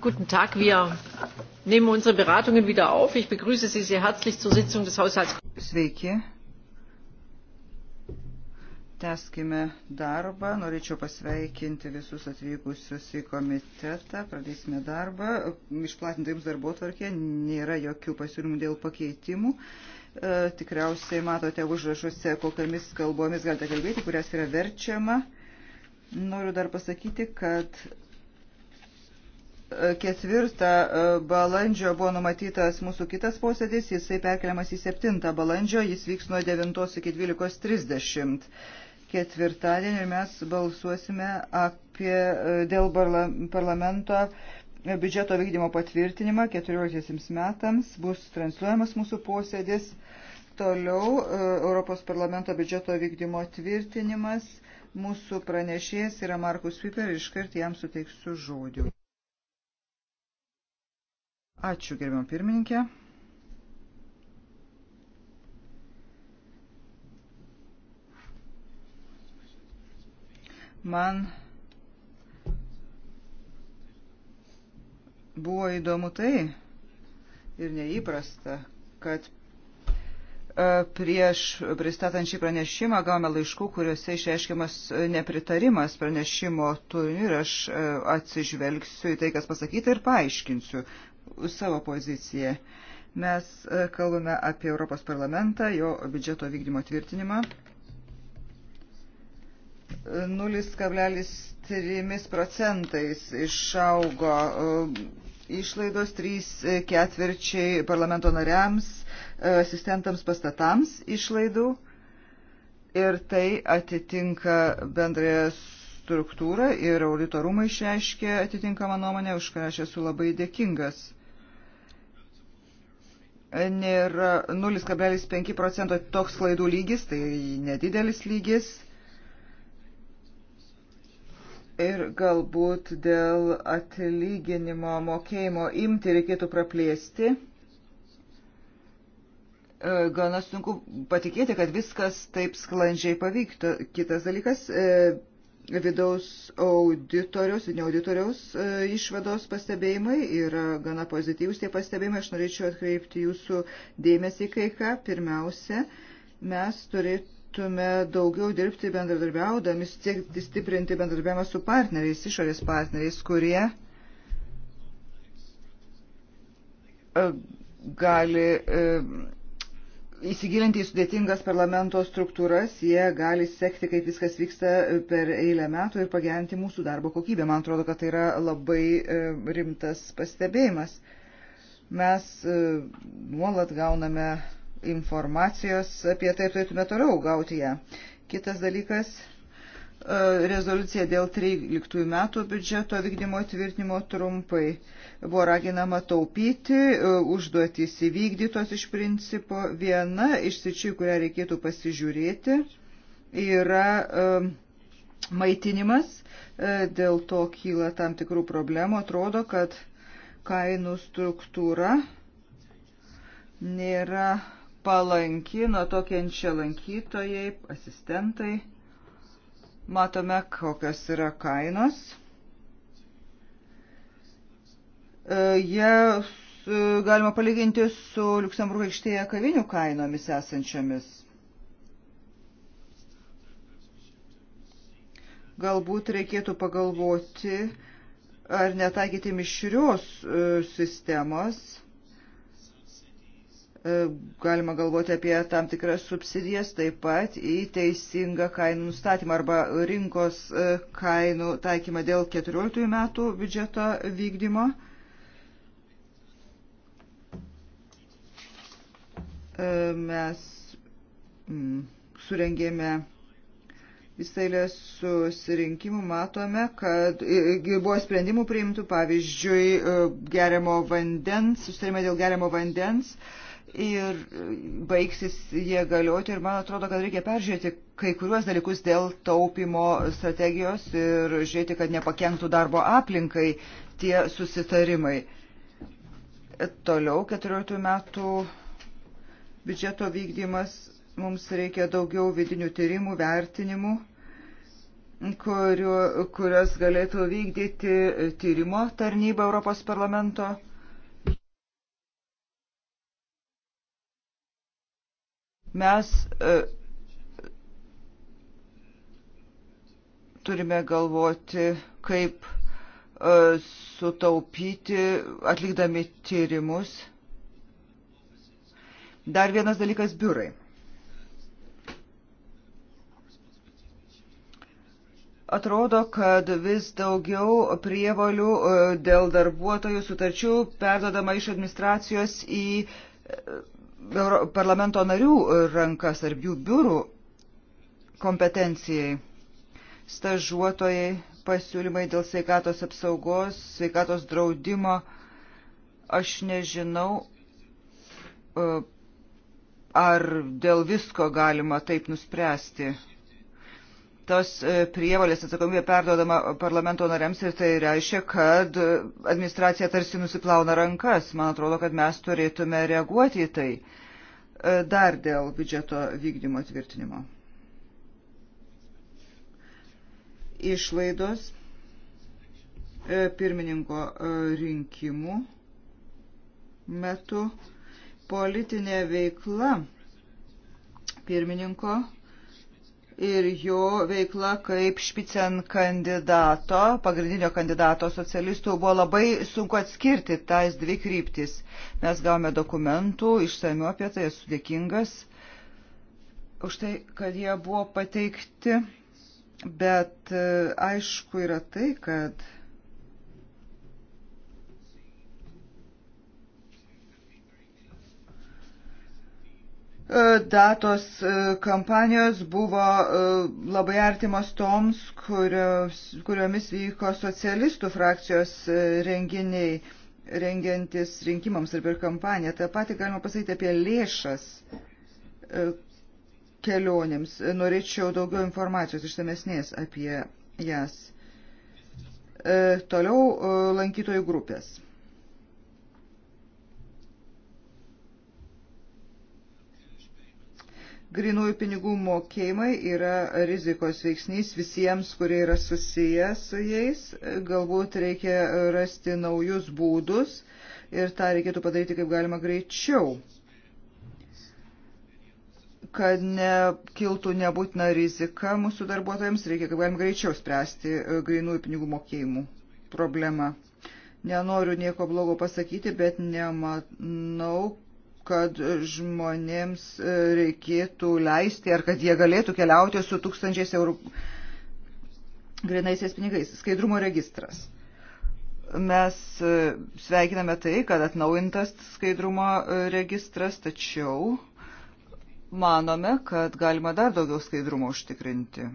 Guten Tag, wir nehmen unsere Beratungen wieder auf. Ich begrüße Sie sehr herzlich zur Sitzung des Haushaltskontrollausschusses. Sveiki. Teskime darbą. Norėčiau pasveikinti visus atvykusius į komitetą. Pradėsime darbą. Išplatinti jums darbo tvarkė. Nėra jokių pasiūlymų dėl pakeitimų. E, tikriausiai matote užrašuose, kokiamis kalbomis galite kalbėti, kurias yra verčiama. Noriu dar pasakyti, kad ketvirtą e, balandžio buvo numatytas mūsų kitas posėdis, jisai perkeliamas į septintą balandžio, jis vyks nuo 9 iki 12.30 ketvirtadienį ir mes balsuosime apie, e, dėl parlamento biudžeto vykdymo patvirtinimą 14 metams, bus transliuojamas mūsų posėdis, toliau e, Europos parlamento biudžeto vykdymo tvirtinimas, mūsų pranešėjas yra Markus Piper, iškart jam suteiksiu žodžių. Ačiū, gerbiam pirmininkė. Man buvo įdomu tai ir neįprasta, kad e, prieš pristatant šį pranešimą gavome laiškų, kuriuose išreiškiamas e, nepritarimas pranešimo turiniu ir aš e, atsižvelgsiu į tai, kas pasakyta ir paaiškinsiu savo poziciją. Mes e, kalbame apie Europos parlamentą, jo biudžeto vykdymo tvirtinimą. 0,3 e, procentais išaugo e, išlaidos 3 ketvirčiai parlamento nariams, asistentams pastatams išlaidų ir tai atitinka bendrąją struktūrą ir auditorumai išreiškė atitinkamą nuomonę, už ką aš esu labai dėkingas. Nėra 0,5 procento toks klaidų lygis, tai nedidelis lygis. Ir galbūt dėl atlyginimo mokėjimo imti reikėtų praplėsti e, gana sunku patikėti, kad viskas taip sklandžiai pavyktų. Kitas dalykas, e, vidaus auditoriaus, vidinio auditoriaus e, išvados pastebėjimai yra gana pozityvus tie pastebėjimai. Aš norėčiau atkreipti jūsų dėmesį kai ką. Pirmiausia, mes turėtume daugiau dirbti bendradarbiaudami, siekti stiprinti bendradarbiavimą su partneriais, išorės partneriais, kurie e, gali e, įsigilinti į sudėtingas parlamento struktūras, jie gali sekti, kaip viskas vyksta per eilę metų ir pagerinti mūsų darbo kokybę. Man atrodo, kad tai yra labai e, rimtas pastebėjimas. Mes e, nuolat gauname informacijos apie tai ir turėtume toliau gauti ją. Kitas dalykas E, rezoliuciją dėl 13 metų biudžeto vykdymo tvirtinimo trumpai. Buvo raginama taupyti, e, užduotys įvykdytos iš principo. Viena iš sičių, kurią reikėtų pasižiūrėti, yra e, maitinimas. Dėl to kyla tam tikrų problemų. Atrodo, kad kainų struktūra nėra palanki, nuo to kenčia lankytojai, asistentai Matome, kokios yra kainos. E, jie galima palyginti su Luksemburgo aikštėje kavinių kainomis esančiomis. Galbūt reikėtų pagalvoti, ar netaikyti mišrios e, sistemos E, galima galvoti apie tam tikras subsidijas, taip pat į teisingą kainų nustatymą arba rinkos e, kainų taikymą dėl 14 metų biudžeto vykdymo. E, mes mm, surengėme visai susirinkimų matome, kad buvo sprendimų priimtų, pavyzdžiui, geriamo vandens, sustarime dėl geriamo vandens, uh, ir baigsis jie galioti ir man atrodo, kad reikia peržiūrėti kai kuriuos dalykus dėl taupimo strategijos ir žiūrėti, kad nepakenktų darbo aplinkai tie susitarimai. Toliau 14 metų biudžeto vykdymas mums reikia daugiau vidinių tyrimų, vertinimų, kuriuos galėtų vykdyti tyrimo tarnyba Europos parlamento Mes e, turime galvoti, kaip e, sutaupyti atlikdami tyrimus. Dar vienas dalykas - biurai. Atrodo, kad vis daugiau prievalių e, dėl darbuotojų sutarčių perdodama iš administracijos į parlamento narių rankas ar jų biurų kompetencijai. Stažuotojai pasiūlymai dėl sveikatos apsaugos, sveikatos draudimo, aš nežinau, e, ar dėl visko galima taip nuspręsti tos e, prievalės atsakomybė perduodama parlamento nariams ir tai reiškia, kad administracija tarsi nusiplauna rankas. Man atrodo, kad mes turėtume reaguoti į tai e, dar dėl biudžeto vykdymo tvirtinimo. Išlaidos e, pirmininko rinkimų metu politinė veikla pirmininko rinkimų ir jo veikla kaip špicen kandidato, pagrindinio kandidato socialistų, buvo labai sunku atskirti tas dvi kryptis. Mes gavome dokumentų, išsamiu apie tai esu dėkingas už tai, kad jie buvo pateikti, bet e, aišku yra tai, kad E, datos e, kampanijos buvo e, labai artimos toms, kurios, kuriomis vyko socialistų frakcijos renginiai rengiantis rinkimams ar per kampaniją. Ta pati galima pasakyti apie lėšas kelionėms. Norėčiau daugiau informacijos išsamesnės apie jas. Toliau lankytojų grupės. Grinųjų pinigų mokėjimai yra rizikos veiksnys visiems, kurie yra susiję su jais. Galbūt reikia rasti naujus būdus ir tą reikėtų padaryti kaip galima greičiau, kad nekiltų nebūtina rizika mūsų darbuotojams, reikia kaip galima greičiau spręsti e, grinųjų pinigų mokėjimų problemą nenoriu nieko blogo pasakyti, bet nemanau, kad žmonėms e, reikėtų leisti ar kad jie galėtų keliauti su tūkstančiais eurų grinaisiais pinigais. Skaidrumo registras. Mes e, sveikiname tai, kad atnaujintas skaidrumo e, registras, tačiau manome, kad galima dar daugiau skaidrumo užtikrinti.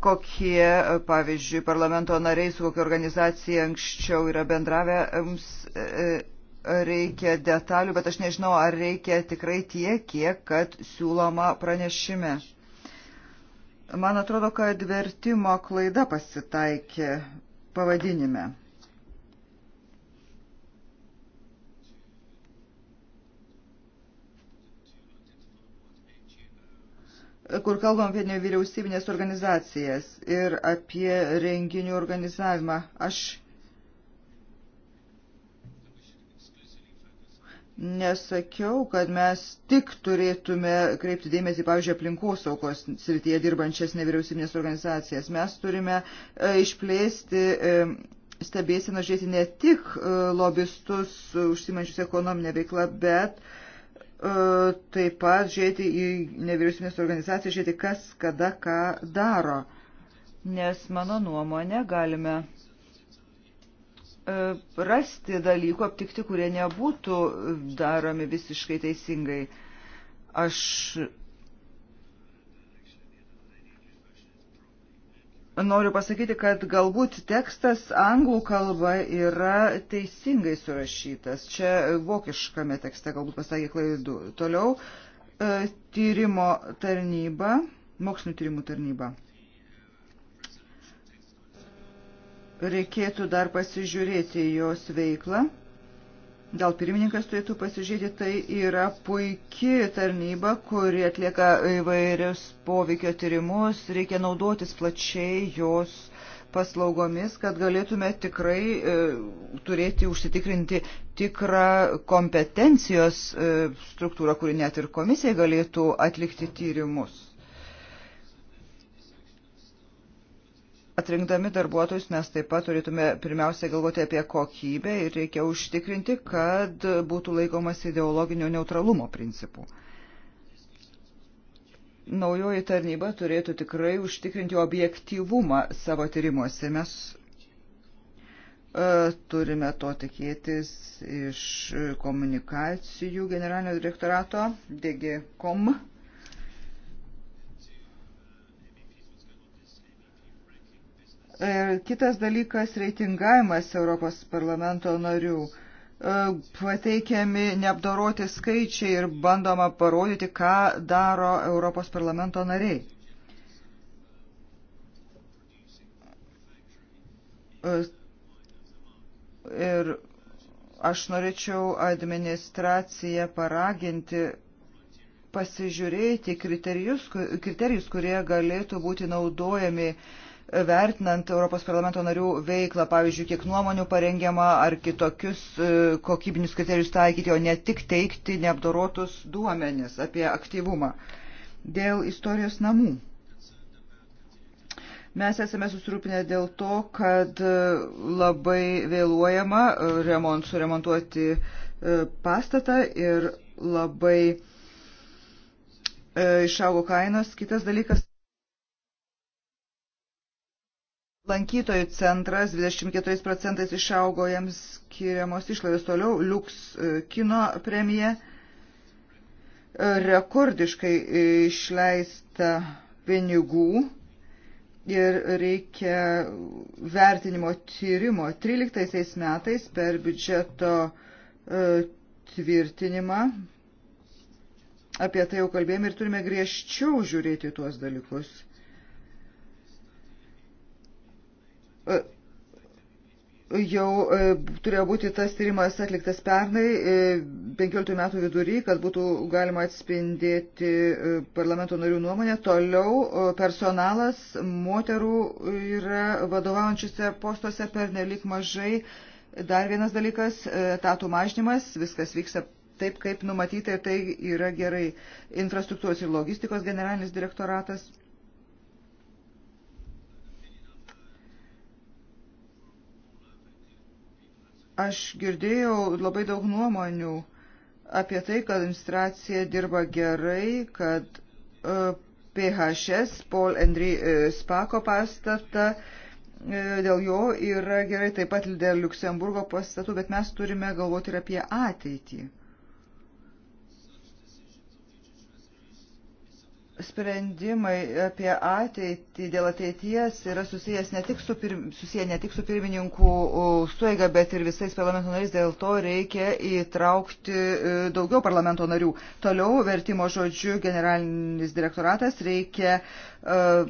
kokie, e, pavyzdžiui, parlamento nariai, su kokia organizacija anksčiau yra bendravę, mums e, e, reikia detalių, bet aš nežinau, ar reikia tikrai tiek, kiek kad siūloma pranešime. Man atrodo, kad vertimo klaida pasitaikė pavadinime. kur kalbam apie nevyriausybinės organizacijas ir apie renginių organizavimą. Aš nesakiau, kad mes tik turėtume kreipti dėmesį, pavyzdžiui, aplinkosaugos srityje dirbančias nevyriausybinės organizacijas. Mes turime e, išplėsti e, stebėsiną žiūrėti ne tik e, lobistus užsimančius ekonominę veiklą, bet uh, E, taip pat žiūrėti į nevyriausybinės organizacijas, žiūrėti kas, kada, ką daro. Nes mano nuomonė galime e, rasti dalykų, aptikti, kurie nebūtų daromi visiškai teisingai. Aš noriu pasakyti, kad galbūt tekstas anglų kalba yra teisingai surašytas. Čia vokiškame tekste galbūt pasakė klaidų. Toliau e, tyrimo tarnyba, mokslinio tyrimų tarnyba. Reikėtų dar pasižiūrėti jos veiklą. Gal pirmininkas turėtų pasižiūrėti, tai yra puikia tarnyba, kuri atlieka įvairius poveikio tyrimus, reikia naudotis plačiai jos paslaugomis, kad galėtume tikrai e, turėti užsitikrinti tikrą kompetencijos e, struktūrą, kuri net ir komisija galėtų atlikti tyrimus. Atrinkdami darbuotojus mes taip pat turėtume pirmiausia galvoti apie kokybę ir reikia užtikrinti, kad būtų laikomas ideologinio neutralumo principų. Naujoji tarnyba turėtų tikrai užtikrinti objektyvumą savo tyrimuose. Mes e, turime to tikėtis iš komunikacijų generalinio direktorato DGCOM. E, kitas dalykas - reitingavimas Europos parlamento narių. E, pateikiami neapdoroti skaičiai ir bandoma parodyti, ką daro Europos parlamento nariai. E, ir aš norėčiau administraciją paraginti pasižiūrėti kriterijus, kriterijus kurie galėtų būti naudojami uh, vertinant Europos parlamento narių veiklą, pavyzdžiui, kiek nuomonių parengiama ar kitokius e, kokybinius kriterijus taikyti, o ne tik teikti neapdorotus duomenis apie aktyvumą. Dėl istorijos namų. Mes esame susirūpinę dėl to, kad labai vėluojama e, remont, suremontuoti e, pastatą ir labai išaugo kainos. Kitas dalykas. Lankytojų centras 24 procentais išaugo jiems skiriamos išlaidos toliau, Liuks e, kino premija e, rekordiškai e, išleista pinigų ir reikia vertinimo tyrimo 13 metais per biudžeto tvirtinimą. Apie tai jau kalbėjome ir turime griežčiau žiūrėti tuos dalykus jau e, turėjo būti tas tyrimas atliktas pernai, 15 e, metų vidury, kad būtų galima atspindėti e, parlamento narių nuomonę. Toliau personalas moterų yra vadovaujančiuose postuose per nelik mažai. Dar vienas dalykas - etatų mažnymas, viskas vyksta taip, kaip numatyta ir tai yra gerai. Infrastruktūros ir logistikos generalinis direktoratas Aš girdėjau labai daug nuomonių apie tai, kad administracija dirba gerai, kad e, PHS, Paul Henry e, Spako pastatą, e, dėl jo yra gerai taip pat dėl Luksemburgo pastatų, bet mes turime galvoti ir apie ateitį. sprendimai apie ateitį, dėl ateities yra susijęs ne tik su, pir, susiję ne tik su pirmininkų suėga, bet ir visais parlamento nariais. Dėl to reikia įtraukti e, daugiau parlamento narių. Toliau vertimo žodžiu generalinis direktoratas reikia uh,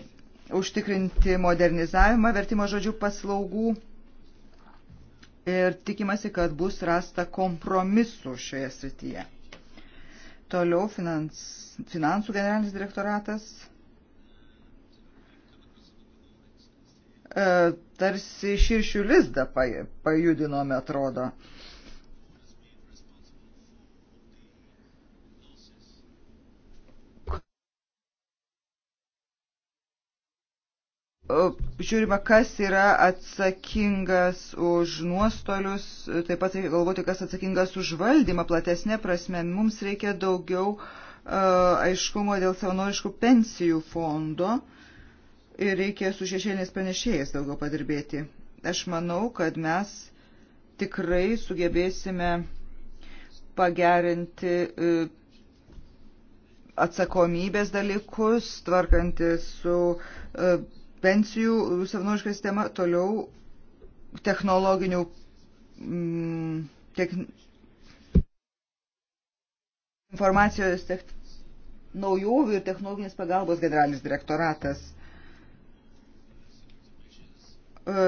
užtikrinti modernizavimą vertimo žodžių paslaugų. Ir tikimasi, kad bus rasta kompromisų šioje srityje. Toliau finans, finansų generalinis direktoratas e, tarsi širšių lizdą pajudinome, atrodo. žiūrima, kas yra atsakingas už nuostolius, taip pat reikia galvoti, kas atsakingas už valdymą platesnė prasme. Mums reikia daugiau aiškumo dėl savanoriškų pensijų fondo ir reikia su šešėliniais pranešėjais daugiau padirbėti. Aš manau, kad mes tikrai sugebėsime pagerinti e, atsakomybės dalykus, tvarkantis su e, pensijų savanoriška sistema, toliau technologinių. Mm, techn... Informacijos tech... naujovių ir technologinės pagalbos generalinis direktoratas e,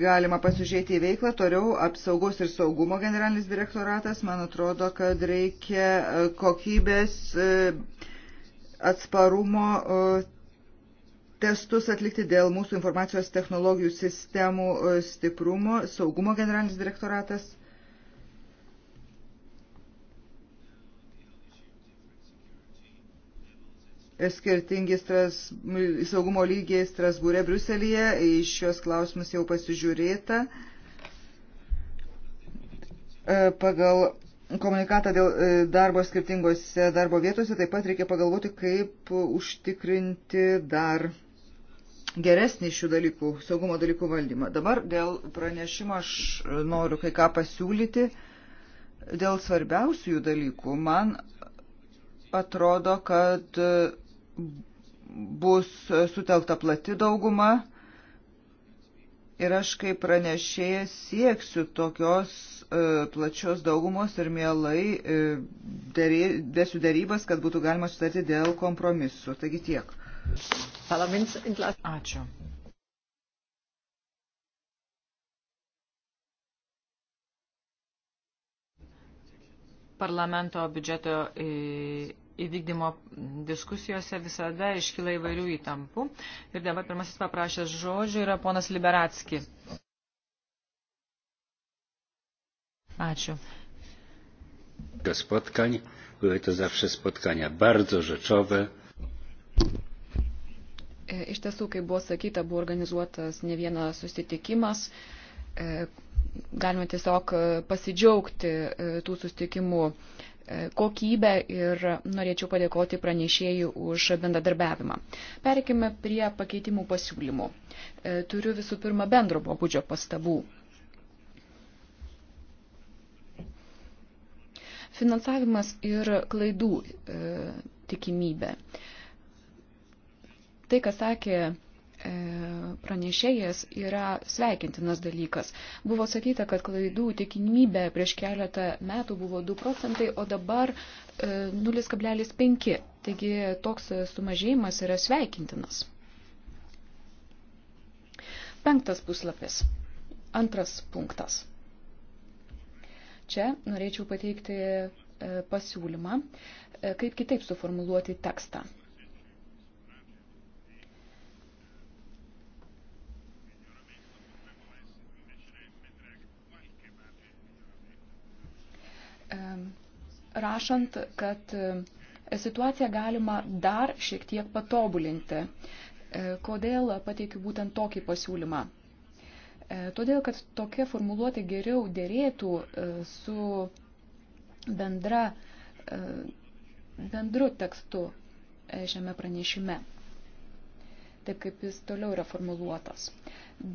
galima pasižiūrėti į veiklą, toliau apsaugos ir saugumo generalinis direktoratas, man atrodo, kad reikia e, kokybės e, atsparumo testus atlikti dėl mūsų informacijos technologijų sistemų e, stiprumo, saugumo generalinis direktoratas. Skirtingi stras, saugumo lygiai Strasbūrė, Bruselėje, į šios klausimus jau pasižiūrėta. E, pagal komunikatą dėl e, darbo skirtingose darbo vietose taip pat reikia pagalvoti, kaip užtikrinti dar geresnį šių dalykų, saugumo dalykų valdymą. Dabar dėl pranešimo aš noriu kai ką pasiūlyti. Dėl svarbiausių dalykų man atrodo, kad bus sutelkta plati dauguma ir aš kaip pranešėjas sieksiu tokios e, plačios daugumos ir mielai vesiu darybas, kad būtų galima sutarti dėl kompromisų. Taigi tiek. Ačiū. Parlamento biudžeto e, įvykdymo diskusijose visada iškyla įvairių įtampų. Ir dabar pirmasis paprašęs žodžių yra ponas Liberatski. Ačiū. Spotkań. Były to zawsze spotkania bardzo rzeczowe. E, iš tiesų, kaip buvo sakyta, buvo organizuotas ne vienas susitikimas. E, galima tiesiog e, pasidžiaugti tų susitikimų kokybę ir norėčiau padėkoti pranešėjų už bendradarbiavimą. Perikime prie pakeitimų pasiūlymų. Turiu visų pirma bendro pobūdžio pastabų. Finansavimas ir klaidų e, tikimybė. E, Tai, kas sakė e, pranešėjas yra sveikintinas dalykas. Buvo sakyta, kad klaidų tikimybė prieš keletą metų buvo 2 procentai, o dabar 0,5. E, Taigi toks sumažėjimas yra sveikintinas. Penktas puslapis. Antras punktas. Čia norėčiau pateikti e, pasiūlymą, kaip kitaip suformuluoti tekstą. prašant, kad e, situaciją galima dar šiek tiek patobulinti. E, kodėl pateikiu būtent tokį pasiūlymą? E, todėl, kad tokia formuluotė geriau dėrėtų su bendra, bendru tekstu šiame pranešime, taip kaip jis toliau yra formuluotas.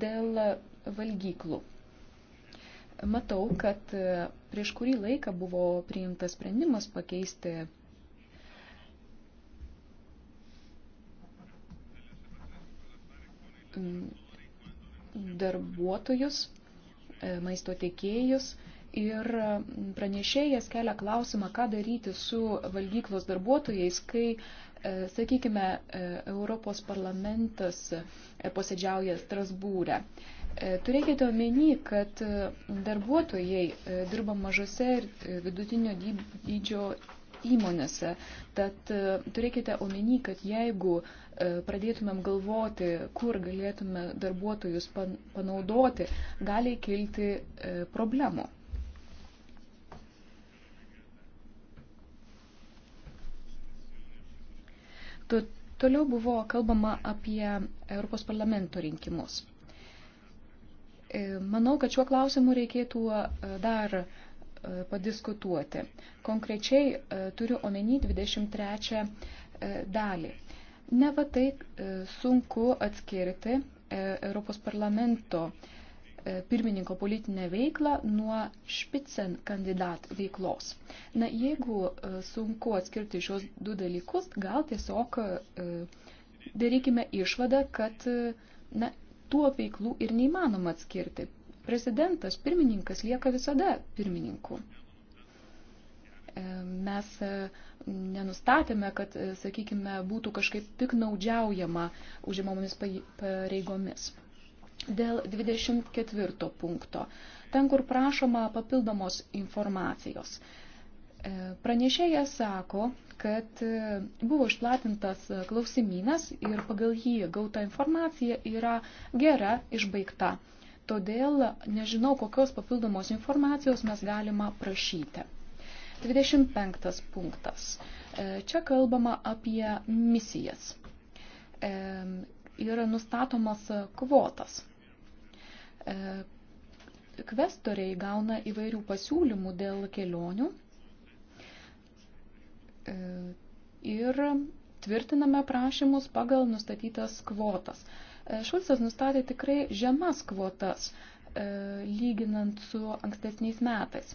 Dėl valgyklų Matau, kad e, prieš kurį laiką buvo priimtas sprendimas pakeisti mm, darbuotojus, e, maisto tiekėjus ir mm, pranešėjas kelia klausimą, ką daryti su valgyklos darbuotojais, kai, e, sakykime, Europos parlamentas posėdžiauja Strasbūrę. E E, turėkite omeny, kad e, darbuotojai e, dirba mažose ir vidutinio dydžio įmonėse. Tad turėkite omeny, kad jeigu pradėtumėm galvoti, kur galėtume darbuotojus panaudoti, gali kilti problemų. Toliau buvo kalbama apie Europos parlamento rinkimus. E, manau, kad šiuo klausimu reikėtų e, dar e, padiskutuoti. Konkrečiai turiu omeny 23 dalį. Ne va tai sunku atskirti Europos parlamento pirmininko politinę veiklą nuo špicen kandidat veiklos. Na, jeigu sunku atskirti šios du dalykus, gal tiesiog darykime išvadą, kad na, tuo veiklų ir neįmanoma atskirti. Prezidentas, pirmininkas lieka visada pirmininku. E, mes e, nenustatėme, kad, e, sakykime, būtų kažkaip piknaudžiaujama užimamomis pareigomis. Dėl 24 punkto, ten, kur prašoma papildomos informacijos. E, Pranešėjas sako, kad e, buvo išplatintas e, klausimynas ir pagal jį gauta informacija yra gera išbaigta. Todėl nežinau, kokios papildomos informacijos mes galima prašyti. 25 punktas. Čia kalbama apie misijas ir nustatomas kvotas kvestoriai gauna įvairių pasiūlymų dėl kelionių E, ir tvirtiname prašymus pagal nustatytas kvotas. E, Šulcas nustatė tikrai žemas kvotas, e, lyginant su ankstesniais metais.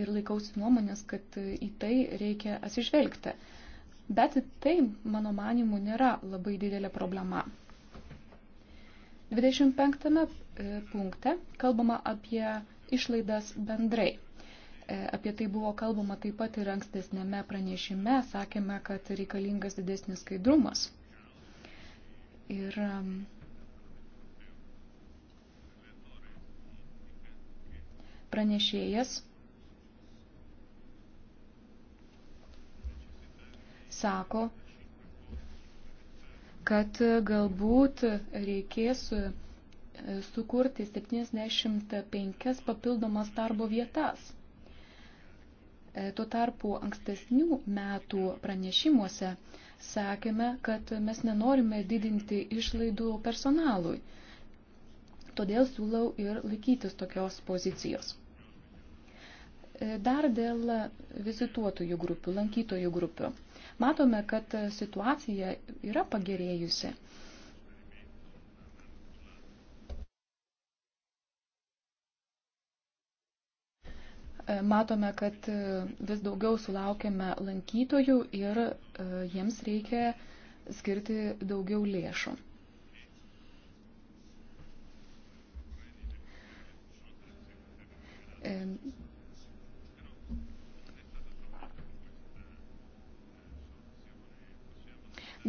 Ir laikausi nuomonės, kad į tai reikia atsižvelgti. Bet tai, mano manimu, nėra labai didelė problema. 25 punkte kalbama apie išlaidas bendrai. E, apie tai buvo kalbama taip pat ir ankstesnėme pranešime, sakėme, kad reikalingas didesnis skaidrumas. Ir um, pranešėjas sako, kad galbūt reikės e, sukurti 75 papildomas darbo vietas. E, tuo tarpu ankstesnių metų pranešimuose sakėme, kad mes nenorime didinti išlaidų personalui. Todėl siūlau ir laikytis tokios pozicijos. E, dar dėl vizituotojų grupių, lankytojų grupių. Matome, kad situacija yra pagerėjusi E, matome, kad e, vis daugiau sulaukėme lankytojų ir e, jiems reikia skirti daugiau lėšų.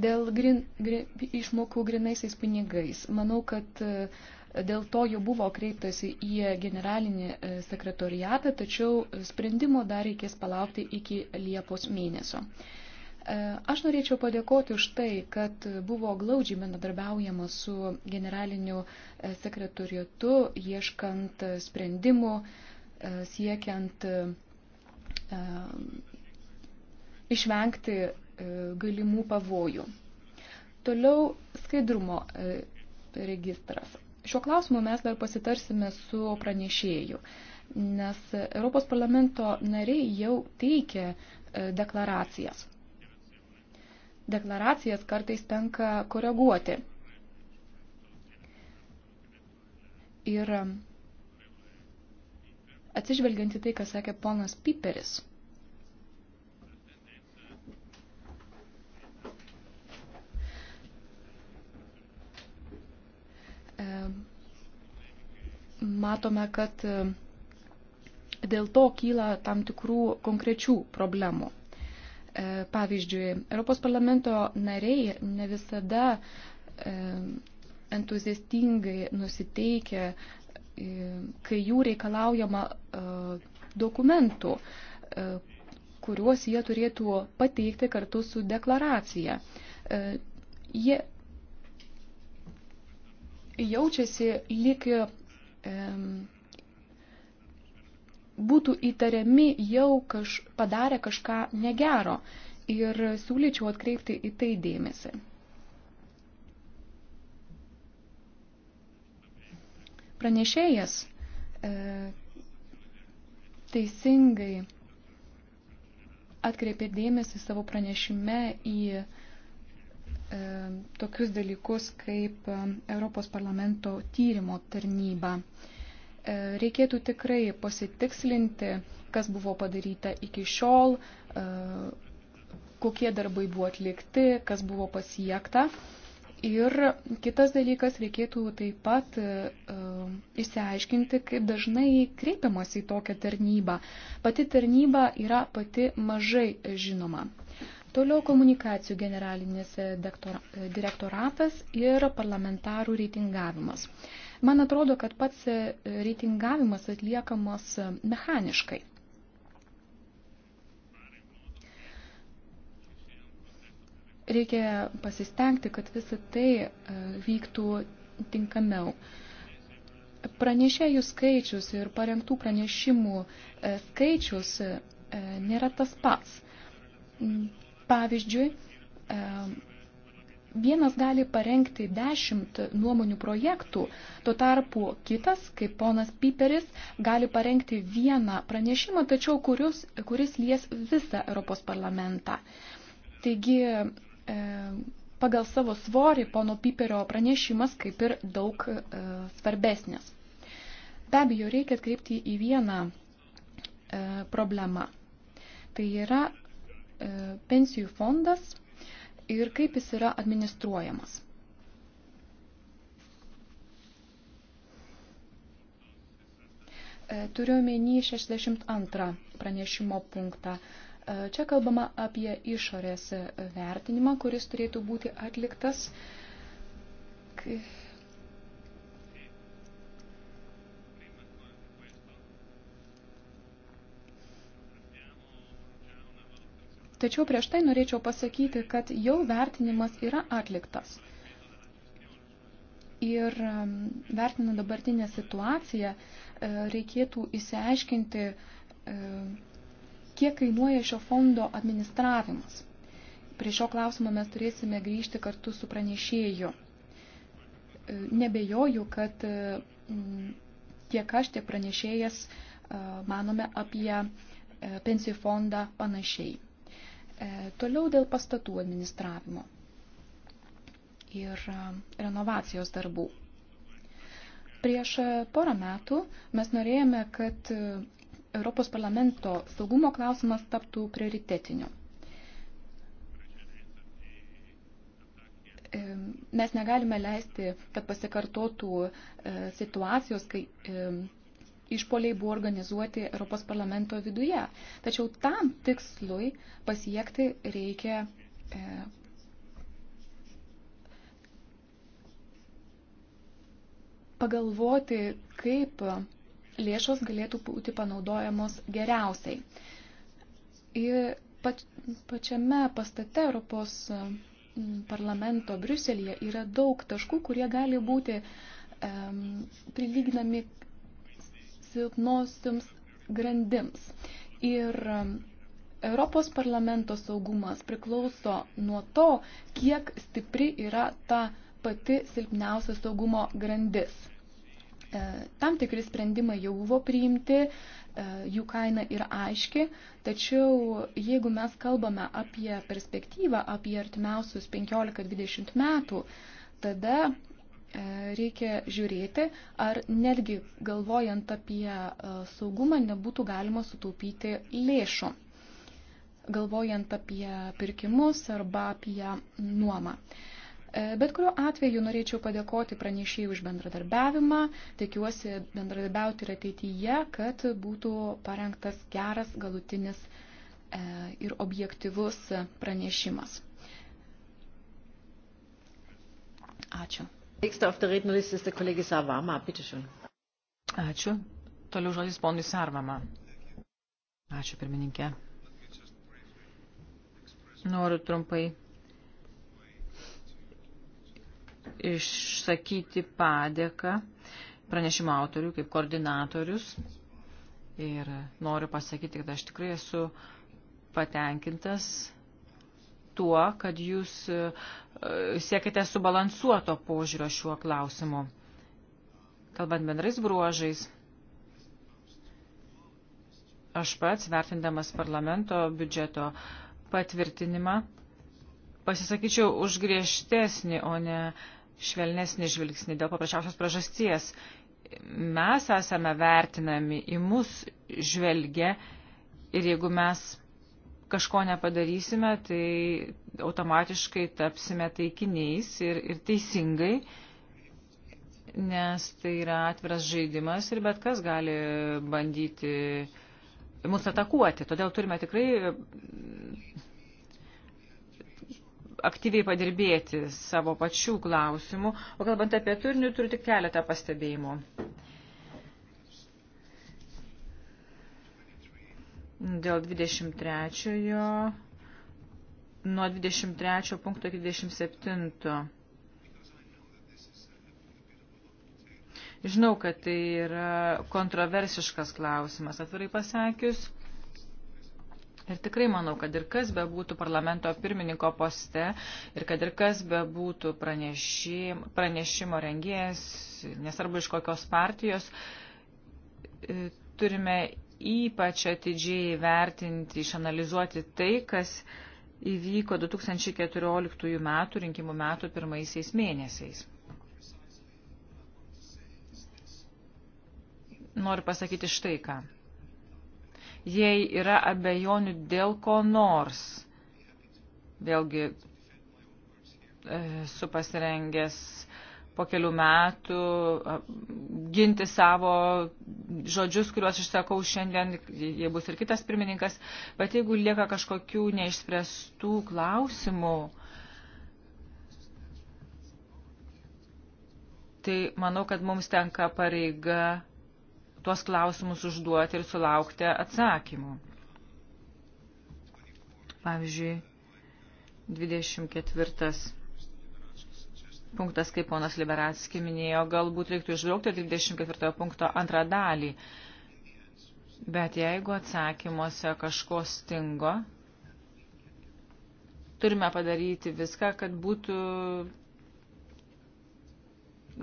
Dėl grin, grin, išmokų grinaisiais pinigais. Manau, kad uh, Dėl to jau buvo kreiptasi į generalinį e, sekretoriatą, tačiau sprendimo dar reikės palaukti iki Liepos mėnesio. E, aš norėčiau padėkoti už tai, kad buvo glaudžiai bendradarbiaujama su generaliniu e, sekretoriatu, ieškant sprendimų, siekiant išvengti galimų pavojų. Toliau skaidrumo registras. Šiuo klausimu mes dar pasitarsime su pranešėju, nes Europos parlamento nariai jau teikia e, deklaracijas. Deklaracijas kartais tenka koreguoti. Ir atsižvelgiant į tai, ką sakė ponas Piperis, matome, kad e, dėl to kyla tam tikrų konkrečių problemų. E, pavyzdžiui, Europos parlamento nariai ne visada e, entuziastingai nusiteikia, kai jų reikalaujama dokumentų, kuriuos jie turėtų pateikti kartu su deklaracija. Jie jaučiasi lyg būtų įtariami jau kaž, padarę kažką negero ir siūlyčiau atkreipti į tai dėmesį. Pranešėjas e, teisingai atkreipė dėmesį savo pranešime į e, E, tokius dalykus kaip e, Europos parlamento tyrimo tarnyba. E, reikėtų tikrai pasitikslinti, kas buvo padaryta iki šiol, kokie darbai buvo atlikti, kas buvo pasiekta. Ir kitas dalykas, reikėtų taip pat uh, išsiaiškinti, kaip dažnai kreipiamas į tokią tarnybą. Pati tarnyba yra pati mažai žinoma. Uh, Toliau komunikacijų generalinis direktoratas ir parlamentarų reitingavimas. Man atrodo, kad pats reitingavimas atliekamas mechaniškai. Reikia pasistengti, kad visa tai e, vyktų tinkamiau. Pranešėjų skaičius ir parengtų pranešimų e, skaičius e, nėra tas pats Pavyzdžiui, vienas gali parengti dešimt nuomonių projektų, tuo tarpu kitas, kaip ponas Piperis, gali parengti vieną pranešimą, tačiau kuris, kuris lies visą Europos parlamentą. Taigi, e, pagal savo svorį pono Piperio pranešimas kaip ir daug e, svarbesnis. Be abejo, reikia atkreipti į vieną e, problemą. Tai yra E, pensijų fondas ir kaip jis yra administruojamas. E, turiu omeny 62 pranešimo punktą. E, čia kalbama apie išorės vertinimą, kuris turėtų būti atliktas Tačiau prieš tai norėčiau pasakyti, kad jau vertinimas yra atliktas. Ir um, vertinant dabartinę situaciją, e, reikėtų įsiaiškinti, e, kiek kainuoja šio fondo administravimas. Prie šio klausimo mes turėsime grįžti kartu su pranešėju. E, nebejoju, kad tiek aš, tiek pranešėjas manome apie pensijų fondą panašiai. E, toliau dėl pastatų administravimo ir e, renovacijos darbų. Prieš e, porą metų mes norėjome, kad Europos parlamento saugumo klausimas taptų prioritetiniu. Mes negalime leisti, kad pasikartotų situacijos, kai išpoliai buvo organizuoti Europos parlamento viduje. Tačiau tam tikslui pasiekti reikia e, pagalvoti, kaip lėšos galėtų būti panaudojamos geriausiai. Ir pačiame pastate Europos parlamento Briuselėje yra daug taškų, kurie gali būti um, prilyginami silpnosioms grandims. Ir um, Europos parlamento saugumas priklauso nuo to, kiek stipri yra ta pati silpniausia saugumo grandis. E, tam tikri sprendimai jau buvo priimti, e, jų kaina yra aiški, tačiau jeigu mes kalbame apie perspektyvą, apie artimiausius 15-20 metų, tada E, reikia žiūrėti, ar netgi galvojant apie e, saugumą nebūtų galima sutaupyti lėšų, galvojant apie pirkimus arba apie nuomą. E, bet kuriuo atveju norėčiau padėkoti pranešėjai už bendradarbiavimą, tikiuosi bendradarbiauti ir ateityje, kad būtų parengtas geras galutinis ir objektivus pranešimas. Ačiū. Ačiū. Toliau žodis ponui Sarvama. Ačiū, pirmininkė. Noriu trumpai išsakyti padėką pranešimo autorių kaip koordinatorius. Ir noriu pasakyti, kad aš tikrai esu patenkintas tuo, kad jūs e, siekite subalansuoto požiūrio šiuo klausimu. Kalbant bendrais bruožais, aš pats, vertindamas parlamento biudžeto patvirtinimą, pasisakyčiau už griežtesnį, o ne švelnesnį žvilgsnį dėl paprasčiausios pražasties. Mes esame vertinami, į mus žvelgia ir jeigu mes kažko nepadarysime, tai automatiškai tapsime taikiniais ir, ir teisingai, nes tai yra atviras žaidimas ir bet kas gali bandyti mus atakuoti. Todėl turime tikrai mm, aktyviai padirbėti savo pačių klausimų. O kalbant apie turinį, turiu tik keletą pastebėjimų. dėl 23-ojo, nuo 23 punkto iki 27. Žinau, kad tai yra kontroversiškas klausimas, atvirai pasakius. Ir tikrai manau, kad ir kas be būtų parlamento pirmininko poste ir kad ir kas be būtų pranešimo, pranešimo rengėjas, nesvarbu iš kokios partijos, e, turime ypač atidžiai vertinti, išanalizuoti tai, kas įvyko 2014 metų rinkimų metų pirmaisiais mėnesiais. Noriu pasakyti štai ką. Jei yra abejonių dėl ko nors, vėlgi e, su pasirengęs e, po kelių metų ginti savo žodžius, kuriuos išsakau šiandien, jie bus ir kitas pirmininkas, bet jeigu lieka kažkokių neišspręstų klausimų, tai manau, kad mums tenka pareiga tuos klausimus užduoti ir sulaukti atsakymų. Pavyzdžiui, 24 punktas, kaip ponas Liberatski minėjo, galbūt reiktų išbraukti 24 punkto antrą dalį. Bet jeigu atsakymuose kažko stingo, turime padaryti viską, kad būtų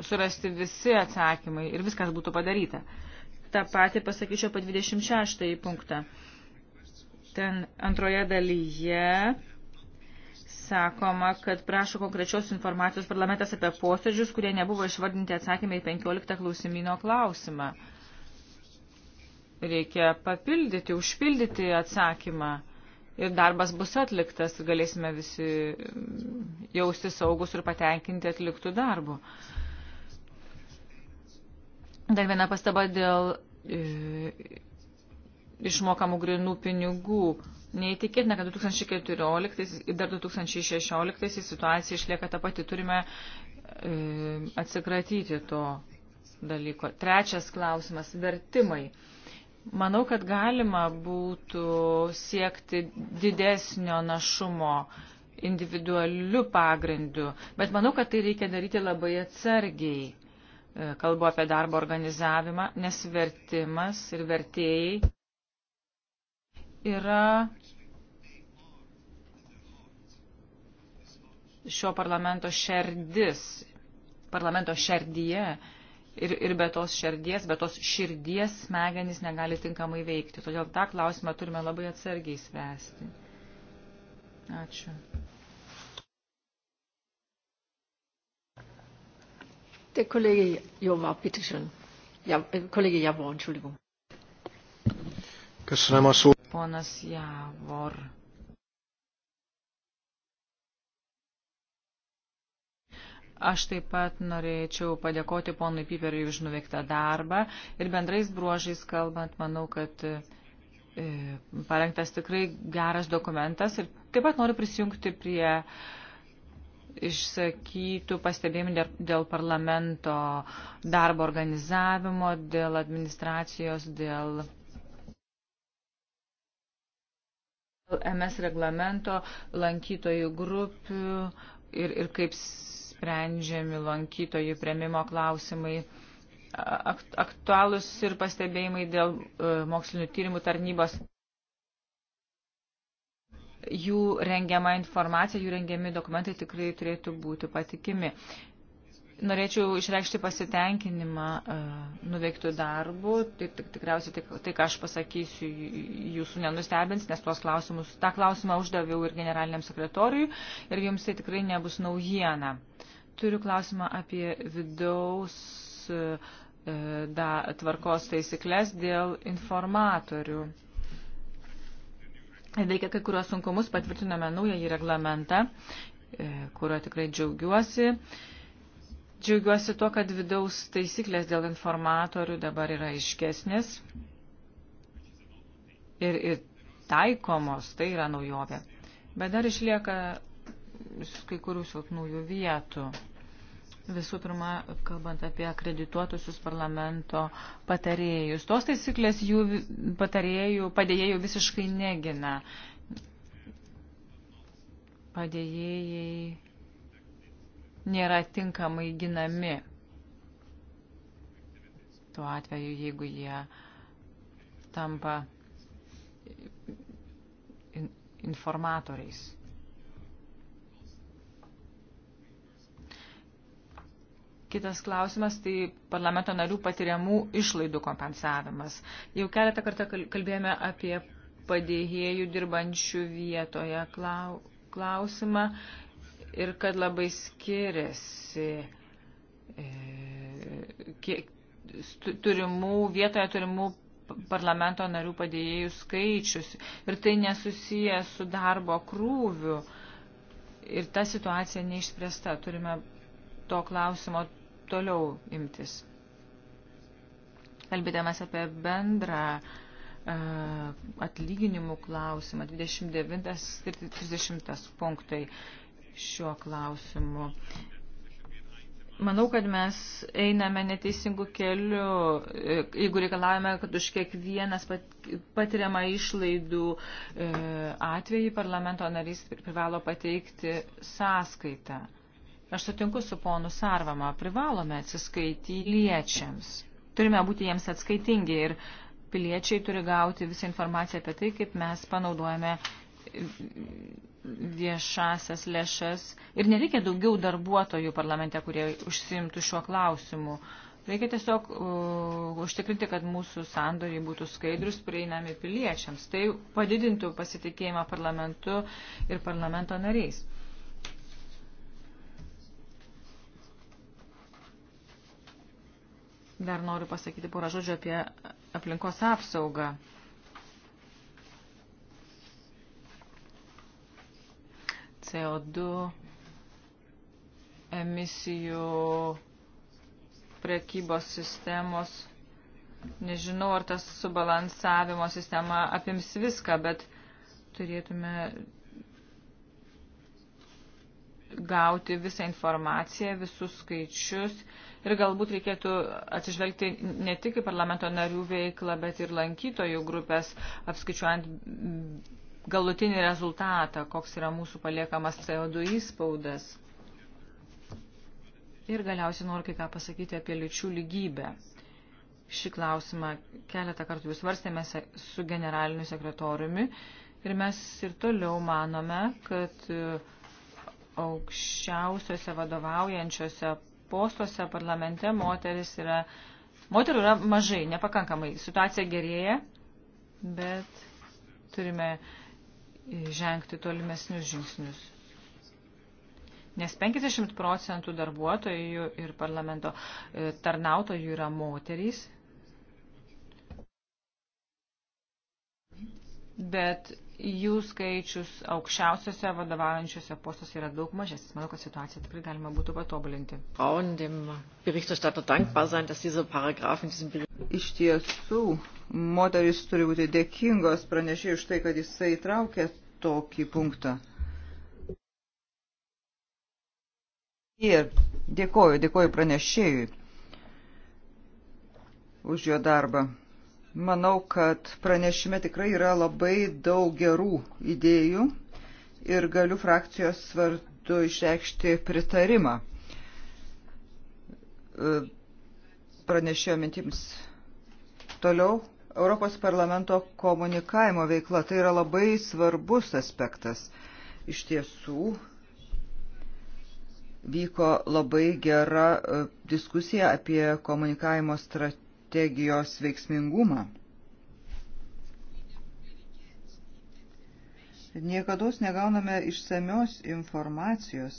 surasti visi atsakymai ir viskas būtų padaryta. Ta pati pasakyčiau po 26 punktą. Ten antroje dalyje sakoma, kad prašo konkrečios informacijos parlamentas apie posėdžius, kurie nebuvo išvardinti atsakymai į 15 klausimino klausimą. Reikia papildyti, užpildyti atsakymą ir darbas bus atliktas ir galėsime visi mm, jausti saugus ir patenkinti atliktų darbų. Dar viena pastaba dėl e, išmokamų grinų pinigų Neįtikėtina, kad 2014 ir dar 2016 situacija išlieka ta pati. Turime e, atsikratyti to dalyko. Trečias klausimas - vertimai. Manau, kad galima būtų siekti didesnio našumo individualiu pagrindu, bet manau, kad tai reikia daryti labai atsargiai. E, kalbu apie darbo organizavimą, nes vertimas ir vertėjai yra šio parlamento šerdis, parlamento šerdyje ir, ir be tos širdies, be tos širdies smegenys negali tinkamai veikti. Todėl tą klausimą turime labai atsargiai spręsti. Ačiū. Der tai Kollege Jova, bitteschön. Ja, Kollege Javor, Entschuldigung. Köszönöm a szót ponas Javor. Aš taip pat norėčiau padėkoti ponui Piperiui už nuveiktą darbą ir bendrais bruožais kalbant, manau, kad e, parengtas tikrai geras dokumentas ir taip pat noriu prisijungti prie išsakytų pastebėjimų dėl parlamento darbo organizavimo, dėl administracijos, dėl MS reglamento lankytojų grupių ir, ir kaip sprendžiami lankytojų prieimimo klausimai. Aktualūs ir pastebėjimai dėl e, mokslinių tyrimų tarnybos. Jų rengiama informacija, jų rengiami dokumentai tikrai turėtų būti patikimi. Norėčiau išreikšti pasitenkinimą e, nuveiktų darbų. Tai tikriausiai tai, tai, ką aš pasakysiu, jūsų nenustebins, nes tuos klausimus, tą klausimą uždaviau ir generaliniam sekretoriui ir jums tai tikrai nebus naujiena. Turiu klausimą apie vidaus e, da, tvarkos taisyklės dėl informatorių. Veikia kai kurios sunkumus, patvirtiname naująjį reglamentą, e, kurio tikrai džiaugiuosi. Džiaugiuosi tuo, kad vidaus taisyklės dėl informatorių dabar yra iškesnės ir, ir taikomos, tai yra naujovė. Bet dar išlieka kai kurių silpnųjų vietų. Visų pirma, kalbant apie akredituotusius parlamento patarėjus. Tos taisyklės jų patarėjų, padėjėjų visiškai negina. Padėjėjai nėra tinkamai ginami. Tuo atveju, jeigu jie tampa informatoriais. Kitas klausimas - tai parlamento narių patiriamų išlaidų kompensavimas. Jau keletą kartą kalbėjome apie padėjėjų dirbančių vietoje klausimą ir kad labai skiriasi e, kiek turimų, vietoje turimų parlamento narių padėjėjų skaičius ir tai nesusiję su darbo krūviu. Ir ta situacija neišspręsta. Turime to klausimo toliau imtis. Kalbėdamas apie bendrą e, atlyginimų klausimą 29-30 punktai šiuo klausimu. Manau, kad mes einame neteisingų kelių, jeigu reikalavime, kad už kiekvienas patiriamą išlaidų e, atvejį parlamento narys privalo pateikti sąskaitą. Aš sutinku su ponu Sarvama, privalome atsiskaityti piliečiams. Turime būti jiems atskaitingi ir piliečiai turi gauti visą informaciją apie tai, kaip mes panaudojame viešasias lėšas ir nereikia daugiau darbuotojų parlamente, kurie užsimtų šiuo klausimu. Reikia tiesiog uh, užtikrinti, kad mūsų sandoriai būtų skaidrus, prieinami piliečiams. Tai padidintų pasitikėjimą parlamentu ir parlamento nariais. Dar noriu pasakyti porą žodžių apie aplinkos apsaugą. CO2 emisijų prekybos sistemos. Nežinau, ar tas subalansavimo sistema apims viską, bet turėtume gauti visą informaciją, visus skaičius ir galbūt reikėtų atsižvelgti ne tik į parlamento narių veiklą, bet ir lankytojų grupės, apskaičiuojant galutinį rezultatą, koks yra mūsų paliekamas CO2 įspaudas. Ir galiausiai noriu kai ką pasakyti apie lyčių lygybę. Šį klausimą keletą kartų jūs varstėme su generaliniu sekretoriumi ir mes ir toliau manome, kad e, aukščiausiose vadovaujančiose postuose parlamente moteris yra, moterų yra mažai, nepakankamai. Situacija gerėja, bet turime žengti tolimesnius žingsnius. Nes 50 procentų darbuotojų ir parlamento e, tarnautojų yra moterys. Bet jų skaičius aukščiausiose vadovaujančiose postuose yra daug mažesnis. Manau, kad situaciją tikrai galima būtų patobulinti. Iš tiesų, moteris turi būti dėkingos pranešėjai už tai, kad jisai įtraukė tokį punktą. Ir dėkoju, dėkoju pranešėjui už jo darbą. Manau, kad pranešime tikrai yra labai daug gerų idėjų ir galiu frakcijos vardu išreikšti pritarimą e, pranešėjo mintims. Toliau Europos parlamento komunikavimo veikla. Tai yra labai svarbus aspektas. Iš tiesų vyko labai gera e, diskusija apie komunikavimo strategiją strategijos veiksmingumą. Niekada negauname išsamios informacijos.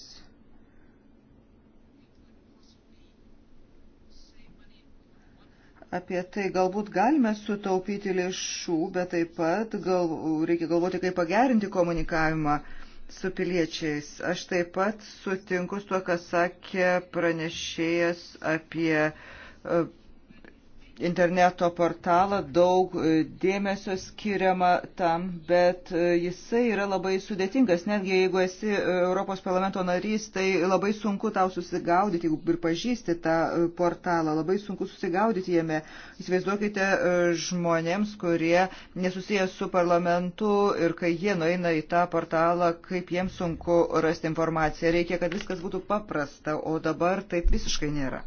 apie tai galbūt galime sutaupyti lėšų, bet taip pat gal, reikia galvoti, kaip pagerinti komunikavimą su piliečiais. Aš taip pat sutinku su to, ką sakė pranešėjas apie e, interneto portalą, daug e, dėmesio skiriama tam, bet e, jisai yra labai sudėtingas. Netgi jeigu esi e, Europos parlamento narys, tai labai sunku tau susigaudyti, jeigu ir pažįsti tą portalą, labai sunku susigaudyti jame. Įsivaizduokite žmonėms, kurie nesusijęs su parlamentu ir kai jie nueina į tą portalą, kaip jiems sunku rasti informaciją. Reikia, kad viskas būtų paprasta, o dabar taip visiškai nėra.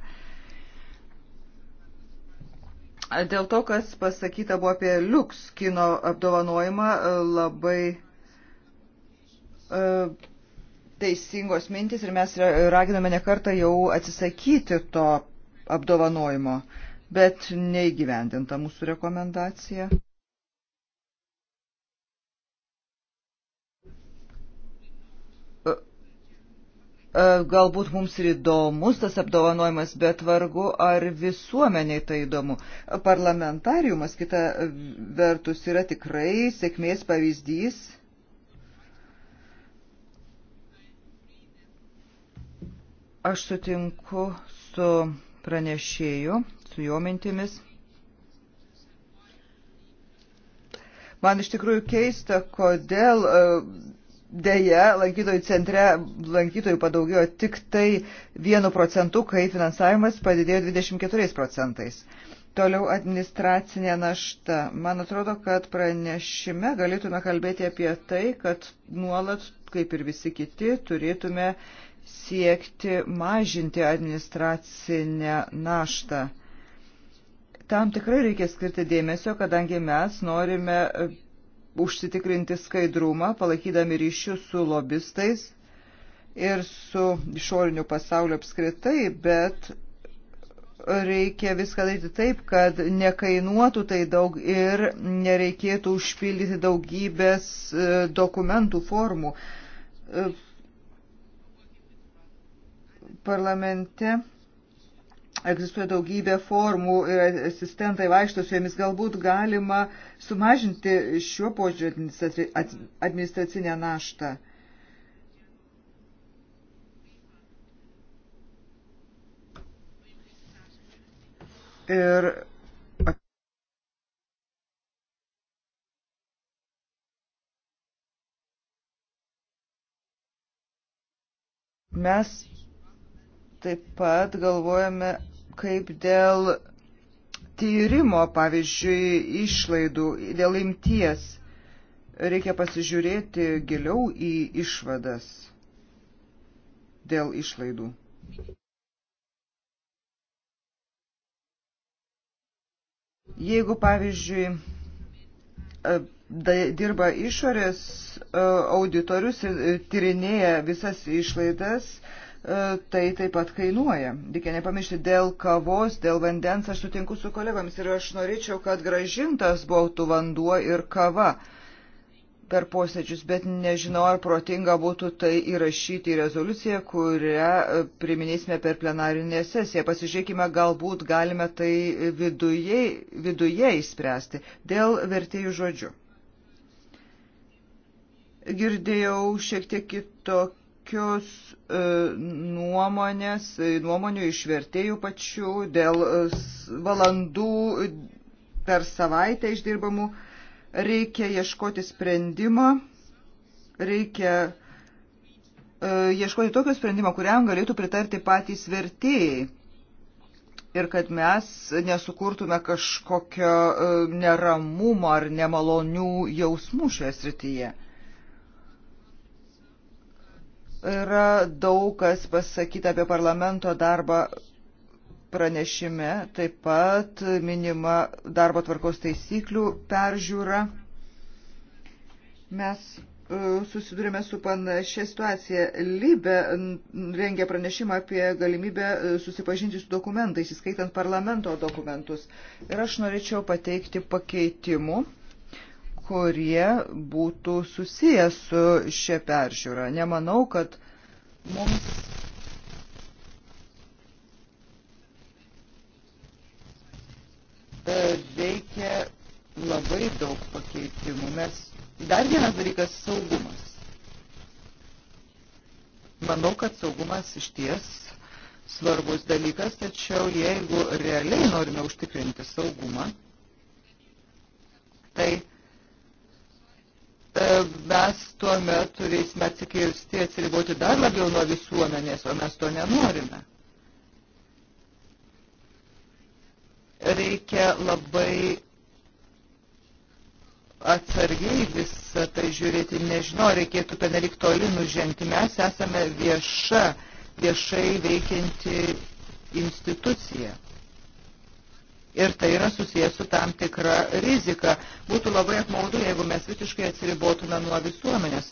Dėl to, kas pasakyta buvo apie Liuks kino apdovanojimą, e, labai e, teisingos mintis ir mes raginame nekartą jau atsisakyti to apdovanojimo, bet neįgyvendinta mūsų rekomendacija. E, galbūt mums ir įdomus tas apdovanojimas, bet vargu ar visuomeniai tai įdomu. Parlamentariumas, kita vertus, yra tikrai sėkmės pavyzdys. Aš sutinku su pranešėju, su jo mintimis. Man iš tikrųjų keista, kodėl e, Deja, lankytojų centre lankytojų padaugėjo tik tai 1 procentu, kai finansavimas padidėjo 24 procentais. Toliau administracinė našta. Man atrodo, kad pranešime galėtume kalbėti apie tai, kad nuolat, kaip ir visi kiti, turėtume siekti mažinti administracinę naštą. Tam tikrai reikia skirti dėmesio, kadangi mes norime užsitikrinti skaidrumą, palaikydami ryšius su lobistais ir su išoriniu pasauliu apskritai, bet reikia viską daryti taip, kad nekainuotų tai daug ir nereikėtų užpildyti daugybės e, dokumentų formų. E, parlamente egzistuoja daugybė formų ir asistentai vaikšto su jomis, galbūt galima sumažinti šiuo požiūriu administracinę naštą. Ir mes taip pat galvojame kaip dėl tyrimo, pavyzdžiui, išlaidų, dėl imties. Reikia pasižiūrėti giliau į išvadas dėl išlaidų. Jeigu, pavyzdžiui, e, dirba išorės e, auditorius ir e, tyrinėja visas išlaidas, E, tai taip pat kainuoja. Reikia nepamiršti, dėl kavos, dėl vandens aš sutinku su kolegomis ir aš norėčiau, kad gražintas būtų vanduo ir kava per posėdžius, bet nežinau, ar protinga būtų tai įrašyti į rezoliuciją, kurią e, priminėsime per plenarinę sesiją. Pasižiūrėkime, galbūt galime tai viduje, viduje įspręsti dėl vertėjų žodžių. Girdėjau šiek tiek kitokį kokios e, nuomonės, e, nuomonių iš vertėjų pačių dėl e, valandų per savaitę išdirbamų. Reikia ieškoti sprendimo, reikia ieškoti tokio sprendimo, kuriam galėtų pritarti patys vertėjai. Ir kad mes nesukurtume kažkokio neramumo ar nemalonių jausmų šioje srityje Yra daug kas pasakyta apie parlamento darbą pranešime, taip pat minima darbo tvarkos taisyklių peržiūra. Mes e, susidurime su panašia situacija. Libė rengia pranešimą apie galimybę e, susipažinti su dokumentais, įskaitant parlamento dokumentus. Ir aš norėčiau pateikti pakeitimų kurie būtų susiję su šia peržiūra. Nemanau, kad mums. Reikia labai daug pakeitimų. Mes... Dar vienas dalykas - saugumas. Manau, kad saugumas iš ties svarbus dalykas, tačiau jeigu realiai norime užtikrinti saugumą, tai E, mes tuo metu turėsime atsikirsti, atsiriboti dar labiau nuo visuomenės, o mes to nenorime. Reikia labai atsargiai visą tai žiūrėti, nežinau, reikėtų penelik toli nužengti. Mes esame vieša, viešai veikianti institucija. Ir tai yra susijęs su tam tikra rizika. Būtų labai apmaudu, jeigu mes visiškai atsiribotume nuo visuomenės.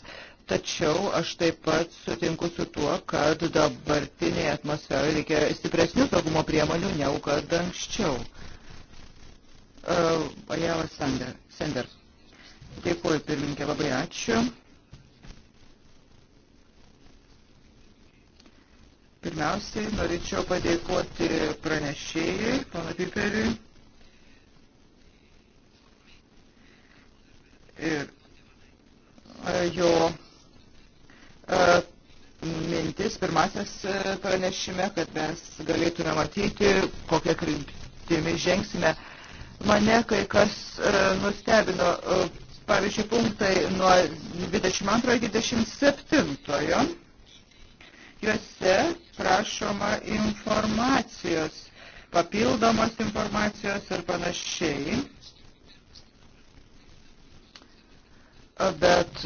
Tačiau aš taip pat sutinku su tuo, kad dabartinėje atmosferoje reikia stipresnių saugumo priemonių negu kad anksčiau. Uh, Ajala Sanders. Dėkuoju, pirmininkė, labai ačiū. Pirmiausiai norėčiau padėkoti pranešėjai, pana Piperiui. Ir e, jo e, mintis pirmasis e, pranešime, kad mes galėtume matyti, kokią kryptimį žengsime. Mane kai kas nustebino, pavyzdžiui, punktai nuo 22 iki 27. Juose prašoma informacijos, papildomos informacijos ir panašiai. Bet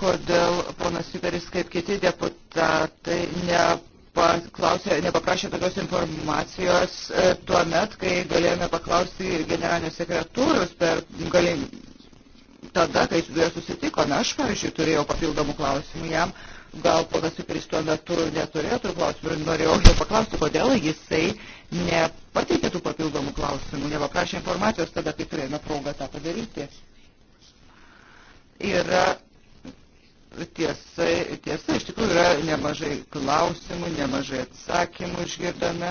kodėl ponas Juperis, kaip kiti deputatai, nepaklausė, nepaprašė tokios informacijos e, tuo met, kai galėjome paklausti generalinio sekretorius per galim, tada, kai su juo susitikome, aš, pavyzdžiui, turėjau papildomų klausimų jam, uh, Gal ponas Jukeris tuo metu neturėjo tų klausimų ir norėjau jo paklausti, kodėl jisai nepateikė tų papildomų klausimų, nepaprašė informacijos tada, kai turėjome progą tą padaryti. Yra tiesa, tiesa, iš tikrųjų yra nemažai klausimų, nemažai atsakymų išgirdome.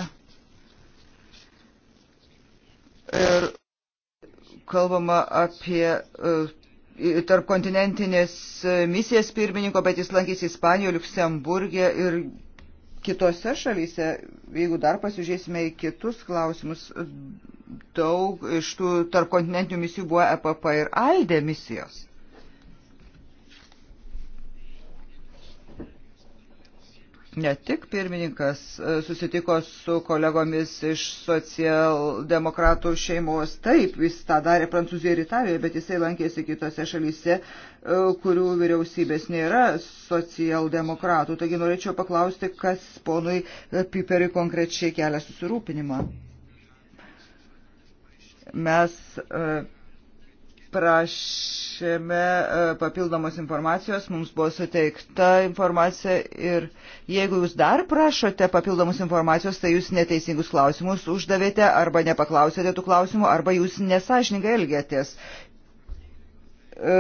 Ir kalbama apie uh, tarp kontinentinės misijas pirmininko, bet jis lankys Ispanijoje, Luksemburgė ir kitose šalyse. Jeigu dar pasižiūrėsime į kitus klausimus, daug iš tų tarp kontinentinių misijų buvo EPP ir ALDE misijos. Ne tik pirmininkas e, susitiko su kolegomis iš socialdemokratų šeimos, taip, jis tą darė Prancūzijoje ir Italijoje, bet jisai lankėsi kitose šalyse, e, kurių vyriausybės nėra socialdemokratų. Taigi norėčiau paklausti, kas ponui Piperiui konkrečiai kelia susirūpinimą. Mes. Uh, prašėme e, papildomos informacijos, mums buvo suteikta informacija ir jeigu jūs dar prašote papildomos informacijos, tai jūs neteisingus klausimus uždavėte arba nepaklausėte tų klausimų arba jūs nesažininkai elgėtės. E,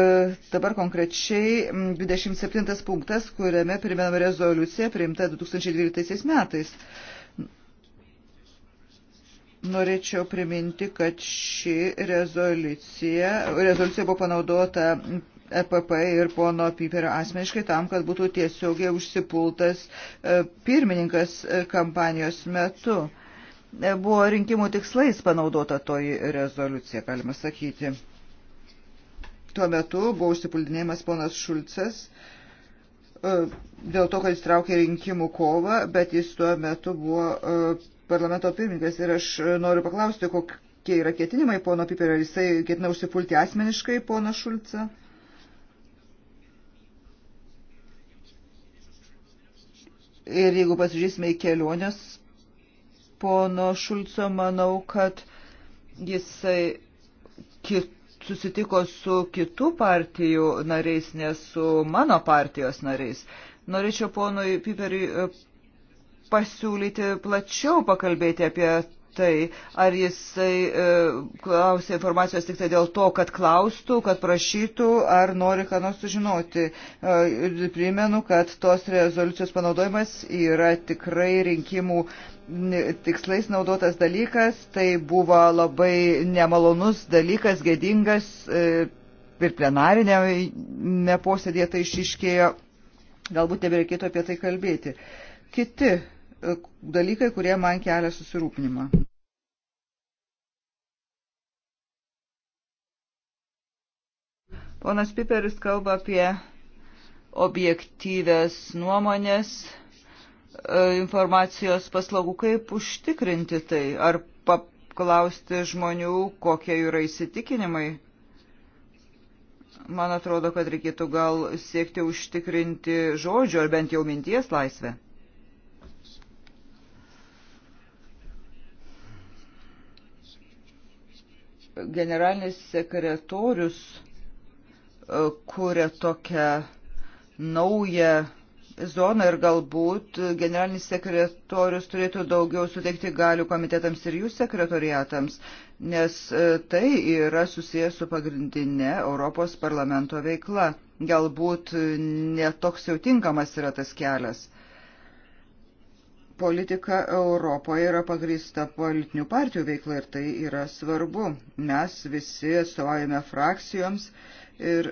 dabar konkrečiai 27 punktas, kuriame primenama rezoliucija priimta 2012 metais. Norėčiau priminti, kad ši rezoliucija, rezoliucija buvo panaudota EPP ir pono Piperio asmeniškai tam, kad būtų tiesiogiai užsipultas e, pirmininkas e, kampanijos metu. E, buvo rinkimų tikslais panaudota toji rezoliucija, galima sakyti. Tuo metu buvo užsipuldinėjimas ponas Šulcas dėl to, kad jis traukė rinkimų kovą, bet jis tuo metu buvo parlamento pirmininkas ir aš e, noriu paklausti, kokie yra ketinimai pono Piperio, ar jisai ketina užsipulti asmeniškai pono Šulcą? Ir jeigu pasižiūrėsime į kelionės pono Šulco, manau, kad jisai kit, susitiko su kitų partijų nariais, ne su mano partijos nariais. Norėčiau ponui Piperiui e, pasiūlyti plačiau pakalbėti apie tai, ar jisai e, klausė informacijos tik tai dėl to, kad klaustų, kad prašytų, ar nori ką nors sužinoti. E, primenu, kad tos rezoliucijos panaudojimas yra tikrai rinkimų tikslais naudotas dalykas, tai buvo labai nemalonus dalykas, gėdingas e, ir plenarinėme posėdėje tai išiškėjo. Galbūt nebereikėtų apie tai kalbėti. Kiti E, dalykai, kurie man kelia susirūpinimą. Ponas Piperis kalba apie objektyvės nuomonės, e, informacijos paslaugų, kaip užtikrinti tai, ar paklausti žmonių, kokie yra įsitikinimai. Man atrodo, kad reikėtų gal siekti užtikrinti žodžio ar bent jau minties laisvę. generalinis sekretorius e, kūrė tokią naują zoną ir galbūt generalinis sekretorius turėtų daugiau suteikti galių komitetams ir jų sekretoriatams, nes e, tai yra susijęs su pagrindinė Europos parlamento veikla. Galbūt e, netoks jau tinkamas yra tas kelias politika Europoje yra pagrįsta politinių partijų veikla ir tai yra svarbu. Mes visi atstovaujame frakcijoms ir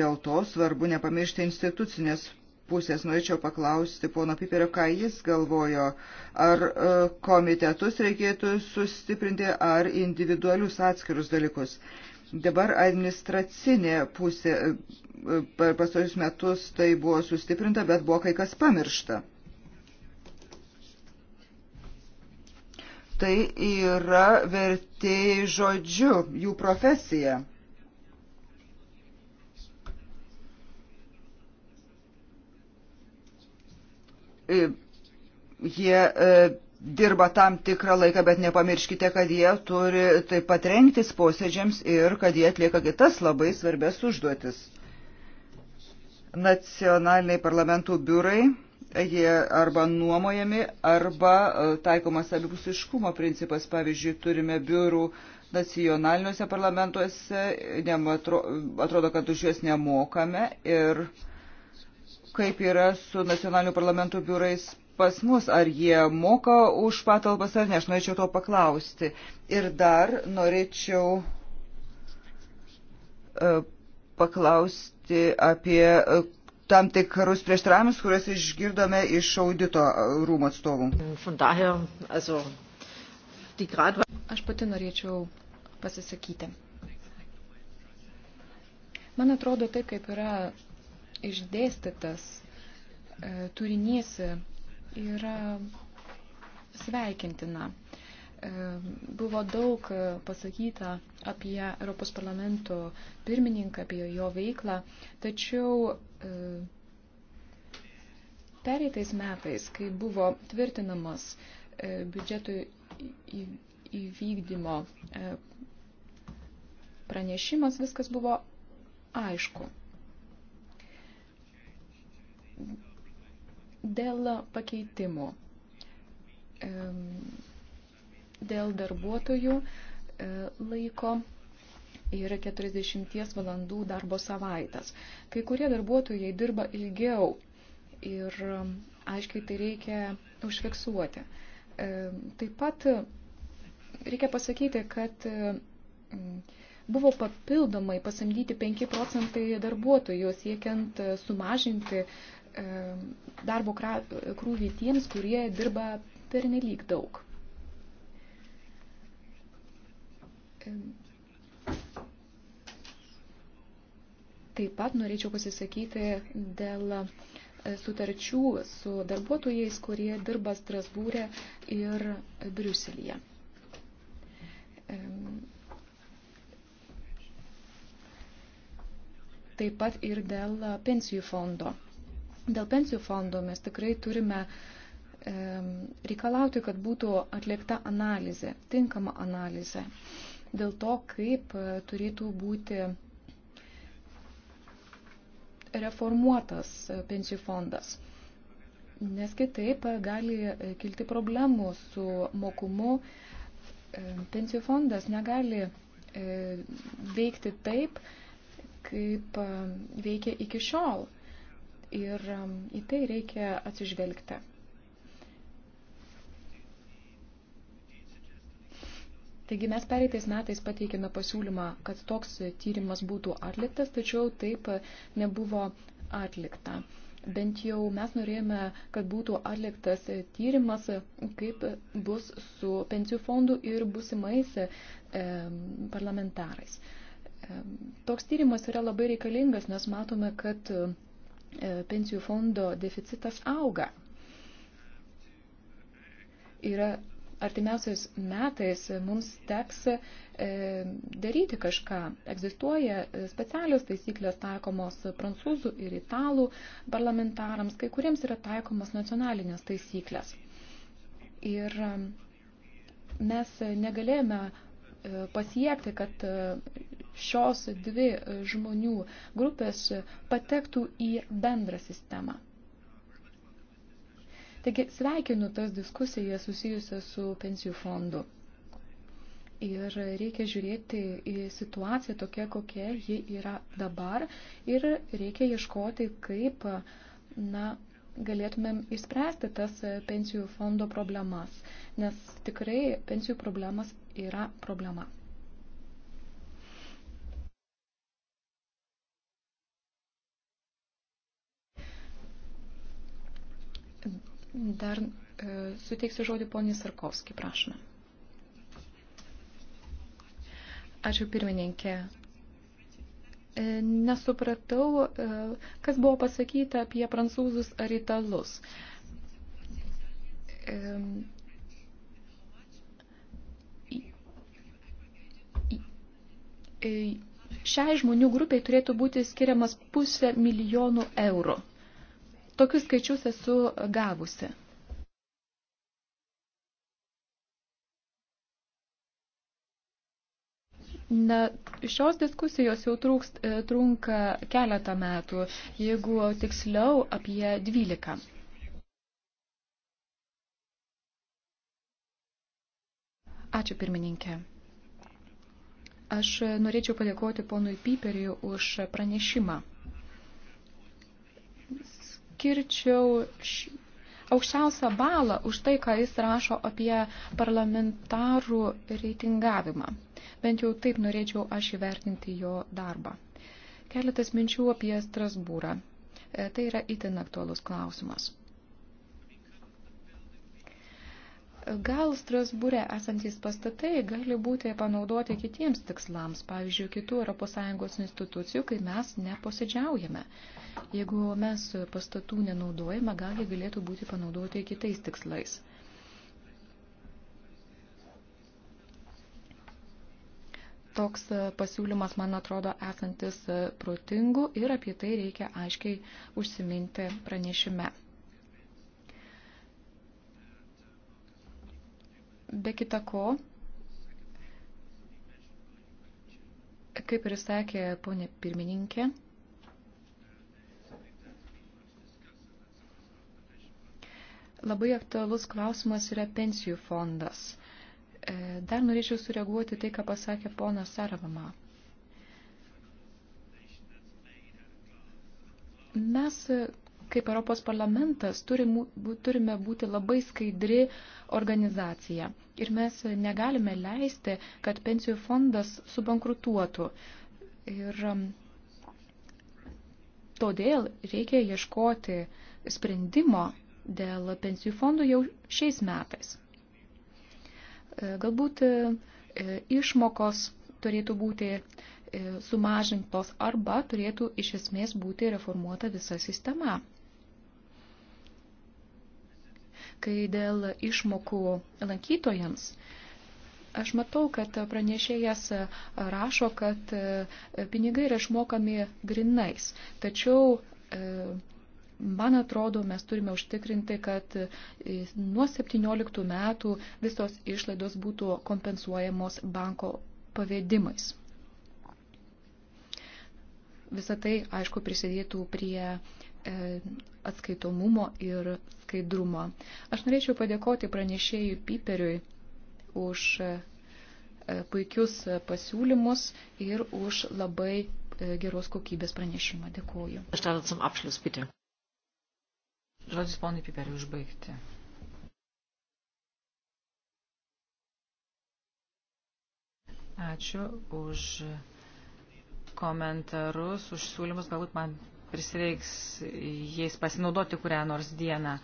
dėl to svarbu nepamiršti institucinės pusės. Norėčiau paklausti pono Piperio, ką jis galvojo, ar e, komitetus reikėtų sustiprinti, ar individualius atskirus dalykus. Dabar administracinė pusė e, per pastarus metus tai buvo sustiprinta, bet buvo kai kas pamiršta. tai yra vertėjai žodžiu, jų profesija. E, jie e, dirba tam tikrą laiką, bet nepamirškite, kad jie turi taip pat rengtis posėdžiams ir kad jie atlieka kitas labai svarbias užduotis. Nacionaliniai parlamentų biurai jie arba nuomojami, arba e, taikomas abipusiškumo principas. Pavyzdžiui, turime biurų nacionaliniuose parlamentuose, nematro, atrodo, kad už juos nemokame. Ir kaip yra su nacionalinių parlamentų biurais pas mus, ar jie moka už patalpas ar ne, aš norėčiau to paklausti. Ir dar norėčiau e, paklausti apie e, tam tikrus prieštaravimus, kuriuos išgirdome iš audito rūmų atstovų. Aš pati norėčiau pasisakyti. Man atrodo, tai kaip yra išdėstytas e, turinys yra sveikintina. E, buvo daug pasakyta apie Europos parlamento pirmininką, apie jo veiklą, tačiau E, pereitais metais, kai buvo tvirtinamas e, biudžeto įvykdymo e, pranešimas, viskas buvo aišku. Dėl pakeitimų, dėl darbuotojų laiko ir 40 valandų darbo savaitės. Kai kurie darbuotojai dirba ilgiau ir um, aiškiai tai reikia užfiksuoti. E, taip pat um, reikia pasakyti, kad um, buvo papildomai pasamdyti 5 procentai darbuotojų siekiant uh, sumažinti darbo krūvį tiems, kurie dirba pernelyg daug. Taip pat norėčiau pasisakyti dėl e, sutarčių su darbuotojais, kurie dirba Strasbūrė ir Briuselėje. Taip pat ir dėl pensijų fondo. Dėl pensijų fondo mes tikrai turime reikalauti, kad būtų atlikta analizė, tinkama analizė dėl to, kaip e, turėtų būti reformuotas pensijų fondas. Nes kitaip gali kilti problemų su mokumu. Pensijų fondas negali e, veikti taip, kaip e, veikia iki šiol. Ir e, į tai reikia atsižvelgti. Taigi mes pereitais metais pateikėme pasiūlymą, kad toks tyrimas būtų atliktas, tačiau taip nebuvo atlikta. Bent jau mes norėjome, kad būtų atliktas tyrimas, kaip bus su pensijų fondu ir busimais e, parlamentarais. E, toks tyrimas yra labai reikalingas, nes matome, kad e, pensijų fondo deficitas auga. Yra artimiausiais metais mums teks e, daryti kažką. Egzistuoja e, specialios taisyklės taikomos prancūzų ir italų parlamentarams, kai kuriems yra taikomos nacionalinės taisyklės. Ir e, mes negalėjome e, pasiekti, kad šios dvi žmonių grupės patektų į bendrą sistemą. Taigi sveikinu tas diskusijas susijusias su pensijų fondu. Ir reikia žiūrėti į situaciją tokia, kokia ji yra dabar. Ir reikia ieškoti, kaip na, galėtumėm išspręsti tas pensijų fondo problemas. Nes tikrai pensijų problemas yra problema. Dar e, suteiksiu žodį poniai Sarkovskį, prašome. Ačiū pirmininkė. E, nesupratau, e, kas buvo pasakyta apie prancūzus ar italus. E, e šiai žmonių grupiai turėtų būti skiriamas pusę milijonų eurų. Tokius skaičius esu gavusi. Na, šios diskusijos jau trūks, e, trunka keletą metų, jeigu tiksliau apie 12. Ačiū pirmininkė. Aš norėčiau padėkoti ponui Piperiui už pranešimą skirčiau š... aukščiausią balą už tai, ką jis rašo apie parlamentarų reitingavimą. Bent jau taip norėčiau aš įvertinti jo darbą. Keletas minčių apie Strasbūrą. E, tai yra itin aktualus klausimas. Gal Strasbūre esantys pastatai gali būti panaudoti kitiems tikslams, pavyzdžiui, kitų ES institucijų, kai mes neposėdžiaujame. Jeigu mes pastatų nenaudojame, gal jie galėtų būti panaudoti kitais tikslais. Toks pasiūlymas, man atrodo, esantis protingų ir apie tai reikia aiškiai užsiminti pranešime. Be kita ko, kaip ir sakė ponė pirmininkė, labai aktualus klausimas yra pensijų fondas. E, dar norėčiau sureaguoti tai, ką pasakė ponas Saravama. Mes kaip Europos parlamentas turime būti labai skaidri organizacija. Ir mes negalime leisti, kad pensijų fondas subankrutuotų. Ir um, todėl reikia ieškoti sprendimo dėl pensijų fondų jau šiais metais. E, galbūt e, išmokos turėtų būti e, sumažintos arba turėtų iš esmės būti reformuota visa sistema. kai dėl išmokų lankytojams. Aš matau, kad pranešėjas rašo, kad e, pinigai yra išmokami grinais. Tačiau, e, man atrodo, mes turime užtikrinti, kad e, nuo 17 metų visos išlaidos būtų kompensuojamos banko pavedimais. Visą tai, aišku, prisidėtų prie E, atskaitomumo ir skaidrumo. Aš norėčiau padėkoti pranešėjui Piperiui už e, puikius pasiūlymus ir už labai e, geros kokybės pranešimą. Dėkuoju. Aš tada zum apšlius, bitte. Žodis ponui Piperiui užbaigti. Ačiū už komentarus, už siūlymus. Galbūt man prisireiks jais pasinaudoti kurią nors dieną.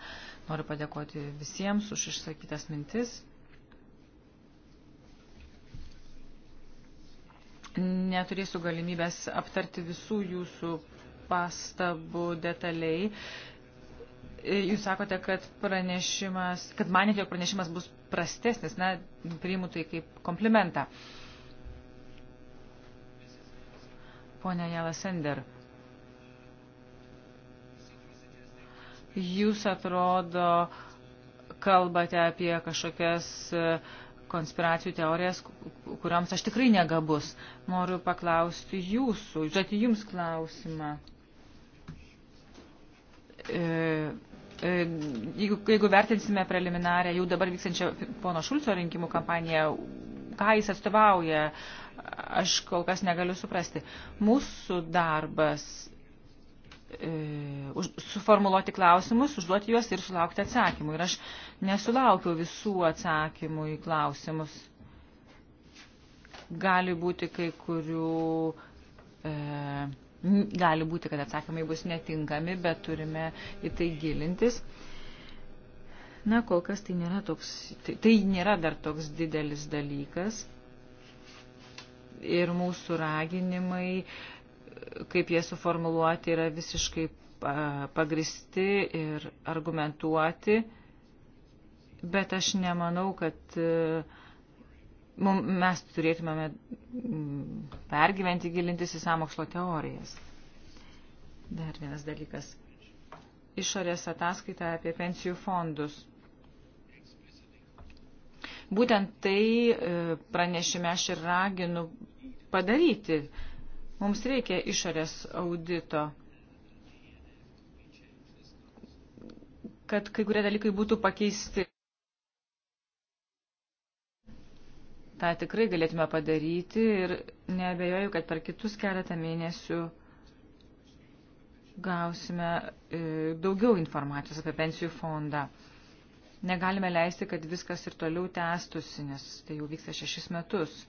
Noriu padėkoti visiems už išsakytas mintis. Neturėsiu galimybės aptarti visų jūsų pastabų detaliai. Jūs sakote, kad pranešimas, kad manėte, jog pranešimas bus prastesnis, na, priimu tai kaip komplimentą. Pone Jala Sender. jūs atrodo kalbate apie kažkokias e, konspiracijų teorijas, kuriams aš tikrai negabus. Noriu paklausti jūsų, žiūrėti jums klausimą. E, e, jeigu, jeigu vertinsime preliminarę jau dabar vykstančią pono Šulco rinkimų kampaniją, ką jis atstovauja, aš kol kas negaliu suprasti. Mūsų darbas E, suformuluoti klausimus, užduoti juos ir sulaukti atsakymų. Ir aš nesulaukiau visų atsakymų į klausimus. Gali būti kai kurių, e, gali būti, kad atsakymai bus netinkami, bet turime į tai gilintis. Na, kol kas tai nėra, toks, tai, tai nėra dar toks didelis dalykas. Ir mūsų raginimai. E, kaip jie suformuluoti, yra visiškai pagristi ir argumentuoti, bet aš nemanau, kad e, mes turėtumėme mm, pergyventi gilintis į samokslo teorijas. Dar vienas dalykas. Išorės ataskaita apie pensijų fondus. Būtent tai e, pranešime aš ir raginu padaryti Mums reikia išorės audito, kad kai kurie dalykai būtų pakeisti. tą tikrai galėtume padaryti ir nebejoju, kad per kitus keletą mėnesių gausime e, daugiau informacijos apie pensijų fondą. Negalime leisti, kad viskas ir toliau tęstusi, nes tai jau vyksta šešis metus.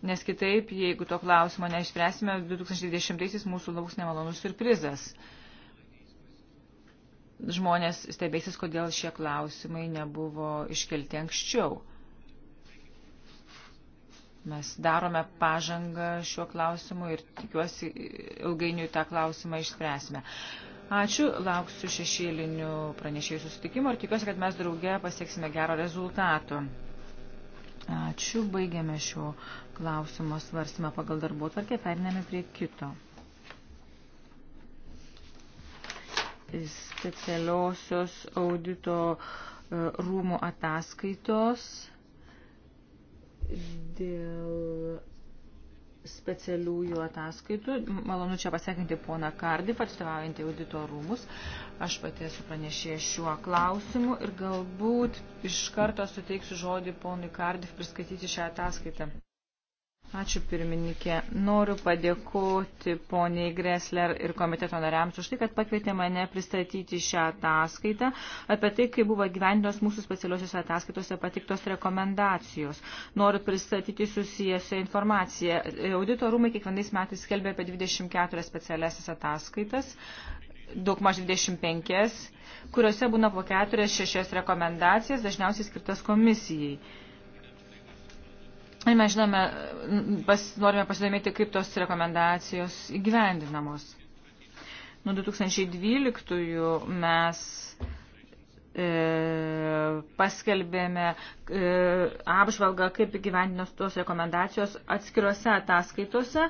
Nes kitaip, jeigu to klausimo neišspręsime, 2010-aisiais mūsų lauks nemalonus surprizas. Žmonės stebėsis, kodėl šie klausimai nebuvo iškelti anksčiau. Mes darome pažangą šiuo klausimu ir tikiuosi ilgainiui tą klausimą išspręsime. Ačiū, lauksiu šešėlinių pranešėjų susitikimo ir tikiuosi, kad mes drauge pasieksime gero rezultato. Ačiū. Baigiame šio klausimo svarstymą pagal darbo tvarkę. Periname prie kito. Specialiosios audito e, rūmų ataskaitos dėl specialiųjų ataskaitų. Malonu čia pasiekinti poną Kardif, atstovaujantį auditorumus. Aš pati esu pranešėję šiuo klausimu ir galbūt iš karto suteiksiu žodį ponui Kardif priskaityti šią ataskaitą. Ačiū pirmininkė. Noriu padėkoti poniai Gresler ir komiteto nariams už tai, kad pakvietė mane pristatyti šią ataskaitą apie tai, kaip buvo gyvendinos mūsų specialiosios ataskaitose patiktos rekomendacijos. Noriu pristatyti susijusią informaciją. Audito rūmai kiekvienais metais skelbia apie 24 specialiasias ataskaitas daugmaž 25, kuriuose būna po 4-6 rekomendacijas, dažniausiai skirtas komisijai. Mes žinome, pas, norime pasidomėti, kaip tos rekomendacijos įgyvendinamos. Nuo 2012 mes e, paskelbėme e, apžvalgą, kaip įgyvendinos tos rekomendacijos atskiruose ataskaitose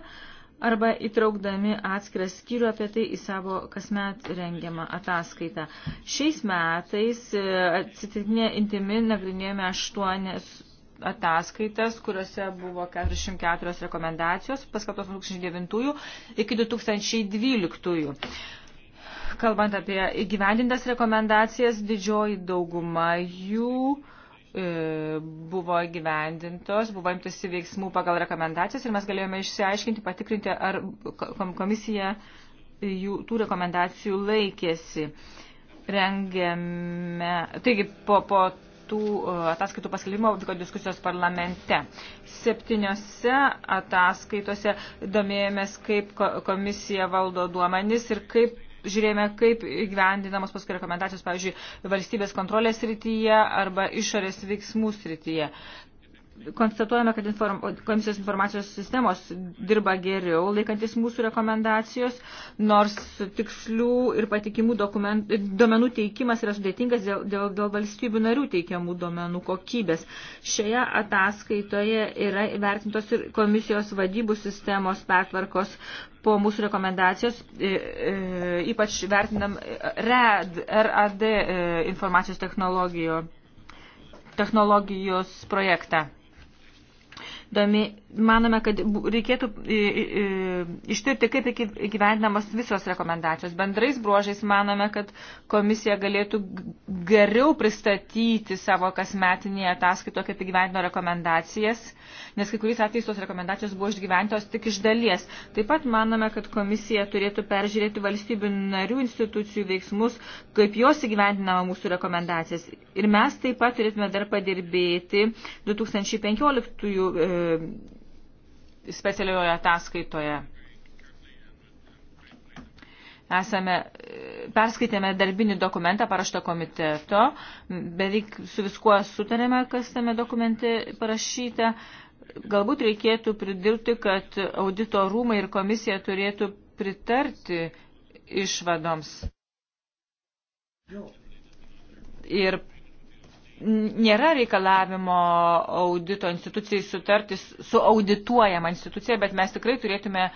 arba įtraukdami atskirą skyrių apie tai į savo kasmet rengiamą ataskaitą. Šiais metais e, atsitiknė intimi nagrinėjome aštuonias ataskaitas, kuriuose buvo 44 rekomendacijos paskatos 2009 iki 2012. Kalbant apie įgyvendintas rekomendacijas, didžioji dauguma jų e, buvo gyvendintos, buvo imtasi veiksmų pagal rekomendacijas ir mes galėjome išsiaiškinti, patikrinti, ar komisija jų, tų rekomendacijų laikėsi. Rengėme, taigi po, po tų e, ataskaitų paskelbimo vyko diskusijos parlamente. Septyniose ataskaitose domėjomės, kaip komisija valdo duomenis ir kaip žiūrėjome, kaip gyvendinamos paskui rekomendacijos, pavyzdžiui, valstybės kontrolės srityje arba išorės veiksmų srityje konstatuojame, kad inform, komisijos informacijos sistemos dirba geriau, laikantis mūsų rekomendacijos, nors tikslių ir patikimų dokument, duomenų teikimas yra sudėtingas dėl, dėl, dėl valstybių narių teikiamų duomenų kokybės. Šioje ataskaitoje yra vertintos ir komisijos vadybų sistemos pertvarkos po mūsų rekomendacijos, e, e, ypač vertinam RAD, RAD e, informacijos technologijų technologijos projektą domi, manome, kad reikėtų ištirti, kaip įgyvendinamos visos rekomendacijos. Bendrais bruožais manome, kad komisija galėtų geriau pristatyti savo kasmetinėje ataskaitoje, kaip įgyvendino rekomendacijas nes kai kuriais atvejais tos rekomendacijos buvo išgyventos tik iš dalies. Taip pat manome, kad komisija turėtų peržiūrėti valstybių narių institucijų veiksmus, kaip jos įgyvendinama mūsų rekomendacijas. Ir mes taip pat turėtume dar padirbėti 2015 e, specialioje ataskaitoje esame, e, perskaitėme darbinį dokumentą paraštą komiteto, beveik su viskuo sutarėme, kas tame dokumente parašyta. Galbūt reikėtų pridurti, kad audito rūmai ir komisija turėtų pritarti išvadoms. Ir nėra reikalavimo audito institucijai sutartis su audituojama institucija, bet mes tikrai turėtume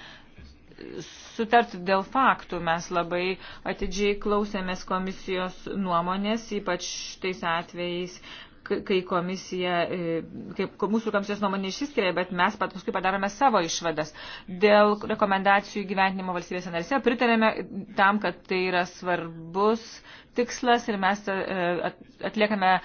sutarti dėl faktų. Mes labai atidžiai klausėmės komisijos nuomonės, ypač tais atvejais, kai komisija, e, kaip mūsų komisijos nuomonė išsiskiria, bet mes pat paskui padarome savo išvadas. Dėl rekomendacijų gyventinimo valstybės narėse pritarėme tam, kad tai yra svarbus tikslas ir mes e, atliekame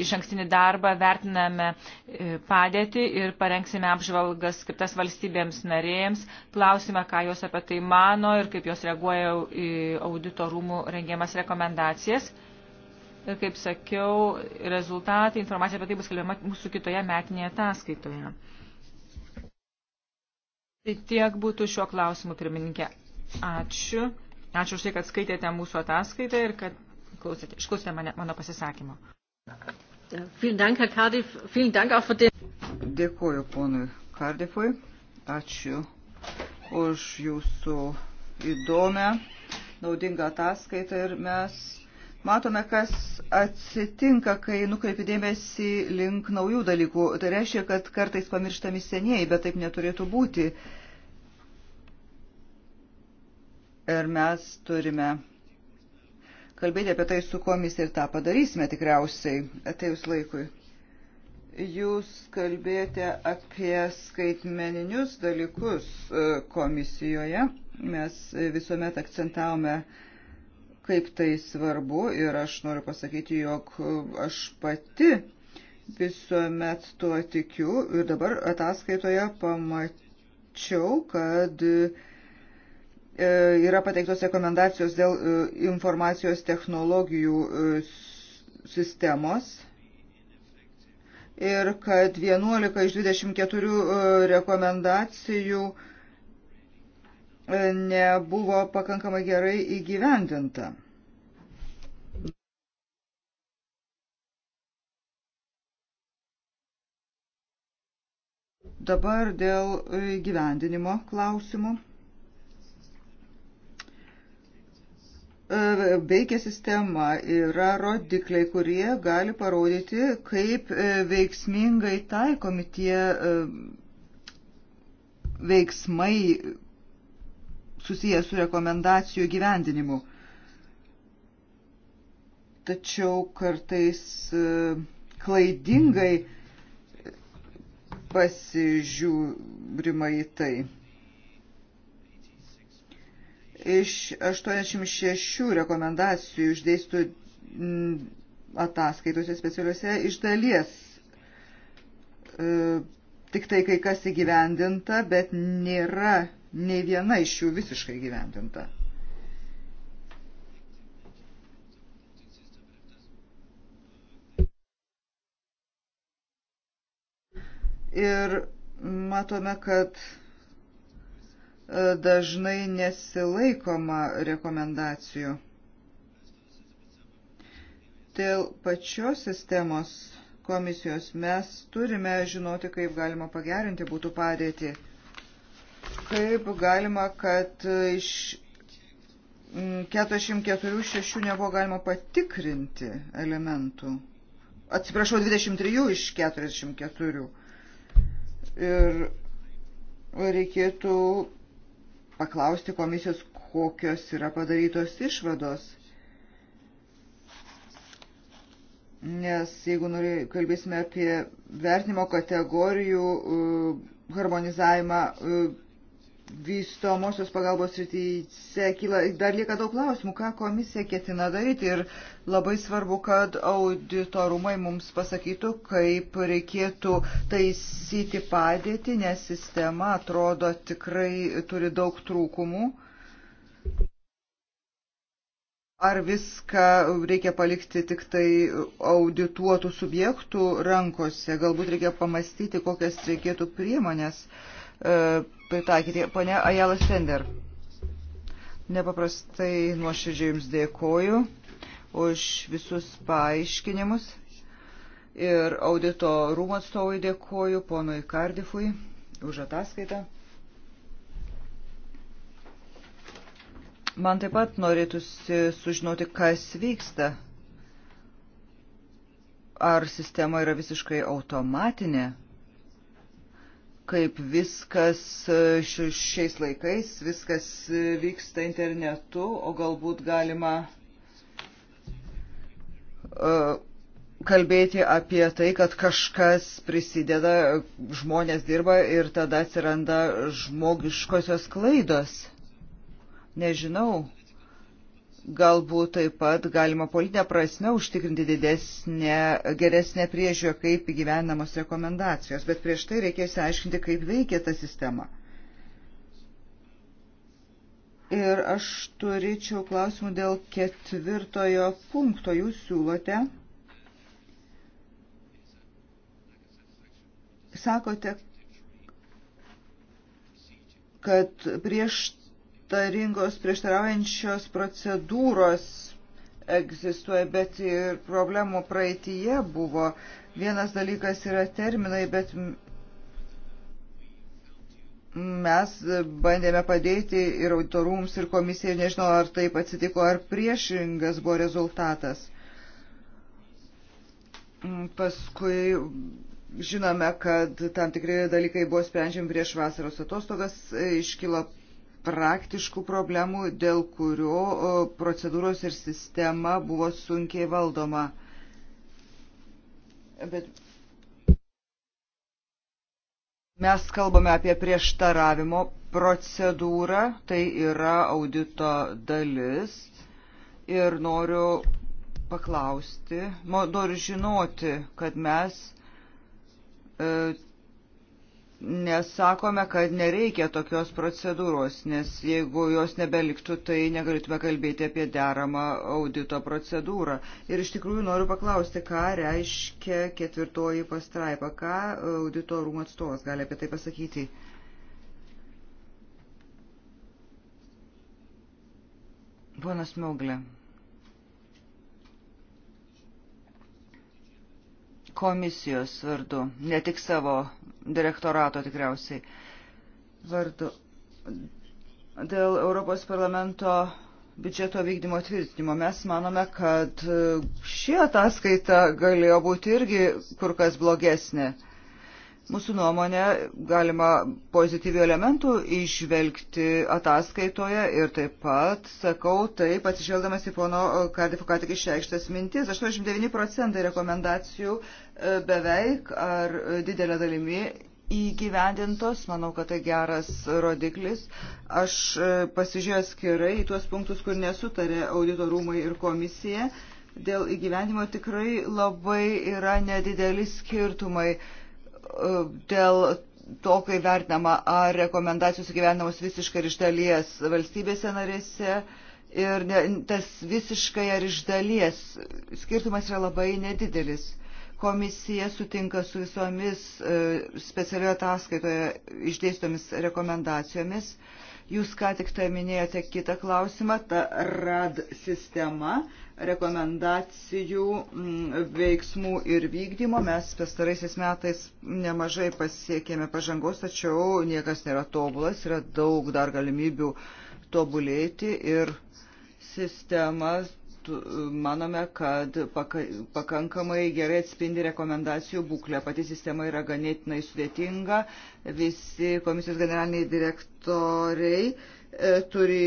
iš ankstinį darbą, vertiname e, padėtį ir parengsime apžvalgas skirtas valstybėms narėjams, klausime, ką jos apie tai mano ir kaip jos reaguoja į auditorumų rengiamas rekomendacijas. Ir kaip sakiau, rezultatai, informacija apie tai bus kalbama mūsų kitoje metinėje ataskaitoje. Tai tiek būtų šiuo klausimu, pirmininkė. Ačiū. Ačiū už tai, kad skaitėte mūsų ataskaitą ir kad klausėte, išklausėte mane, mano pasisakymo. Dėkuoju ponui Kardifui. Ačiū už jūsų įdomią, naudingą ataskaitą ir mes Matome, kas atsitinka, kai nukreipi dėmesį link naujų dalykų. Tai reiškia, kad kartais pamirštami senieji, bet taip neturėtų būti. Ir mes turime kalbėti apie tai su komisija ir tą padarysime tikriausiai atėjus laikui. Jūs kalbėjote apie skaitmeninius dalykus e, komisijoje. Mes visuomet akcentavome uh, kaip tai svarbu ir aš noriu pasakyti, jog aš pati visuomet tuo tikiu ir dabar ataskaitoje pamačiau, kad e, yra pateiktos rekomendacijos dėl e, informacijos technologijų e, sistemos ir kad 11 iš 24 rekomendacijų nebuvo pakankamai gerai įgyvendinta. Dabar dėl gyvendinimo klausimų. E, veikia sistema, yra rodikliai, kurie gali parodyti, kaip e, veiksmingai taikomi tie e, veiksmai, susijęs su rekomendacijų gyvendinimu. Tačiau kartais e, klaidingai pasižiūrima į tai. Iš 86 rekomendacijų išdėstų mm, ataskaitose specialiuose iš dalies e, tik tai kai kas įgyvendinta, bet nėra nei viena iš jų visiškai gyvendinta. Ir matome, kad e, dažnai nesilaikoma rekomendacijų. Dėl pačios sistemos komisijos mes turime žinoti, kaip galima pagerinti būtų padėti. Kaip galima, kad iš 44-6 mm, nebuvo galima patikrinti elementų? Atsiprašau, 23 iš 44. Ir reikėtų paklausti komisijos, kokios yra padarytos išvados. Nes jeigu norė, kalbėsime apie vertinimo kategorijų e, harmonizavimą, e, vystomosios pagalbos rytyse kyla, dar lieka daug klausimų, ką komisija ketina daryti ir labai svarbu, kad auditorumai mums pasakytų, kaip reikėtų taisyti padėtį, nes sistema atrodo tikrai turi daug trūkumų. Ar viską reikia palikti tik tai audituotų subjektų rankose? Galbūt reikia pamastyti, kokias reikėtų priemonės uh, E, pritaikyti. Pone Ajala Sender, nepaprastai nuoširdžiai Jums dėkoju už visus paaiškinimus ir audito rūmų atstovui dėkoju, ponui Kardifui, už ataskaitą. Man taip pat norėtųsi sužinoti, kas vyksta. Ar sistema yra visiškai automatinė? kaip viskas e, šiais laikais, viskas e, vyksta internetu, o galbūt galima e, kalbėti apie tai, kad kažkas prisideda, žmonės dirba ir tada atsiranda žmogiškosios klaidos. Nežinau, Galbūt taip pat galima politinę prasme užtikrinti didesnę, geresnę priežiūrą, kaip įgyvenamos rekomendacijos, bet prieš tai reikės aiškinti, kaip veikia ta sistema. Ir aš turėčiau klausimų dėl ketvirtojo punkto. Jūs siūlote, sakote, kad prieš prieštaringos, prieštaraujančios procedūros egzistuoja, bet ir problemų praeitie buvo. Vienas dalykas yra terminai, bet mes bandėme padėti ir autorums, ir komisijai, nežinau, ar taip atsitiko, ar priešingas buvo rezultatas. Paskui žinome, kad tam tikri dalykai buvo sprendžiami prieš vasaros atostogas, iškilo praktiškų problemų, dėl kurio procedūros ir sistema buvo sunkiai valdoma. Bet mes kalbame apie prieštaravimo procedūrą, tai yra audito dalis ir noriu paklausti, noriu žinoti, kad mes e, nesakome, kad nereikia tokios procedūros, nes jeigu jos nebeliktų, tai negalėtume kalbėti apie deramą audito procedūrą. Ir iš tikrųjų noriu paklausti, ką reiškia ketvirtoji pastraipa, ką audito rūmų atstovas gali apie tai pasakyti. Ponas Mauglė. komisijos vardu, ne tik savo direktorato tikriausiai vardu. Dėl Europos parlamento biudžeto vykdymo tvirtinimo mes manome, kad ši ataskaita galėjo būti irgi kur kas blogesnė. Mūsų nuomonė galima pozityvių elementų išvelgti ataskaitoje ir taip pat, sakau, taip atsižvelgdamas į pono Kardifo ką tik išreikštas mintis, 89 procentai rekomendacijų E, beveik ar e, didelė dalimi įgyvendintos. Manau, kad tai geras rodiklis. Aš e, pasižiūrėjau skirai į tuos punktus, kur nesutarė audito rūmai ir komisija. Dėl įgyvendimo tikrai labai yra nedideli skirtumai dėl to, kai vertinama, ar rekomendacijos įgyvendinamos visiškai ir iš dalies valstybėse narėse. Ir ne, tas visiškai ar iš dalies skirtumas yra labai nedidelis Komisija sutinka su visomis e, specialioje ataskaitoje išdėstomis rekomendacijomis. Jūs ką tik tai minėjote kitą klausimą, ta RAD sistema rekomendacijų mm, veiksmų ir vykdymo. Mes pastaraisiais metais nemažai pasiekėme pažangos, tačiau niekas nėra tobulas, yra daug dar galimybių tobulėti ir sistemas E, manome, kad pakankamai gerai atspindi rekomendacijų būklę. Pati sistema yra ganėtinai sudėtinga. Visi komisijos generaliniai direktoriai e, turi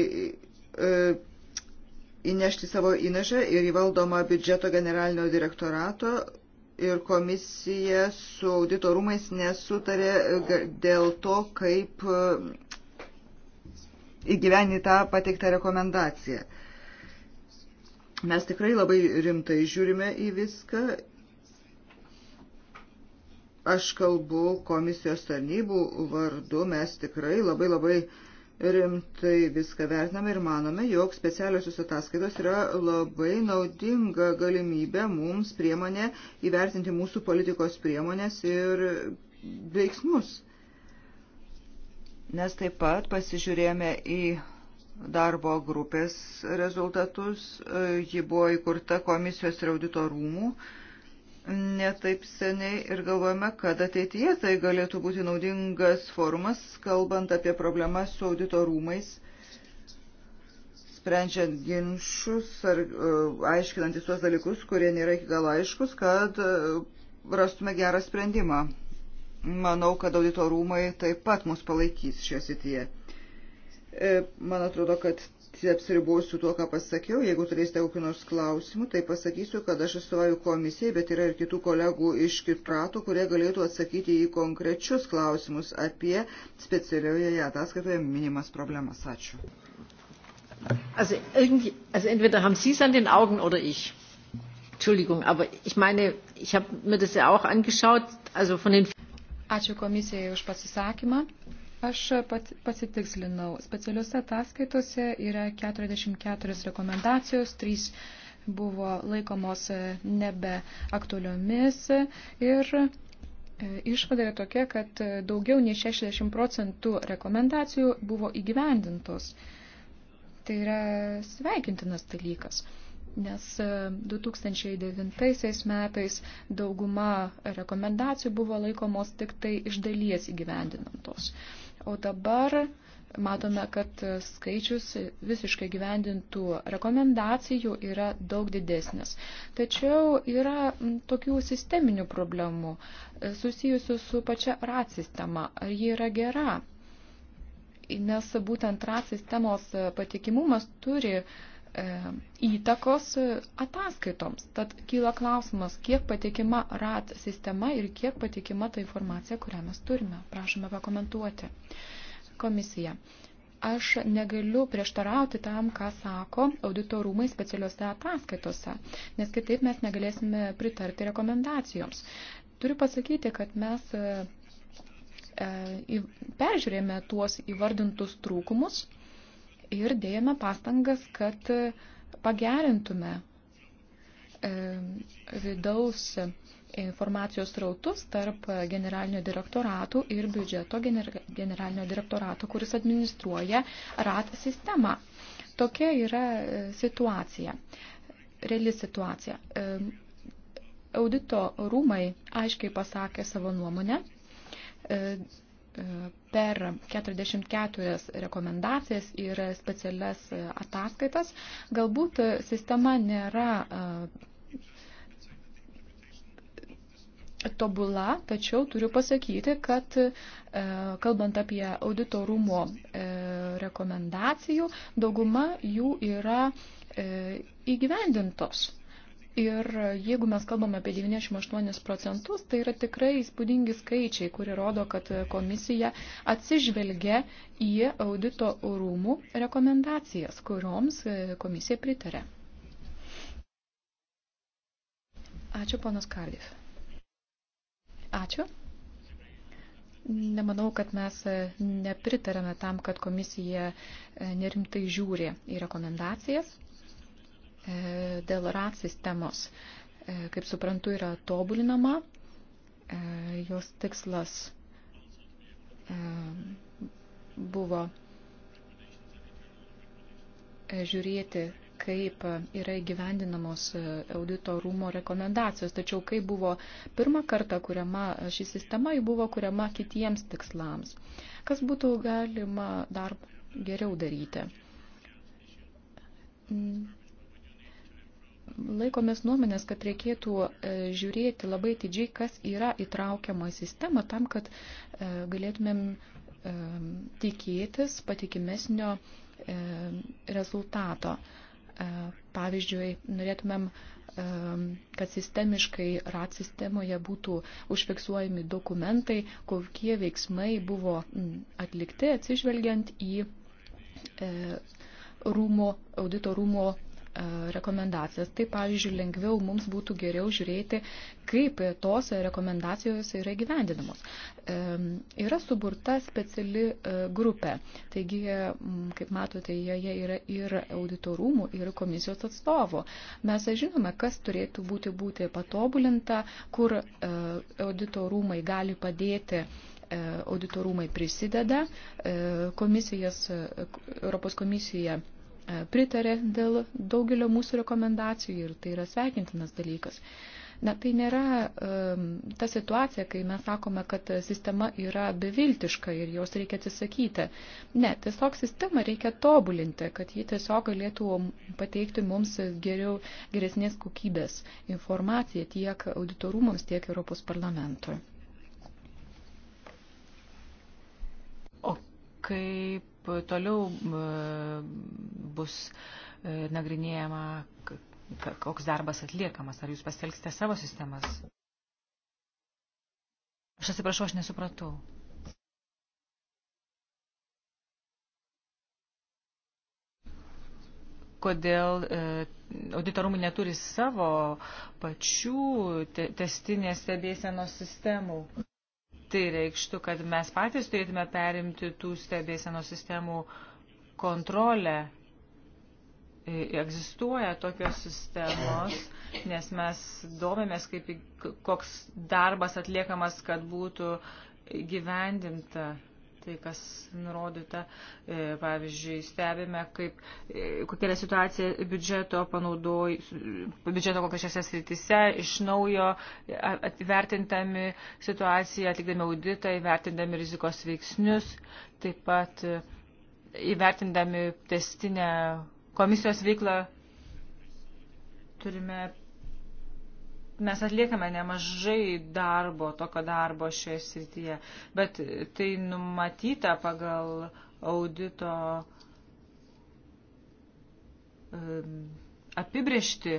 e, įnešti savo įnašą ir įvaldoma biudžeto generalinio direktorato ir komisija su auditorumais nesutarė dėl to, kaip įgyveni tą pateiktą rekomendaciją. Mes tikrai labai rimtai žiūrime į viską. Aš kalbu komisijos tarnybų vardu, mes tikrai labai labai rimtai viską vertiname ir manome, jog specialiosios ataskaitos yra labai naudinga galimybė mums priemonė įvertinti mūsų politikos priemonės ir veiksmus. Nes taip pat pasižiūrėjome į darbo grupės rezultatus. Ji buvo įkurta komisijos ir audito rūmų netaip seniai ir galvojame, kad ateityje tai galėtų būti naudingas forumas, kalbant apie problemas su audito rūmais, sprendžiant ginčius ar e, aiškinant visos dalykus, kurie nėra iki galo aiškus, kad e, rastume gerą sprendimą. Manau, kad audito rūmai taip pat mus palaikys šioje sityje. E, man atrodo, kad apsiribosiu tuo, ką pasakiau. Jeigu turėsite kokių nors klausimų, tai pasakysiu, kad aš atstovauju komisijai, bet yra ir kitų kolegų iš Kipratų, kurie galėtų atsakyti į konkrečius klausimus apie specialioje ataskaitoje minimas problemas. Ačiū. Also, irgendwie, also entweder haben Sie es an den Augen oder ich. Entschuldigung, aber ich meine, ich habe mir das ja auch angeschaut, also von den. Ačiū komisijai už pasisakymą. Aš pat, pasitikslinau. Specialiuose ataskaitose yra 44 rekomendacijos, 3 buvo laikomos nebe aktualiomis ir e, išvada yra tokia, kad daugiau nei 60 procentų rekomendacijų buvo įgyvendintos. Tai yra sveikintinas dalykas nes 2009 e, metais dauguma rekomendacijų buvo laikomos tik tai iš dalies įgyvendinantos. tos. O dabar matome, kad skaičius visiškai gyvendintų rekomendacijų yra daug didesnis. Tačiau yra tokių sisteminių problemų e, susijusių su pačia RAT sistema. Ar ji yra gera? Nes būtent RAT sistemos patikimumas turi uh, E, įtakos e, ataskaitoms. Tad kyla klausimas, kiek patikima RAT sistema ir kiek patikima ta informacija, kurią mes turime. Prašome pakomentuoti. Komisija. Aš negaliu prieštarauti tam, ką sako auditorumai specialiuose ataskaitose, nes kitaip mes negalėsime pritarti rekomendacijoms. Turiu pasakyti, kad mes e, peržiūrėjome tuos įvardintus trūkumus ir dėjome pastangas, kad pagerintume e, vidaus informacijos rautus tarp generalinio direktoratų ir biudžeto generalinio direktorato, kuris administruoja RAT sistemą. Tokia yra e, situacija, reali situacija. E, audito rūmai aiškiai pasakė savo nuomonę per 44 rekomendacijas ir specialias ataskaitas. Galbūt sistema nėra e, tobula, tačiau turiu pasakyti, kad e, kalbant apie auditorumo e, rekomendacijų, dauguma jų yra įgyvendintos. Ir jeigu mes kalbame apie 98 procentus, tai yra tikrai įspūdingi skaičiai, kuri rodo, kad komisija atsižvelgia į audito rūmų rekomendacijas, kurioms komisija pritarė. Ačiū, ponas Kardif. Ačiū. Nemanau, kad mes nepritarėme tam, kad komisija nerimtai žiūri į rekomendacijas E, dėl RAT sistemos, e, kaip suprantu, yra tobulinama. E, jos tikslas buvo žiūrėti, kaip yra įgyvendinamos audito rūmo rekomendacijos. Tačiau, kai buvo pirmą kartą kuriama ši sistema, ji buvo kuriama kitiems tikslams. Kas būtų galima dar geriau daryti? laikomės nuomonės, kad reikėtų e, žiūrėti labai didžiai, kas yra įtraukiama į sistemą, tam, kad e, galėtumėm e, tikėtis patikimesnio rezultato. Pavyzdžiui, norėtumėm, kad sistemiškai RAT sistemoje būtų užfiksuojami dokumentai, kokie veiksmai buvo atlikti atsižvelgiant į rūmo, audito rūmo E, rekomendacijas. Tai, pavyzdžiui, lengviau mums būtų geriau žiūrėti, kaip tos rekomendacijos yra gyvendinamos. E, yra suburta speciali e, grupė. Taigi, kaip matote, joje yra ir auditorumų, ir komisijos atstovų. Mes žinome, kas turėtų būti, būti patobulinta, kur auditorumai gali padėti auditorumai prisideda, komisijas, Europos komisija pritarė dėl daugelio mūsų rekomendacijų ir tai yra sveikintinas dalykas. Na, tai nėra um, ta situacija, kai mes sakome, kad sistema yra beviltiška ir jos reikia atsisakyti. Ne, tiesiog sistemą reikia tobulinti, kad ji tiesiog galėtų pateikti mums geriau, geresnės kokybės informaciją tiek auditorumams, tiek Europos parlamentui. O kaip kaip toliau e, bus e, nagrinėjama, koks darbas atliekamas, ar jūs pasitelksite savo sistemas. Aš atsiprašau, aš nesupratau. kodėl e, auditorumai neturi savo pačių testinės stebėsenos sistemų. Tai reikštų, kad mes patys turėtume perimti tų stebėsenos sistemų kontrolę. E, egzistuoja tokios sistemos, nes mes domėmės, kaip, koks darbas atliekamas, kad būtų gyvendinta tai, kas nurodyta. E, pavyzdžiui, stebime, kaip, e, kokia yra situacija biudžeto panaudoj, e, biudžeto kokiose sritise, iš naujo atvertintami situaciją, atlikdami auditą, įvertindami rizikos veiksnius, taip pat įvertindami testinę komisijos veiklą turime mes atliekame nemažai darbo, tokio darbo šioje srityje, bet tai numatyta pagal audito apibriešti.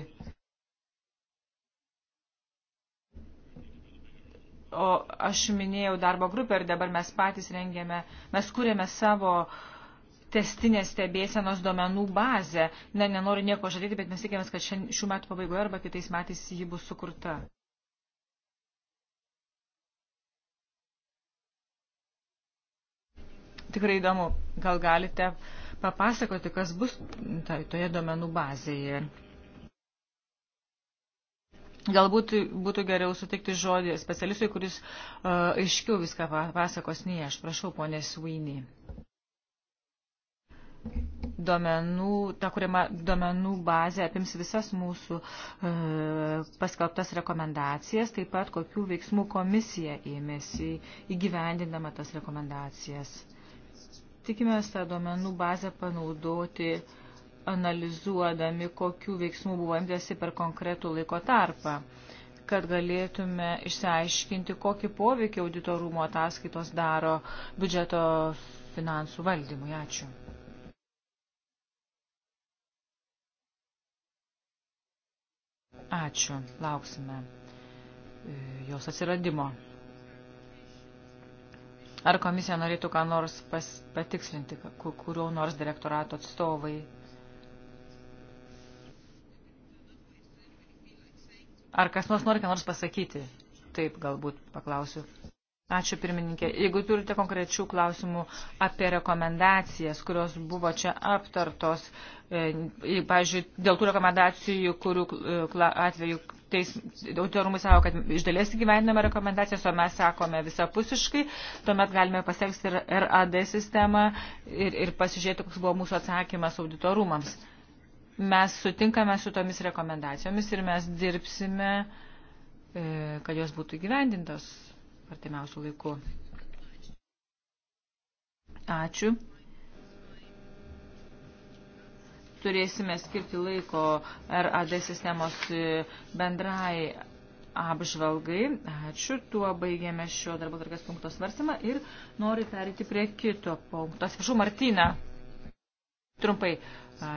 O aš minėjau darbo grupę ir dabar mes patys rengėme, mes kūrėme savo uh, testinės stebėsenos duomenų bazę. Ne, nenoriu nieko žadėti, bet mes tikėmės, kad šių metų pabaigoje arba kitais metais ji bus sukurta. Tikrai įdomu, gal galite papasakoti, kas bus tai, toje duomenų bazėje. Galbūt būtų geriau sutikti žodį specialistui, kuris uh, aiškiau viską pasakos, nei aš. Prašau, ponė Svainį duomenų, ta kuriama duomenų bazė apims visas mūsų e, paskelbtas rekomendacijas, taip pat kokių veiksmų komisija ėmėsi įgyvendindama tas rekomendacijas. Tikimės tą duomenų bazę panaudoti analizuodami, kokių veiksmų buvo imtasi per konkretų laiko tarpą kad galėtume išsiaiškinti, kokį poveikį auditorumo ataskaitos daro biudžeto finansų valdymui. Ačiū. Ačiū, lauksime e, jos atsiradimo. Ar komisija norėtų ką nors pas, patikslinti, kurio nors direktorato atstovai? Ar kas nors nori ką nors pasakyti? Taip, galbūt paklausiu. Ačiū pirmininkė. Jeigu turite konkrečių klausimų apie rekomendacijas, kurios buvo čia aptartos, e, pavyzdžiui, dėl tų rekomendacijų, kurių e, atveju autorumai savo, kad iš dalies įgyvendiname rekomendacijas, o mes sakome visapusiškai, tuomet galime pasiekti ir RAD sistemą ir, ir pasižiūrėti, koks buvo mūsų atsakymas auditorumams. Mes sutinkame su tomis rekomendacijomis ir mes dirbsime, e, kad jos būtų įgyvendintos artimiausių laikų. Ačiū. Turėsime skirti laiko RAD sistemos bendrai apžvalgai. Ačiū. Tuo baigėme šio darbo tvarkės punkto svarstymą ir noriu perėti prie kito punkto. Atsiprašau, Martina. Trumpai,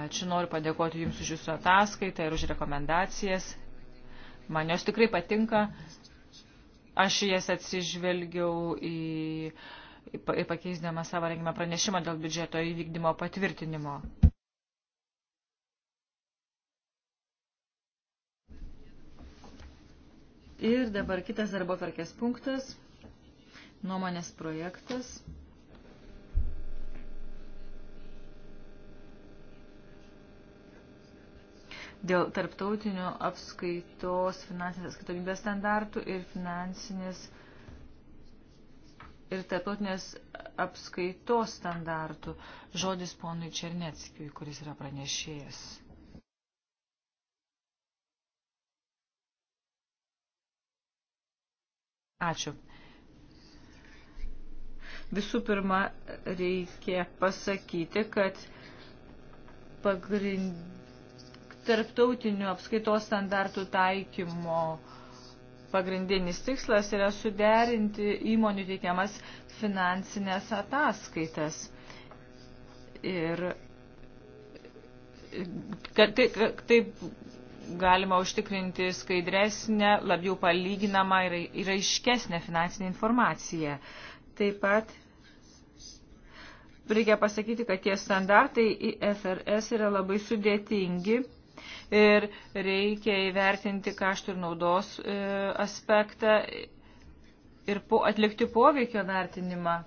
ačiū noriu padėkoti Jums už Jūsų ataskaitą ir už rekomendacijas. Man jos tikrai patinka. Aš jas atsižvelgiau į, į pakeisdama savo rengimą pranešimą dėl biudžeto įvykdymo patvirtinimo. Ir dabar kitas darbo tvarkės punktas, nuomonės projektas. dėl tarptautinių apskaitos, finansinės atskaitomybės standartų ir finansinės ir tarptautinės apskaitos standartų. Žodis ponui Černeckiui, kuris yra pranešėjas. Ačiū. Visų pirma, reikia pasakyti, kad pagrindinė tarptautinių apskaitos standartų taikymo pagrindinis tikslas yra suderinti įmonių teikiamas finansinės ataskaitas. Ir kad taip, taip galima užtikrinti skaidresnę, labiau palyginamą ir, ir aiškesnę finansinę informaciją. Taip pat reikia pasakyti, kad tie standartai IFRS yra labai sudėtingi ir reikia įvertinti kaštų ir naudos e, aspektą ir po, atlikti poveikio vertinimą.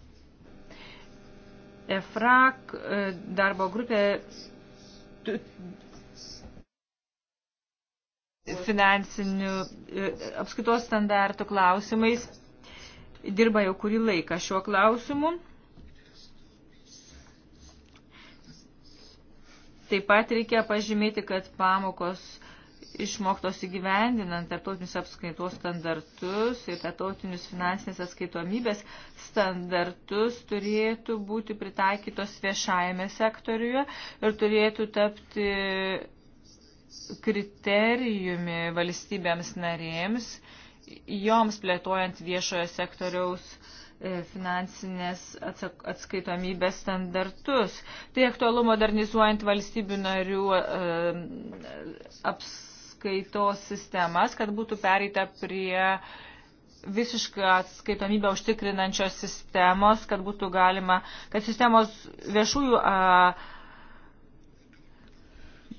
EFRAK e, darbo grupė finansinių e, apskaitos standartų klausimais dirba jau kurį laiką šiuo klausimu. Taip pat reikia pažymėti, kad pamokos išmoktos įgyvendinant tarptautinius apskaitos standartus ir tarptautinius finansinės atskaitomybės standartus turėtų būti pritaikytos viešajame sektoriuje ir turėtų tapti kriterijumi valstybėms narėms, joms plėtojant viešojo sektoriaus uh, E, finansinės atskaitomybės standartus. Tai aktualu modernizuojant valstybių narių e, apskaitos sistemas, kad būtų pereita prie visišką atskaitomybę užtikrinančios sistemos, kad būtų galima, kad sistemos viešųjų a,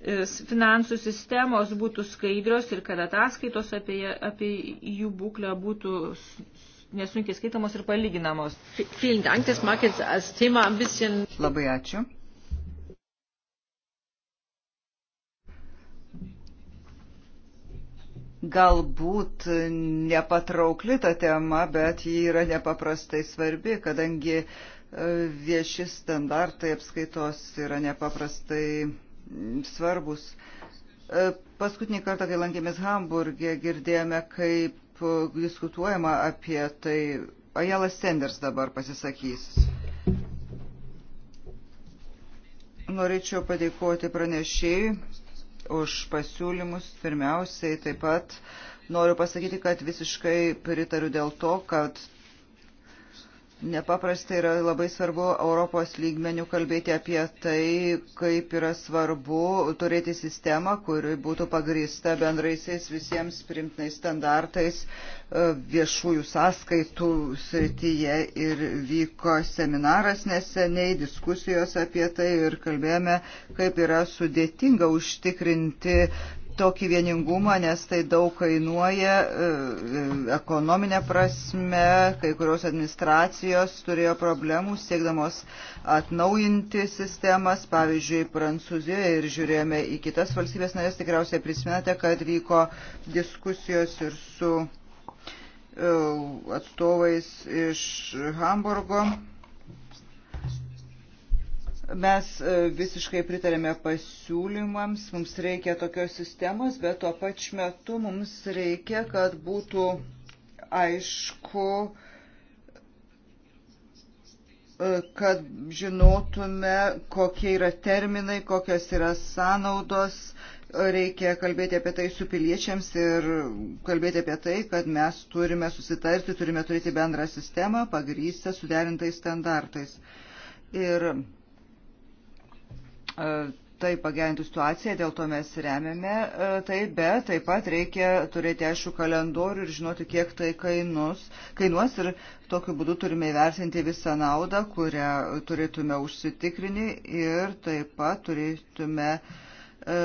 e, finansų sistemos būtų skaidrios ir kad ataskaitos apie, apie jų būklę būtų nesunkiai skaitamos ir palyginamos. Labai ačiū. galbūt nepatraukli ta tema, bet ji yra nepaprastai svarbi, kadangi e, vieši standartai apskaitos yra nepaprastai svarbus. E, paskutinį kartą, kai lankėmės Hamburgė, girdėjome, kaip E, diskutuojama apie tai. Ajala Sanders dabar pasisakys. Norėčiau padėkoti pranešėjui už pasiūlymus. Pirmiausiai taip pat noriu pasakyti, kad visiškai pritariu dėl to, kad Nepaprastai yra labai svarbu Europos lygmenių kalbėti apie tai, kaip yra svarbu turėti sistemą, kuri būtų pagrįsta bendraisiais visiems primtinais standartais e, viešųjų sąskaitų srityje. Ir vyko seminaras neseniai, diskusijos apie tai ir kalbėjome, kaip yra sudėtinga užtikrinti tokį vieningumą, nes tai daug kainuoja e, e, ekonominė prasme, kai kurios administracijos turėjo problemų siekdamos atnaujinti sistemas, pavyzdžiui, Prancūzijoje ir žiūrėjome į kitas valstybės narės, tikriausiai prisimenate, kad vyko diskusijos ir su e, atstovais iš Hamburgo Mes e, visiškai pritarėme pasiūlymams, mums reikia tokios sistemos, bet tuo pačiu metu mums reikia, kad būtų aišku, e, kad žinotume, kokie yra terminai, kokios yra sąnaudos, reikia kalbėti apie tai su piliečiams ir kalbėti apie tai, kad mes turime susitarti, turime turėti bendrą sistemą pagrystę suderintais standartais. Ir E, tai pagerinti situaciją, dėl to mes remiame e, tai, bet taip pat reikia turėti aišku kalendorių ir žinoti, kiek tai kainus, kainuos ir tokiu būdu turime įvertinti visą naudą, kurią turėtume užsitikrinį ir taip pat turėtume e,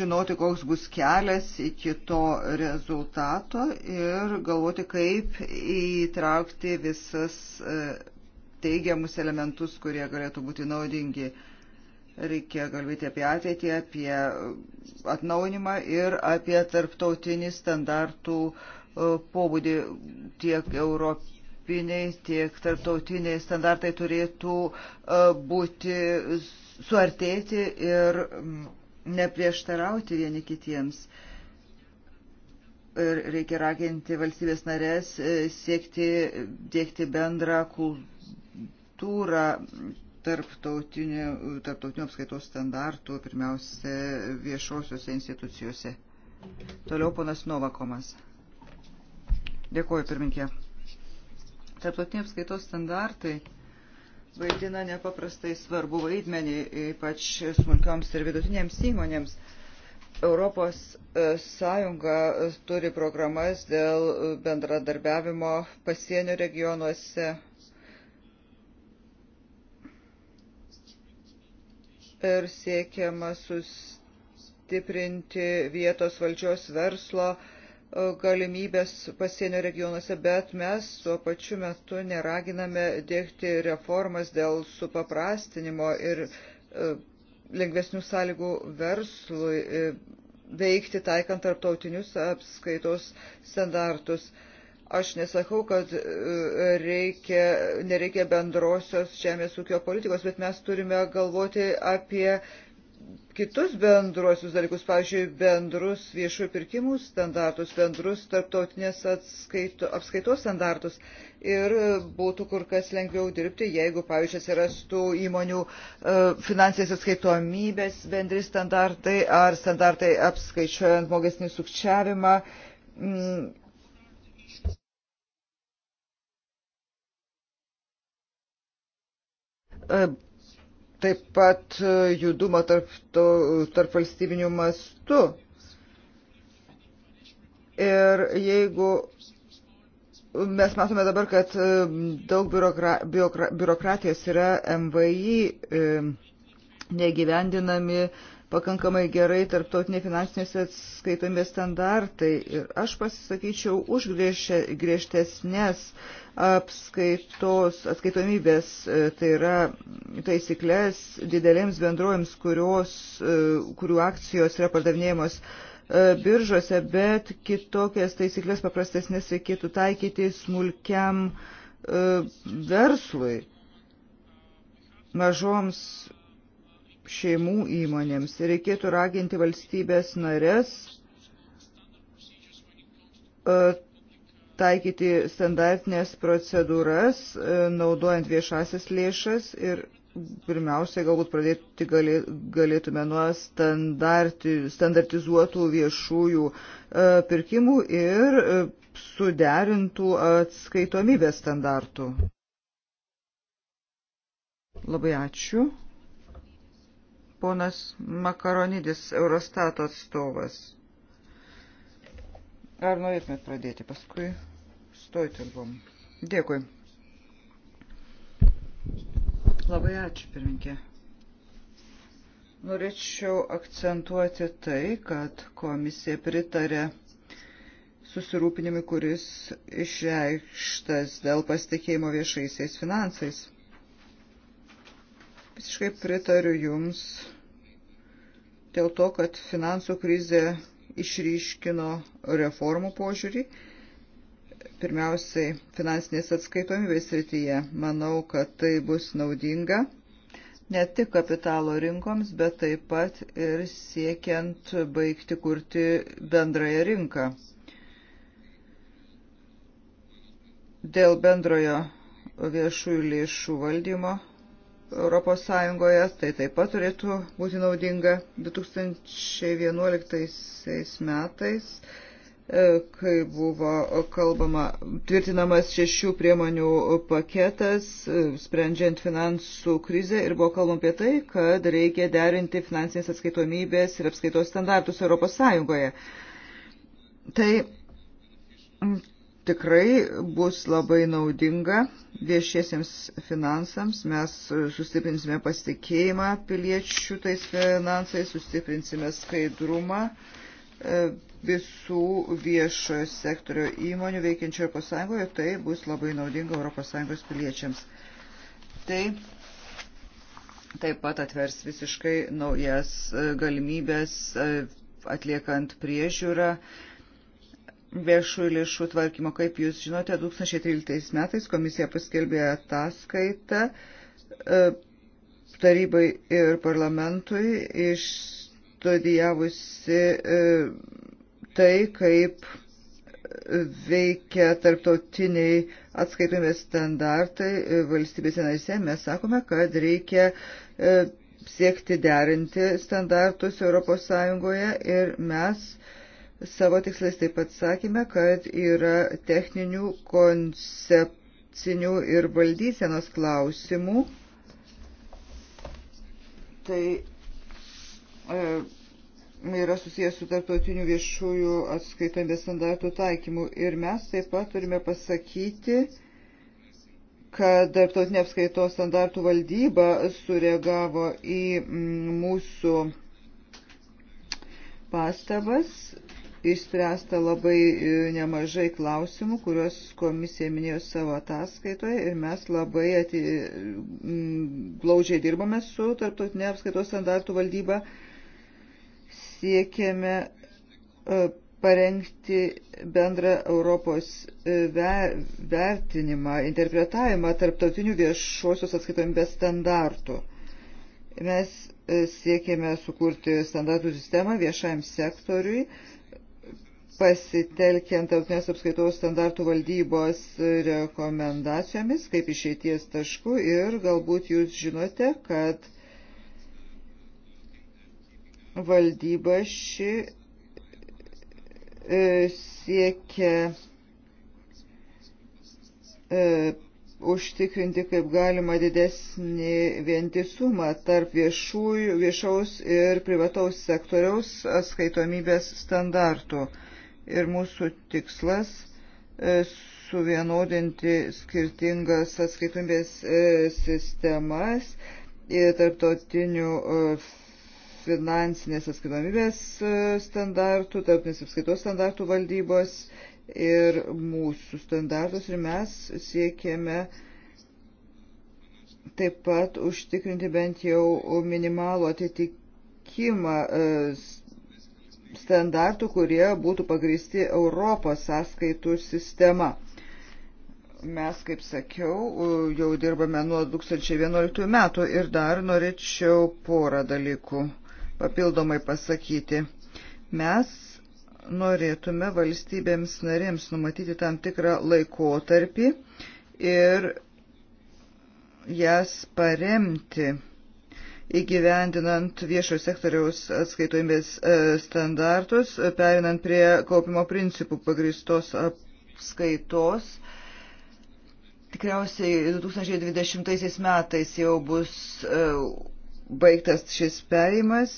žinoti, koks bus kelias iki to rezultato ir galvoti, kaip įtraukti visas e, teigiamus elementus, kurie galėtų būti naudingi. E, Reikia kalbėti apie ateitį, apie atnaunimą ir apie tarptautinį standartų e, pobūdį tiek europiniai, tiek tarptautiniai standartai turėtų e, būti suartėti ir neprieštarauti vieni kitiems. Ir reikia raginti valstybės narės e, siekti dėkti bendrą kultūrą, tarptautinių, tarptautinių apskaitos standartų, pirmiausia, viešosiuose institucijose. Toliau ponas Novakomas. Dėkuoju, pirminkė. Tarptautiniai apskaitos standartai vaidina nepaprastai svarbu vaidmenį, ypač smulkioms ir vidutinėms įmonėms. Europos e, Sąjunga turi programas dėl bendradarbiavimo pasienio regionuose, ir siekiama sustiprinti vietos valdžios verslo e, galimybės pasienio regionuose, bet mes tuo pačiu metu neraginame dėkti reformas dėl supaprastinimo ir e, lengvesnių sąlygų verslui e, veikti taikant tarptautinius apskaitos standartus. Aš nesakau, kad e, reikia, nereikia bendrosios žemės ūkio politikos, bet mes turime galvoti apie kitus bendruosius dalykus, pavyzdžiui, bendrus viešųjų pirkimų standartus, bendrus tarptautinės atskaito, apskaitos standartus. Ir būtų kur kas lengviau dirbti, jeigu, pavyzdžiui, atsirastų įmonių e, finansinės atskaitomybės bendri standartai ar standartai apskaičiuojant mokesnį sukčiavimą mm, E, taip pat e, judumą tarp, to, tarp valstybinių mastų. Ir jeigu mes matome dabar, kad e, daug biurokra, biurokra, biurokratijos yra MVI negyvendinami pakankamai gerai tarptautiniai finansinės atskaitomės standartai. Ir aš pasisakyčiau už griežtesnės apskaitos, atskaitomybės, e, tai yra taisyklės didelėms bendruojams, kurios, e, kurių akcijos yra pardavinėjamos e, biržose, bet kitokias taisyklės paprastesnės reikėtų taikyti smulkiam verslui, mažoms šeimų įmonėms. Reikėtų raginti valstybės narės e, taikyti standartinės procedūras, e, naudojant viešasias lėšas ir pirmiausia, galbūt pradėti galėtume nuo standarti, standartizuotų viešųjų e, pirkimų ir suderintų atskaitomybės standartų. Labai ačiū ponas Makaronidis, Eurostato atstovas. Ar norėtumėt pradėti, paskui stoitelbom. Dėkui. Labai ačiū, pirminkė. Norėčiau akcentuoti tai, kad komisija pritarė susirūpinimui, kuris išreikštas dėl pasitikėjimo viešaisiais finansais. Visiškai pritariu Jums dėl to, kad finansų krizė išryškino reformų požiūrį. Pirmiausiai, finansinės atskaitomybės rytyje. Manau, kad tai bus naudinga ne tik kapitalo rinkoms, bet taip pat ir siekiant baigti kurti bendrąją rinką. Dėl bendrojo viešųjų lėšų valdymo ES, tai taip pat turėtų būti naudinga 2011 metais, e, kai buvo kalbama, tvirtinamas šešių priemonių paketas, e, sprendžiant finansų krizę ir buvo kalbama apie tai, kad reikia derinti finansinės atskaitomybės ir apskaitos standartus ES. Tai tikrai bus labai naudinga viešiesiems finansams. Mes sustiprinsime pasitikėjimą piliečių tais finansais, sustiprinsime skaidrumą e, visų viešojo sektorio įmonių veikiančio Europos Sąjungoje. Tai bus labai naudinga Europos Sąjungos piliečiams. Tai taip pat atvers visiškai naujas e, galimybės e, atliekant priežiūrą viešųjų lėšų tvarkymo. Kaip jūs žinote, 2013 metais komisija paskelbė ataskaitą e, tarybai ir parlamentui išstudijavusi e, tai, kaip veikia tarptautiniai atskaitomi standartai valstybėse narise. Mes sakome, kad reikia e, siekti derinti standartus ES ir mes Savo tikslais taip pat sakėme, kad yra techninių, koncepcinių ir valdysenos klausimų. Tai e, yra susijęs su tarptautiniu viešųjų atskaitomės standartų taikymu. Ir mes taip pat turime pasakyti, kad tarptautinė apskaitos standartų valdyba sureagavo į mūsų pastabas išspręsta labai e, nemažai klausimų, kuriuos komisija minėjo savo ataskaitoje ir mes labai ati, glaudžiai dirbame su tarptautinė apskaitos standartų valdyba, siekėme e, parengti bendrą Europos e, vertinimą, interpretavimą tarptautinių viešosios atskaitomybės standartų. Mes siekėme sukurti standartų sistemą viešajam sektoriui, pasitelkiant tautinės apskaitos standartų valdybos rekomendacijomis kaip išeities tašku ir galbūt jūs žinote, kad valdyba ši e, siekia e, užtikrinti kaip galima didesnį vientisumą tarp viešųjų, viešaus ir privataus sektoriaus atskaitomybės standartų ir mūsų tikslas e, suvienodinti skirtingas atskaitomės e, sistemas ir tarptautinių e, finansinės atskaitomybės standartų, tarptautinės apskaitos standartų valdybos ir mūsų standartus ir mes siekėme taip pat užtikrinti bent jau minimalų atitikimą standartų, kurie būtų pagristi Europos sąskaitų sistema. Mes, kaip sakiau, jau dirbame nuo 2011 metų ir dar norėčiau porą dalykų papildomai pasakyti. Mes norėtume valstybėms narėms numatyti tam tikrą laikotarpį ir jas paremti įgyvendinant viešo sektoriaus atskaitomės e, standartus, e, perinant prie kaupimo principų pagristos apskaitos. Tikriausiai 2020 metais jau bus e, baigtas šis perimas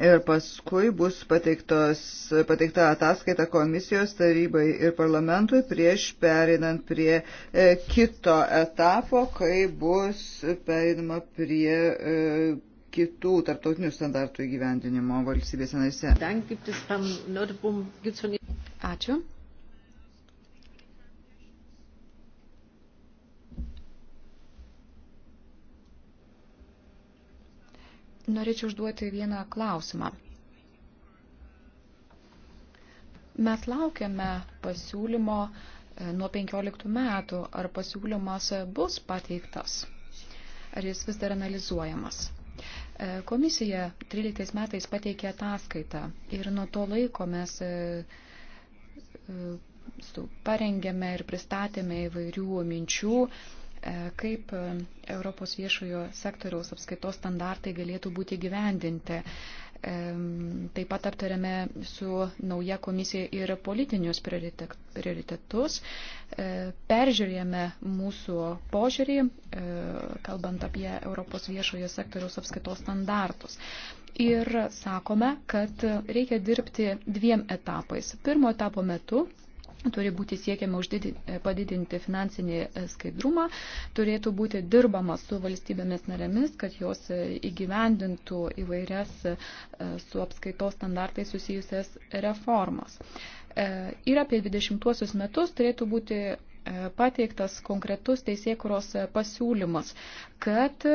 Ir paskui bus pateikta ataskaita komisijos tarybai ir parlamentui prieš pereinant prie e, kito etapo, kai bus pereinama prie e, kitų tarptautinių standartų įgyvendinimo valstybės narėse. Ačiū. norėčiau užduoti vieną klausimą. Mes laukiame pasiūlymo e, nuo 15 metų, ar pasiūlymas bus pateiktas, ar jis vis dar analizuojamas. E, komisija 13 metais pateikė ataskaitą ir nuo to laiko mes e, parengėme ir pristatėme įvairių minčių E, kaip e, Europos viešojo sektoriaus apskaitos standartai galėtų būti gyvendinti. E, taip pat aptarėme su nauja komisija ir politinius prioritetus. Peržiūrėjome mūsų požiūrį, kalbant apie Europos viešojo sektoriaus apskaitos standartus. Ir sakome, kad reikia dirbti dviem etapais. Pirmo etapo metu turi būti siekiama uždidinti, padidinti finansinį e, skaidrumą, turėtų būti dirbama su valstybėmis narėmis, kad jos e, įgyvendintų įvairias e, su apskaitos standartai susijusias reformas. Ir apie 20 metus turėtų būti pateiktas konkretus teisėkuros pasiūlymas, kad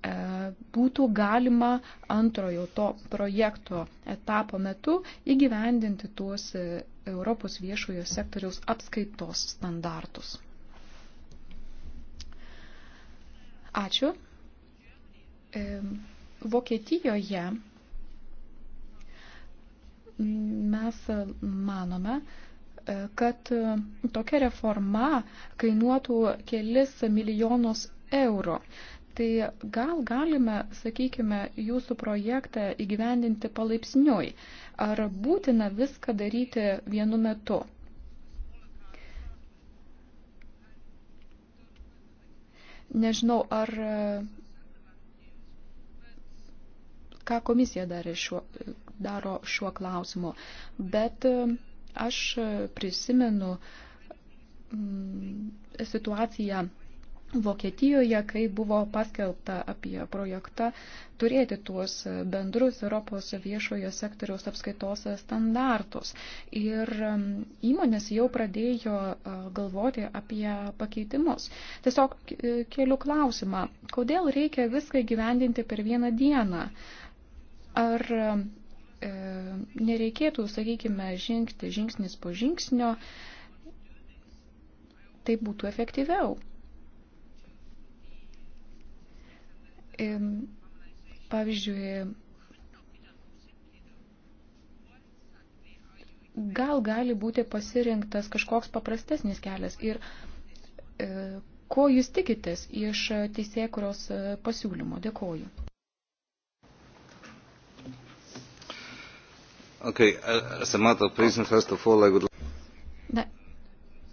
E, būtų galima antrojo to projekto etapo metu įgyvendinti tuos e, Europos viešojo sektoriaus apskaitos standartus. Ačiū. E, Vokietijoje mes manome, kad tokia reforma kainuotų kelis milijonus eurų. Tai gal galime, sakykime, jūsų projektą įgyvendinti palaipsniui? Ar būtina viską daryti vienu metu? Nežinau, ar ką komisija darė šiuo, daro šiuo klausimu, bet aš prisimenu mm, situaciją Vokietijoje, kai buvo paskelbta apie projektą turėti tuos bendrus Europos viešojo sektoriaus apskaitos standartus. Ir um, įmonės jau pradėjo uh, galvoti apie pakeitimus. Tiesiog keliu klausimą, kodėl reikia viską gyvendinti per vieną dieną? Ar um, e, nereikėtų, sakykime, žingti žingsnis po žingsnio? Tai būtų efektyviau. Pavyzdžiui, gal gali būti pasirinktas kažkoks paprastesnis kelias ir e, ko jūs tikitės iš teisėkuros e, pasiūlymo? Dėkoju. Okay, as a matter of prison, first of all, I would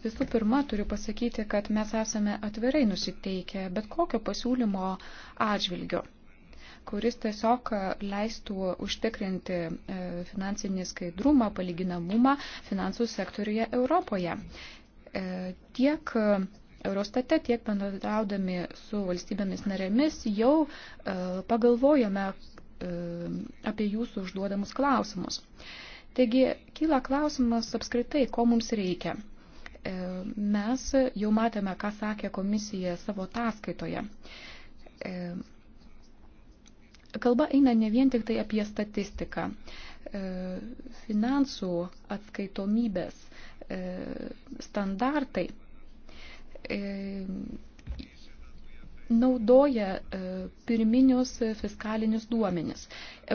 Visų pirma, turiu pasakyti, kad mes esame atvirai nusiteikę bet kokio pasiūlymo atžvilgiu, kuris tiesiog leistų užtikrinti e, finansinį skaidrumą, palyginamumą finansų sektoriuje Europoje. E, tiek Eurostate, tiek bendradaudami su valstybėmis narėmis jau e, pagalvojame apie jūsų užduodamus klausimus. Taigi, kyla klausimas apskritai, ko mums reikia E, mes jau matėme, ką sakė komisija savo ataskaitoje. E, kalba eina ne vien tik tai apie statistiką. E, finansų atskaitomybės standartai naudoja pirminius fiskalinius duomenis.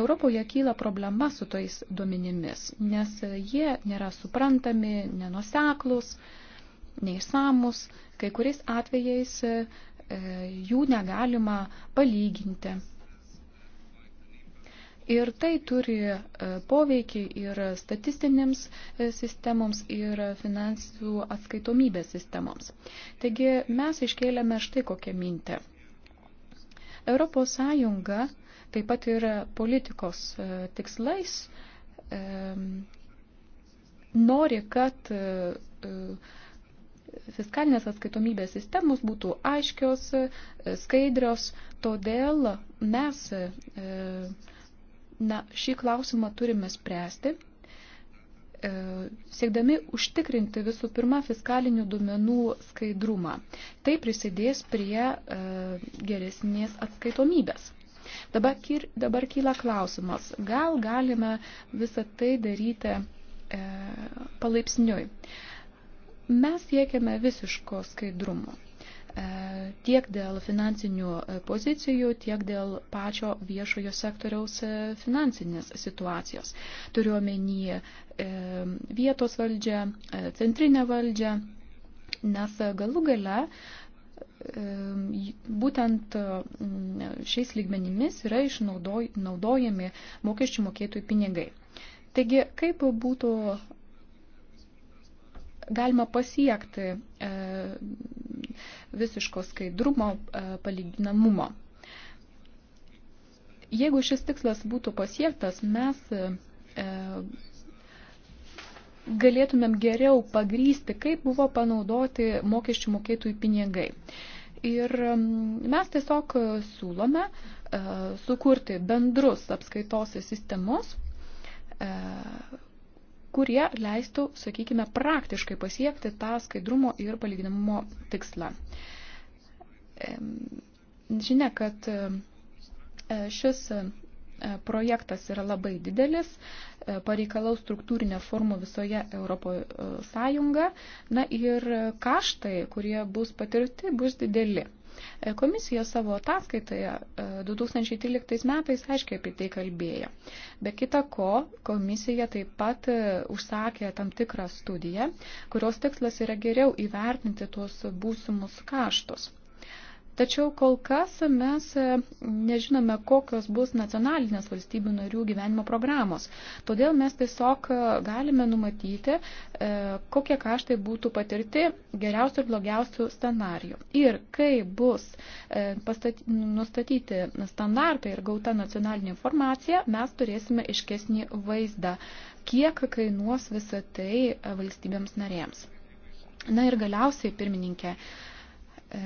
Europoje kyla problema su tais duomenimis, nes jie nėra suprantami, nenuseklus. E, neįsamus, kai kuriais atvejais e, e, jų negalima palyginti. Ir tai turi e, poveikį ir statistinėms sistemoms, ir finansų atskaitomybės sistemoms. Taigi mes iškėlėme štai kokią mintę. Europos Sąjunga taip pat ir politikos tikslais nori, kad fiskalinės atskaitomybės sistemos būtų aiškios, e, skaidrios, todėl mes e, na, šį klausimą turime spręsti, e, siekdami užtikrinti visų pirma fiskalinių duomenų skaidrumą. Tai prisidės prie geresnės atskaitomybės. Dabar, dabar kyla klausimas, gal galime visą tai daryti palaipsniui. Mes siekiame visiško skaidrumo e, tiek dėl finansinių e, pozicijų, tiek dėl pačio viešojo sektoriaus e, finansinės situacijos. Turiu omenyje vietos valdžią, centrinę valdžią, nes galų gale būtent šiais lygmenimis yra išnaudojami mokesčių mokėtojų pinigai. Taigi, kaip būtų galima pasiekti e, visiško skaidrumo e, palyginamumo. Jeigu šis tikslas būtų pasiektas, mes e, galėtumėm geriau pagrysti, kaip buvo panaudoti mokesčių mokėtųjų pinigai. Ir mes tiesiog siūlome sukurti bendrus apskaitos sistemus, kurie leistų, sakykime, praktiškai pasiekti tą skaidrumo ir palyginamumo tikslą. Žinia, kad e, šis e, projektas yra labai didelis, e, pareikalaus struktūrinę formą visoje Europos sąjunga, na ir kaštai, kurie bus patirti, bus dideli. Komisija savo ataskaitoje 2013 e, metais aiškiai apie tai kalbėjo. Be kita ko, komisija taip pat e, užsakė tam tikrą studiją, kurios tikslas yra geriau įvertinti tuos būsimus kaštus. Tačiau kol kas mes e, nežinome, kokios bus nacionalinės valstybių narių gyvenimo programos. Todėl mes tiesiog e, galime numatyti, e, kokie kaštai būtų patirti geriausių ir blogiausių scenarijų. Ir kai bus pastaty, nustatyti standartai ir gauta nacionalinė informacija, mes turėsime iškesnį vaizdą, kiek kainuos visą tai valstybėms narėms. Na ir galiausiai, pirmininkė, E,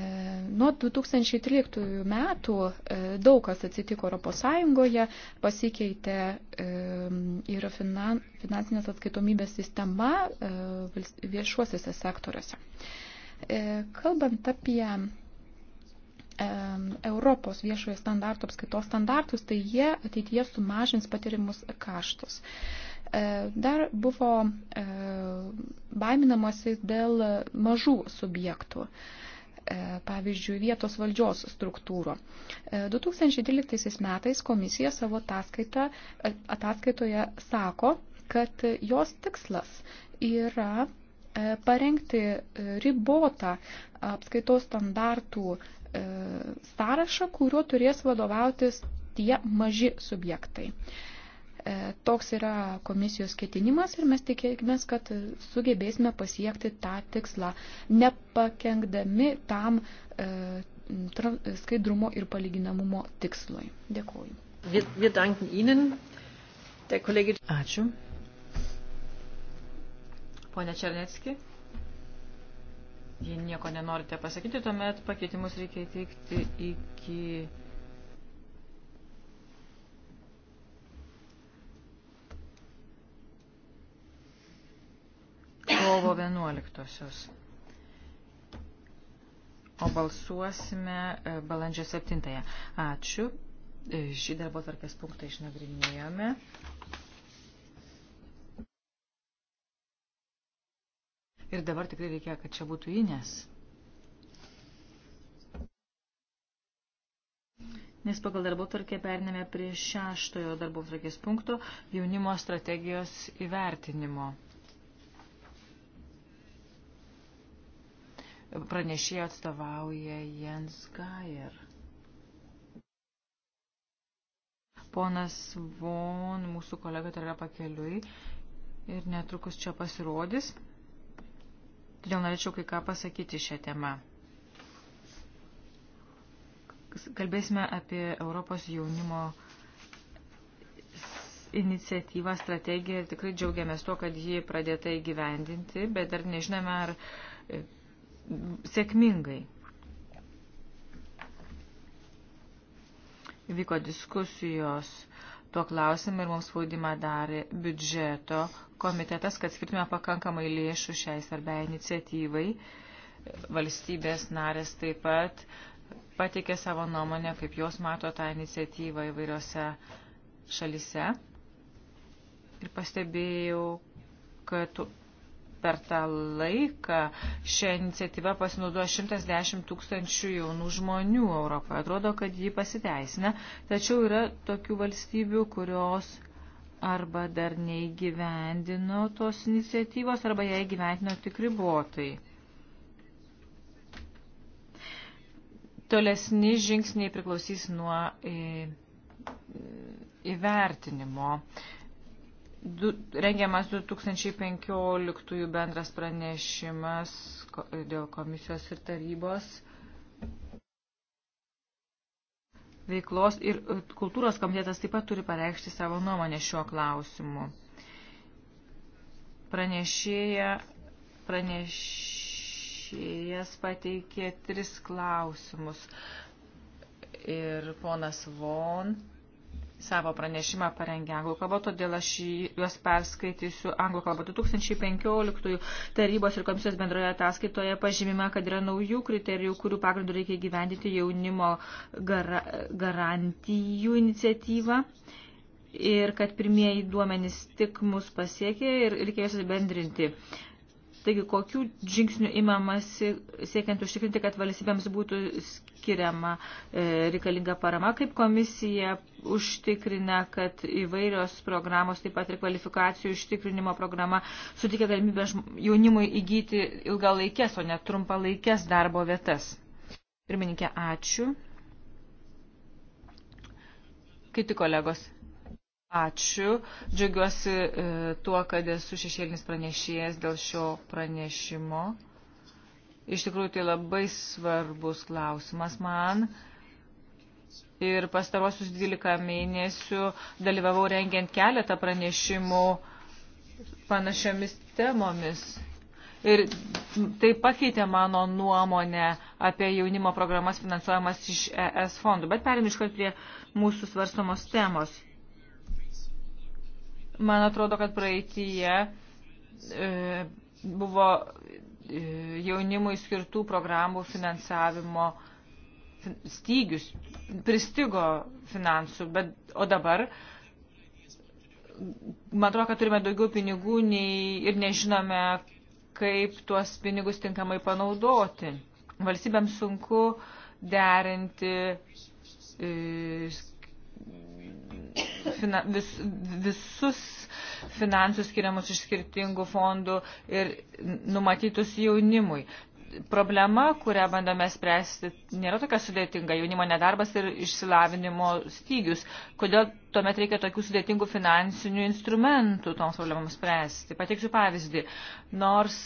nuo 2013 metų e, daug kas atsitiko Europos Sąjungoje, pasikeitė e, ir finansinės atskaitomybės sistema viešuosiuose sektoriuose. Kalbant apie Europos viešojo standarto apskaitos standartus, tai jie ateityje sumažins patirimus kaštus. Dar buvo baiminamasi dėl mažų subjektų. E, pavyzdžiui, vietos valdžios struktūrų. 2013 e, metais komisija savo ataskaita, e, ataskaitoje sako, kad jos tikslas yra parengti ribotą apskaitos standartų sąrašą, kuriuo turės vadovautis tie maži subjektai. E, toks yra komisijos ketinimas ir mes tikėkime, kad sugebėsime pasiekti tą tikslą, nepakengdami tam e, skaidrumo ir palyginamumo tikslui. Dėkuoju. Wir danken Ihnen, der Kollege. Ačiū. Pone Černecki. Jei nieko nenorite pasakyti, tuomet pakeitimus reikia teikti iki kovo 11-osios. O balsuosime e, balandžio 7-ąją. Ačiū. E, šį darbo tvarkės punktą išnagrinėjome. Ir dabar tikrai reikia, kad čia būtų Ines. nes pagal darbo tvarkę pernėme prie šeštojo darbo tvarkės punkto jaunimo strategijos įvertinimo. pranešėjo atstovauja Jens Geier. Ponas Von, mūsų kolega, tai yra pakeliui ir netrukus čia pasirodys. Todėl norėčiau kai ką pasakyti šią temą. Kalbėsime apie Europos jaunimo iniciatyvą, strategiją ir tikrai džiaugiamės tuo, kad ji pradėta įgyvendinti, bet dar nežinome, ar sėkmingai. Vyko diskusijos tuo klausimu ir mums spaudimą darė biudžeto komitetas, kad skirtume pakankamai lėšų šiai svarbiai iniciatyvai. Valstybės narės taip pat pateikė savo nuomonę, kaip jos mato tą iniciatyvą įvairiose šalise. Ir pastebėjau, kad per tą laiką šią iniciatyvą pasinaudojo 110 tūkstančių jaunų žmonių Europoje. Atrodo, kad jį pasiteisina, tačiau yra tokių valstybių, kurios arba dar neįgyvendino tos iniciatyvos, arba ją įgyvendino tik ribotai. Tolesni žingsniai priklausys nuo e, e, įvertinimo. E, du, rengiamas 2015 bendras pranešimas dėl komisijos ir tarybos veiklos ir e, kultūros komitetas taip pat turi pareikšti savo nuomonę šiuo klausimu. Pranešėja, pranešėjas pateikė tris klausimus ir ponas Von savo pranešimą parengė anglų kalba, todėl aš juos perskaitysiu anglų kalba. 2015 tarybos ir komisijos bendroje ataskaitoje pažymima, kad yra naujų kriterijų, kurių pagrindų reikia gyvendyti jaunimo gara, garantijų iniciatyvą. Ir kad pirmieji duomenys tik mus pasiekė ir reikėjo jas bendrinti. Uh, Taigi, kokių žingsnių imamasi siekiant užtikrinti, kad valstybėms būtų skiriama e, reikalinga parama, kaip komisija užtikrina, kad įvairios programos, taip pat ir kvalifikacijų užtikrinimo programa sutikia galimybę jaunimui įgyti ilgalaikės, o ne trumpalaikės darbo vietas. Pirmininkė, ačiū. Kiti kolegos. Ačiū. Džiaugiuosi e, tuo, kad esu šešėlinis pranešėjas dėl šio pranešimo. Iš tikrųjų, tai labai svarbus klausimas man. Ir pastarosius 12 mėnesių dalyvavau rengiant keletą pranešimų panašiomis temomis. Ir tai pakeitė mano nuomonę apie jaunimo programas finansuojamas iš ES fondų. Bet perim iškart prie mūsų svarstomos temos Man atrodo, kad praeitie e, buvo e, jaunimui skirtų programų finansavimo stygius, pristigo finansų, bet, o dabar, man atrodo, kad turime daugiau pinigų nei, ir nežinome, kaip tuos pinigus tinkamai panaudoti. Valstybėms sunku derinti e, fina, vis, visus finansus skiriamus iš skirtingų fondų ir numatytus jaunimui. Problema, kurią bandome spręsti, nėra tokia sudėtinga. Jaunimo nedarbas ir išsilavinimo stygius. Kodėl tuomet reikia tokių sudėtingų finansinių instrumentų toms problemams spręsti? Pateiksiu pavyzdį. Nors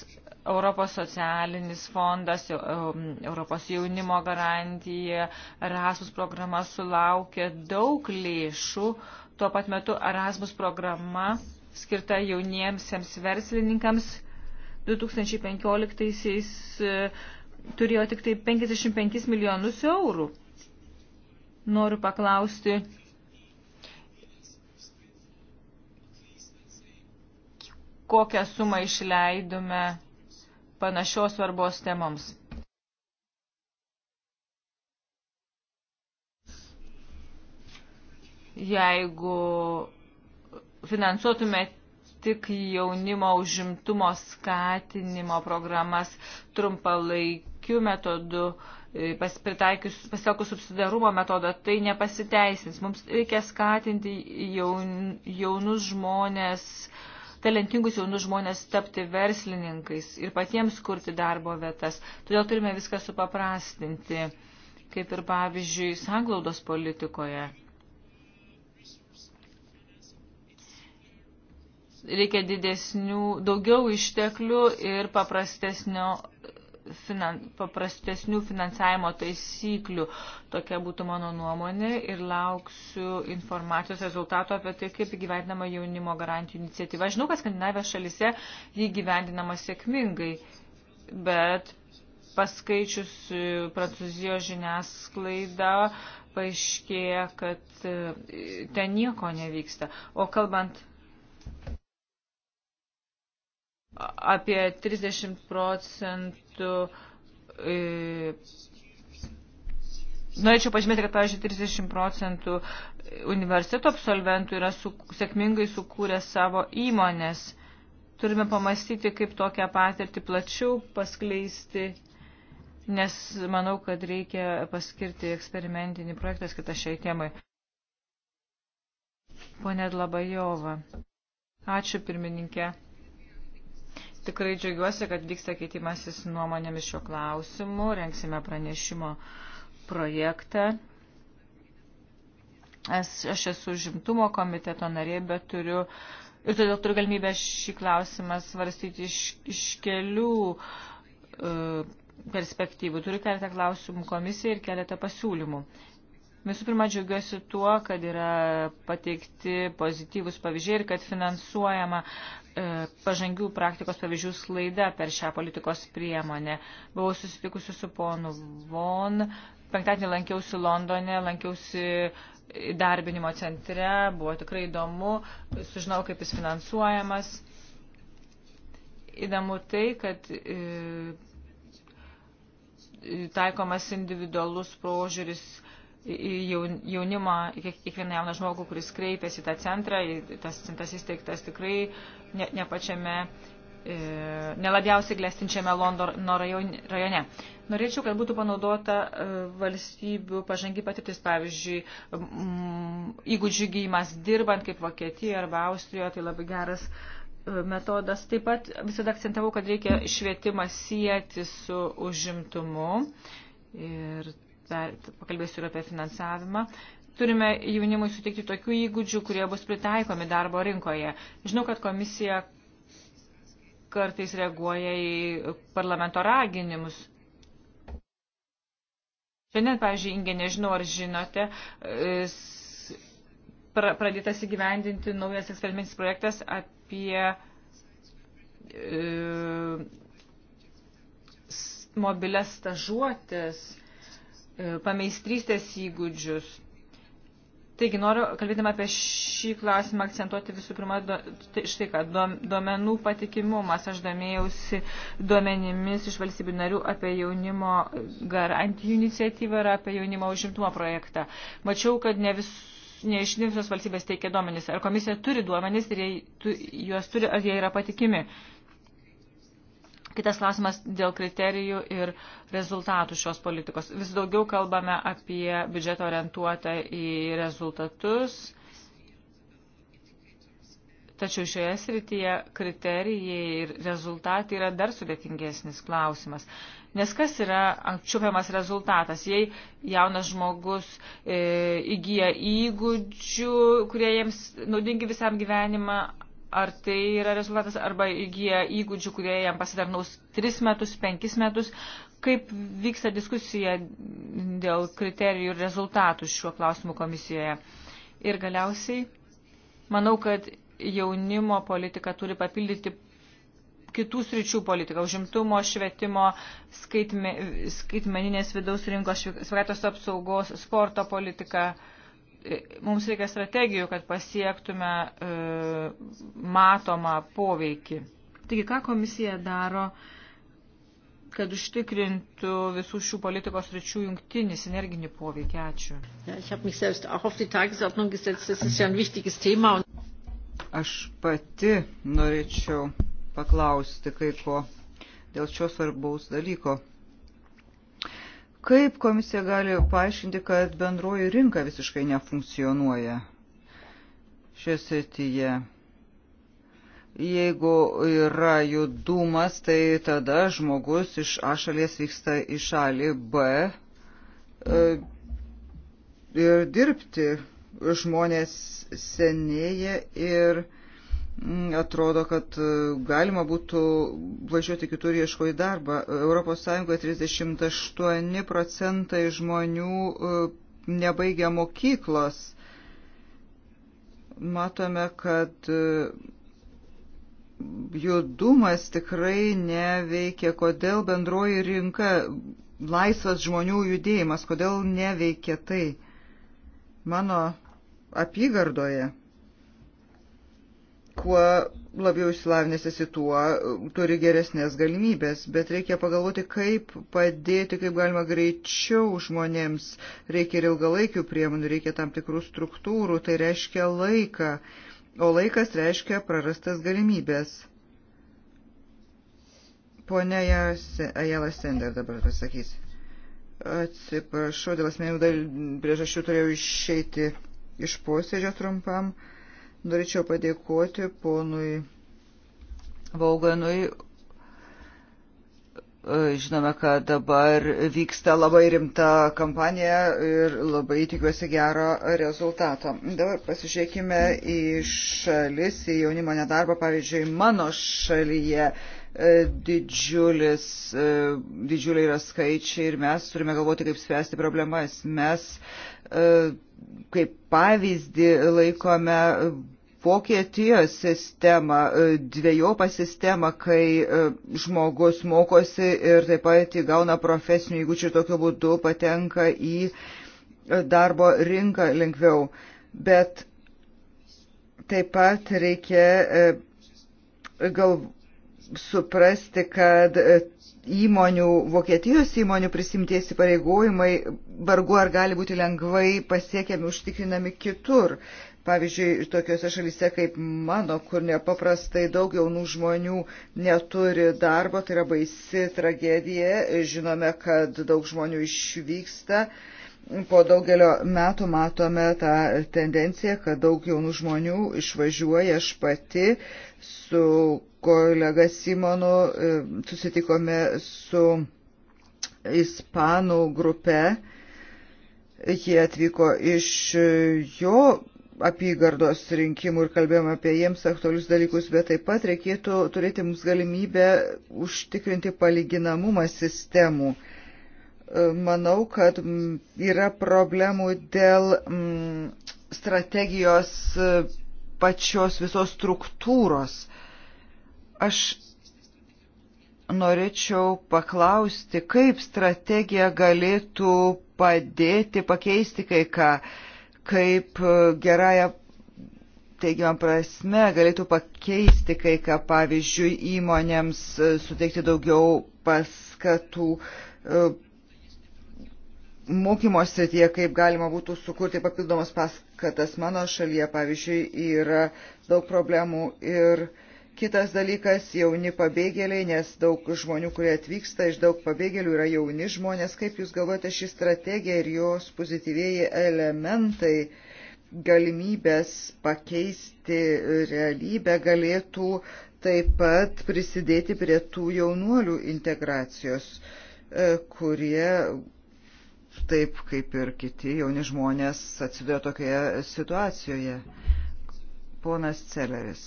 Europos socialinis fondas, um, Europos jaunimo garantija, Erasmus programa sulaukė daug lėšų, Tuo pat metu Erasmus programa skirta jauniemsiems verslininkams 2015-aisiais e, turėjo tik tai 55 milijonus eurų. Noriu paklausti, kokią sumą išleidome panašios svarbos temoms. jeigu finansuotume tik jaunimo užimtumo skatinimo programas trumpalaikiu metodu, e, pasitelkus subsidarumo metodą, tai nepasiteisins. Mums reikia skatinti jaun, jaunus žmonės, talentingus jaunus žmonės tapti verslininkais ir patiems kurti darbo vietas. Todėl turime viską supaprastinti, kaip ir pavyzdžiui, sanglaudos politikoje reikia didesnių, daugiau išteklių ir paprastesnio finan, paprastesnių finansavimo taisyklių. Tokia būtų mano nuomonė ir lauksiu informacijos rezultato apie tai, kaip įgyvendinama jaunimo garantijų iniciatyva. Žinau, kad Skandinavijos šalise jį gyvendinama sėkmingai, bet paskaičius Prancūzijos žiniasklaidą paaiškėja, kad e, ten nieko nevyksta. O kalbant apie 30 procentų. E, norėčiau pažymėti, kad, pavyzdžiui, 30 procentų universiteto absolventų yra su, sėkmingai sukūrę savo įmonės. Turime pamastyti, kaip tokią patirtį plačiau paskleisti, nes manau, kad reikia paskirti eksperimentinį projektą skirtą šiai temai. Pone Dlabajova. Ačiū pirmininkė. Tikrai džiaugiuosi, kad vyksta keitimasis nuomonėmis šiuo klausimu. Renksime pranešimo projektą. Aš, aš esu žimtumo komiteto narė, bet turiu ir todėl turiu galimybę šį klausimą svarstyti iš, iš kelių e, perspektyvų. Turiu keletą klausimų komisijai ir keletą pasiūlymų. E, Visų pirma, džiaugiuosi tuo, kad yra pateikti pozityvus pavyzdžiai ir kad finansuojama e, pažangių praktikos pavyzdžių slaida per šią politikos priemonę. Buvau susitikusi su ponu Von, penktadienį lankiausi Londone, lankiausi darbinimo centre, buvo tikrai įdomu, sužinau, kaip jis finansuojamas. Įdomu tai, kad. E, taikomas individualus prožiūris jaunimą, kiekvieną jauną žmogų, kuris kreipiasi į tą centrą, tas centras įsteigtas tikrai ne, ne pačiame, e, nelabiausiai glestinčiame Londono rajone. Norėčiau, kad būtų panaudota e, valstybių pažangi patirtis, pavyzdžiui, įgūdžių gyjimas dirbant kaip Vokietijoje arba Austrijoje, tai labai geras e, metodas. Taip pat visada akcentavau, kad reikia švietimą sieti su užimtumu. Ir per, pakalbėsiu ir apie finansavimą. Turime jaunimui sutikti tokių įgūdžių, kurie bus pritaikomi darbo rinkoje. Žinau, kad komisija kartais reaguoja į parlamento raginimus. Šiandien, pavyzdžiui, Inge, nežinau, ar žinote, pradėtas įgyvendinti naujas eksperimentinis projektas apie e, mobilias stažuotės E, pameistrystės įgūdžius. Taigi noriu, kalbėdama apie šį klausimą, akcentuoti visų pirma, do, tai štai ką, duomenų patikimumas. Aš domėjausi duomenimis iš valstybių narių apie jaunimo garantijų iniciatyvą ir apie jaunimo užimtumo projektą. Mačiau, kad ne vis ne iš visos valstybės teikia duomenys. Ar komisija turi duomenys ir jei, tu, juos turi, ar jie yra patikimi? Uh, Kitas klausimas dėl kriterijų ir rezultatų šios politikos. Vis daugiau kalbame apie biudžetą orientuotą į rezultatus, tačiau šioje srityje kriterijai ir rezultatai yra dar sudėtingesnis klausimas. Nes kas yra apčiupiamas rezultatas, jei jaunas žmogus e, įgyja įgūdžių, kurie jiems naudingi visam gyvenimą, ar tai yra rezultatas, arba įgyja įgūdžių, kurie jam pasidarnaus 3 metus, 5 metus. Kaip vyksta diskusija dėl kriterijų ir rezultatų šiuo klausimu komisijoje? Ir galiausiai, manau, kad jaunimo politika turi papildyti kitų sričių politiką, užimtumo, švietimo, skaitme, skaitmeninės vidaus rinkos, sveikatos apsaugos, sporto politiką. Uh, E, mums reikia strategijų, kad pasiektume e, matomą poveikį. Taigi, ką komisija daro, kad užtikrintų visų šių politikos ryčių jungtinį sinerginį poveikį? Ačiū. Aš pati norėčiau paklausti kai ko dėl šio svarbaus dalyko. Kaip komisija gali paaiškinti, kad bendroji rinka visiškai nefunkcionuoja šioje srityje? Jeigu yra judumas, tai tada žmogus iš A šalies vyksta į šalį B e, ir dirbti žmonės senėja ir Mm, atrodo, kad e, galima būtų važiuoti kitur ieško į darbą. ES 38 procentai žmonių e, nebaigia mokyklos. Matome, kad e, judumas tikrai neveikia. Kodėl bendroji rinka, laisvas žmonių judėjimas, kodėl neveikia tai? Mano apygardoje kuo labiau išsilavinęsis į tuo, uh, turi geresnės galimybės, bet reikia pagalvoti, kaip padėti, kaip galima greičiau žmonėms. Reikia ir ilgalaikių priemonių, reikia tam tikrų struktūrų, tai reiškia laiką, o laikas reiškia prarastas galimybės. Pone Ajala Sender dabar pasakys. Atsiprašau, dėl asmeninių priežasčių turėjau išeiti iš posėdžio trumpam. Uh, Norėčiau padėkoti ponui Vauganui. E, žinome, kad dabar vyksta labai rimta kampanija ir labai tikiuosi gero rezultato. Dabar pasižiūrėkime į šalis, į jaunimo nedarbą. Pavyzdžiui, mano šalyje E, didžiulis, e, didžiuliai yra skaičiai ir mes turime galvoti, kaip spręsti problemas. Mes e, kaip pavyzdį laikome Vokietijos sistemą, dviejopą sistemą, kai žmogus mokosi ir taip pat įgauna profesinių įgūdžių ir tokiu būdu patenka į darbo rinką lengviau. Bet taip pat reikia galvoti suprasti, kad e, įmonių, Vokietijos įmonių prisimti įsipareigojimai vargu ar gali būti lengvai pasiekiami, užtikrinami kitur. Pavyzdžiui, tokiuose šalyse kaip mano, kur nepaprastai daug jaunų žmonių neturi darbo, tai yra baisi tragedija. Žinome, kad daug žmonių išvyksta. Uh, po daugelio metų matome tą tendenciją, kad daug jaunų žmonių išvažiuoja. Aš pati su kolega Simonu e, susitikome su ispanų grupe. Jie atvyko iš jo apygardos rinkimų ir kalbėjome apie jiems aktualius dalykus, bet taip pat reikėtų turėti mums galimybę užtikrinti palyginamumą sistemų. Uh, manau, kad yra problemų dėl strategijos e, pačios visos struktūros. Aš norėčiau paklausti, kaip strategija galėtų padėti pakeisti kai ką, kaip e, gerąją teigiamą prasme galėtų pakeisti kai ką, pavyzdžiui, įmonėms e, suteikti daugiau paskatų mokymo srityje, kaip galima būtų sukurti papildomas paskatas. Mano šalyje, pavyzdžiui, yra daug problemų ir kitas dalykas - jauni pabėgėliai, nes daug žmonių, kurie atvyksta iš daug pabėgėlių, yra jauni žmonės. Kaip Jūs galvojate, ši strategija ir jos pozityvėjai elementai galimybės pakeisti realybę galėtų taip pat prisidėti prie tų jaunuolių integracijos, e, kurie taip kaip ir kiti jauni žmonės atsiduria tokioje situacijoje. Ponas Celeris.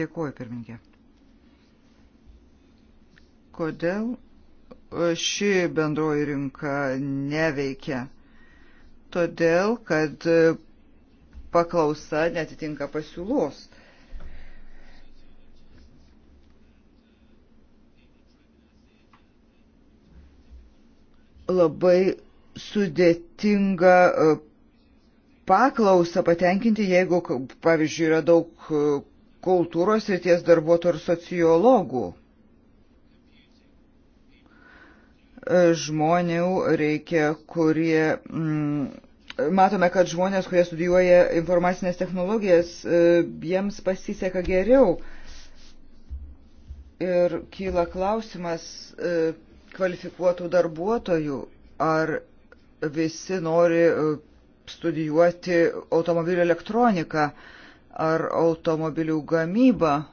Dėkuoju, pirmininkė. Kodėl ši bendroji rinka neveikia? Todėl, kad paklausa netitinka pasiūlos labai sudėtinga e, paklausą patenkinti, jeigu, pavyzdžiui, yra daug e, kultūros ir ties darbuotojų ir sociologų. E, žmonių reikia, kurie. Mm, matome, kad žmonės, kurie studijuoja informacinės technologijas, jiems pasiseka geriau. Ir kyla klausimas, kvalifikuotų darbuotojų, ar visi nori e, studijuoti automobilių elektroniką ar automobilių gamybą. E,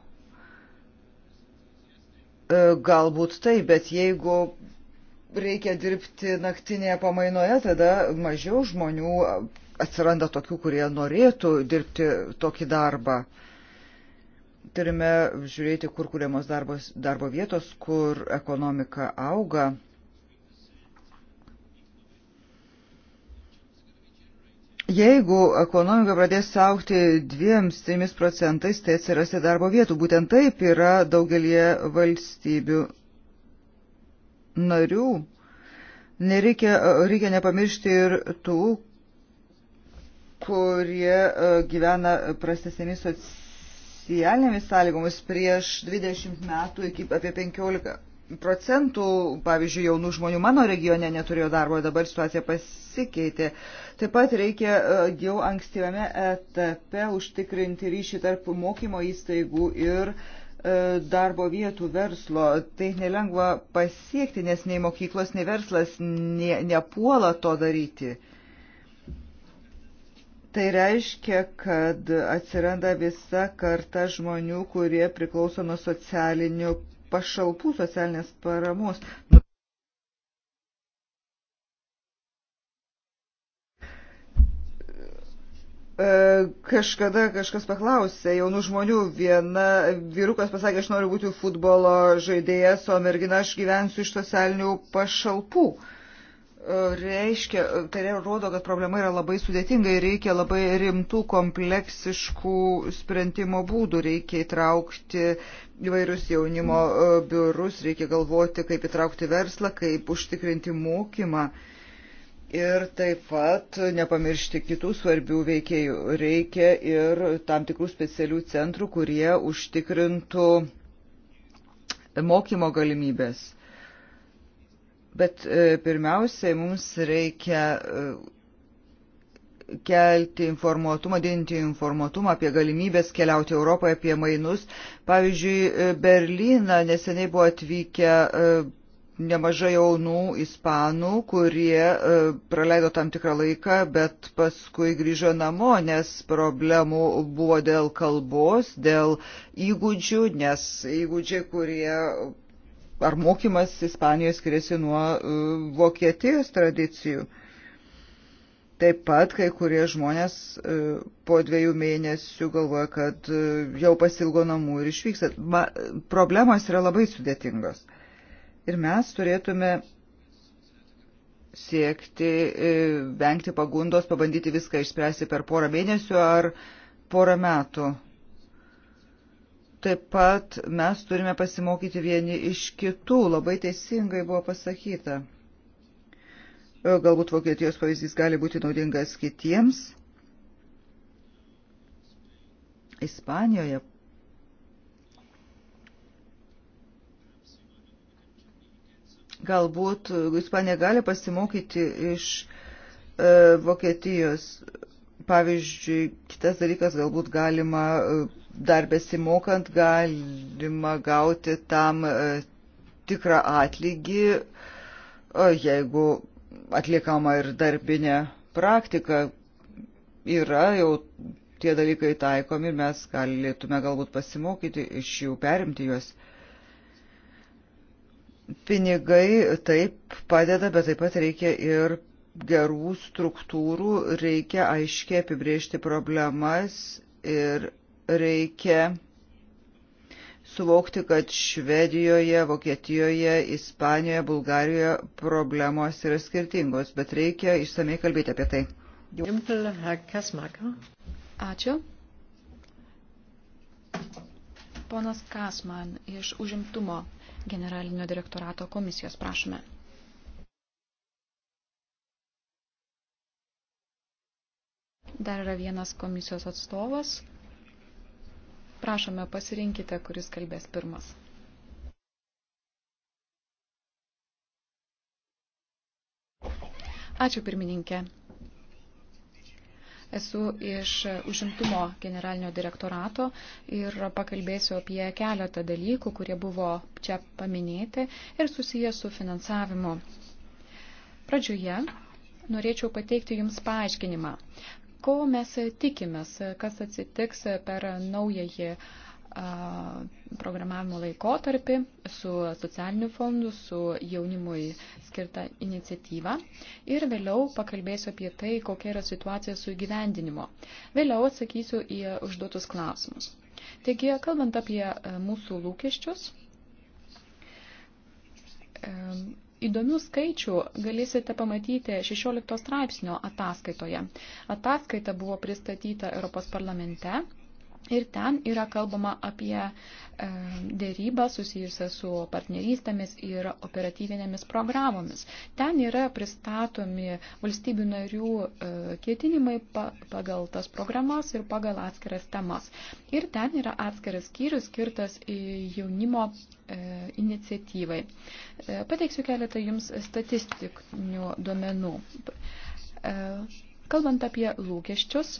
galbūt tai, bet jeigu reikia dirbti naktinėje pamainoje, tada mažiau žmonių e, atsiranda tokių, kurie norėtų dirbti tokį darbą turime žiūrėti, kur kūriamos darbos, darbo vietos, kur ekonomika auga. Jeigu ekonomika pradės aukti 2-3 procentais, tai atsirasti darbo vietų. Būtent taip yra daugelie valstybių narių. Nereikia, reikia nepamiršti ir tų, kurie e, gyvena prastesnėmis socialinėmis socialinėmis sąlygomis prieš 20 metų iki apie 15 procentų, pavyzdžiui, jaunų žmonių mano regione neturėjo darbo, dabar situacija pasikeitė. Taip pat reikia e, jau ankstyvame etape užtikrinti ryšį tarp mokymo įstaigų ir e, darbo vietų verslo. Tai nelengva pasiekti, nes nei mokyklos, nei verslas ne, nepuola to daryti. Tai reiškia, kad atsiranda visa karta žmonių, kurie priklauso nuo socialinių pašalpų, socialinės paramos. E, kažkada kažkas paklausė jaunų žmonių, viena vyrukas pasakė, aš noriu būti futbolo žaidėjas, o mergina aš gyvensiu iš socialinių pašalpų. Uh, reiškia, tai rodo, kad problema yra labai sudėtinga ir reikia labai rimtų kompleksiškų sprendimo būdų, reikia įtraukti įvairius jaunimo e, biurus, reikia galvoti, kaip įtraukti verslą, kaip užtikrinti mokymą. Ir taip pat nepamiršti kitų svarbių veikėjų. Reikia ir tam tikrų specialių centrų, kurie užtikrintų mokymo galimybės Bet e, pirmiausiai mums reikia e, kelti informuotumą, didinti informuotumą apie galimybės keliauti Europoje, apie mainus. Pavyzdžiui, e, Berliną neseniai buvo atvykę nemažai jaunų ispanų, kurie praleido tam tikrą laiką, bet paskui grįžo namo, nes problemų buvo dėl kalbos, dėl įgūdžių, nes įgūdžiai, kurie ar mokymas Ispanijoje skiriasi nuo e, Vokietijos tradicijų. Taip pat kai kurie žmonės e, po dviejų mėnesių galvoja, kad e, jau pasilgo namų ir išvyksta. Ma, problemas yra labai sudėtingos. Ir mes turėtume siekti, vengti pagundos, pabandyti viską išspręsti per porą mėnesių ar porą metų. Taip pat mes turime pasimokyti vieni iš kitų, labai teisingai buvo pasakyta. Galbūt Vokietijos pavyzdys gali būti naudingas kitiems. Ispanijoje. Galbūt Ispanija gali pasimokyti iš e, Vokietijos. Pavyzdžiui, kitas dalykas galbūt galima e, dar besimokant galima gauti tam e, tikrą atlygį, e, jeigu atliekama ir darbinė praktika yra jau tie dalykai taikomi ir mes galėtume galbūt pasimokyti iš jų, perimti juos. Pinigai taip padeda, bet taip pat reikia ir gerų struktūrų, reikia aiškiai apibriežti problemas ir reikia suvokti, kad Švedijoje, Vokietijoje, Ispanijoje, Bulgarijoje problemos yra skirtingos, bet reikia išsamei kalbėti apie tai. Ačiū. Ponas Kasman iš užimtumo generalinio direktorato komisijos prašome. Dar yra vienas komisijos atstovas. Prašome, pasirinkite, kuris kalbės pirmas. Ačiū pirmininkė. Esu iš užimtumo generalinio direktorato ir pakalbėsiu apie keletą dalykų, kurie buvo čia paminėti ir susiję su finansavimu. Pradžioje norėčiau pateikti Jums paaiškinimą ko mes tikimės, kas atsitiks per naująjį programavimo laikotarpį su socialiniu fondu, su jaunimui skirta iniciatyva ir vėliau pakalbėsiu apie tai, kokia yra situacija su įgyvendinimo. Vėliau atsakysiu į užduotus klausimus. Taigi, kalbant apie mūsų lūkesčius, Įdomių skaičių galėsite pamatyti 16 straipsnio ataskaitoje. Ataskaita buvo pristatyta Europos parlamente Ir ten yra kalbama apie e, dėrybą susijusią su partnerystėmis ir operatyvinėmis programomis. Ten yra pristatomi valstybių narių e, ketinimai pagal tas programas ir pagal atskiras temas. Ir ten yra atskiras skyrius skirtas e, jaunimo iniciatyvai. Pateiksiu keletą jums statistinių duomenų. Kalbant apie lūkesčius,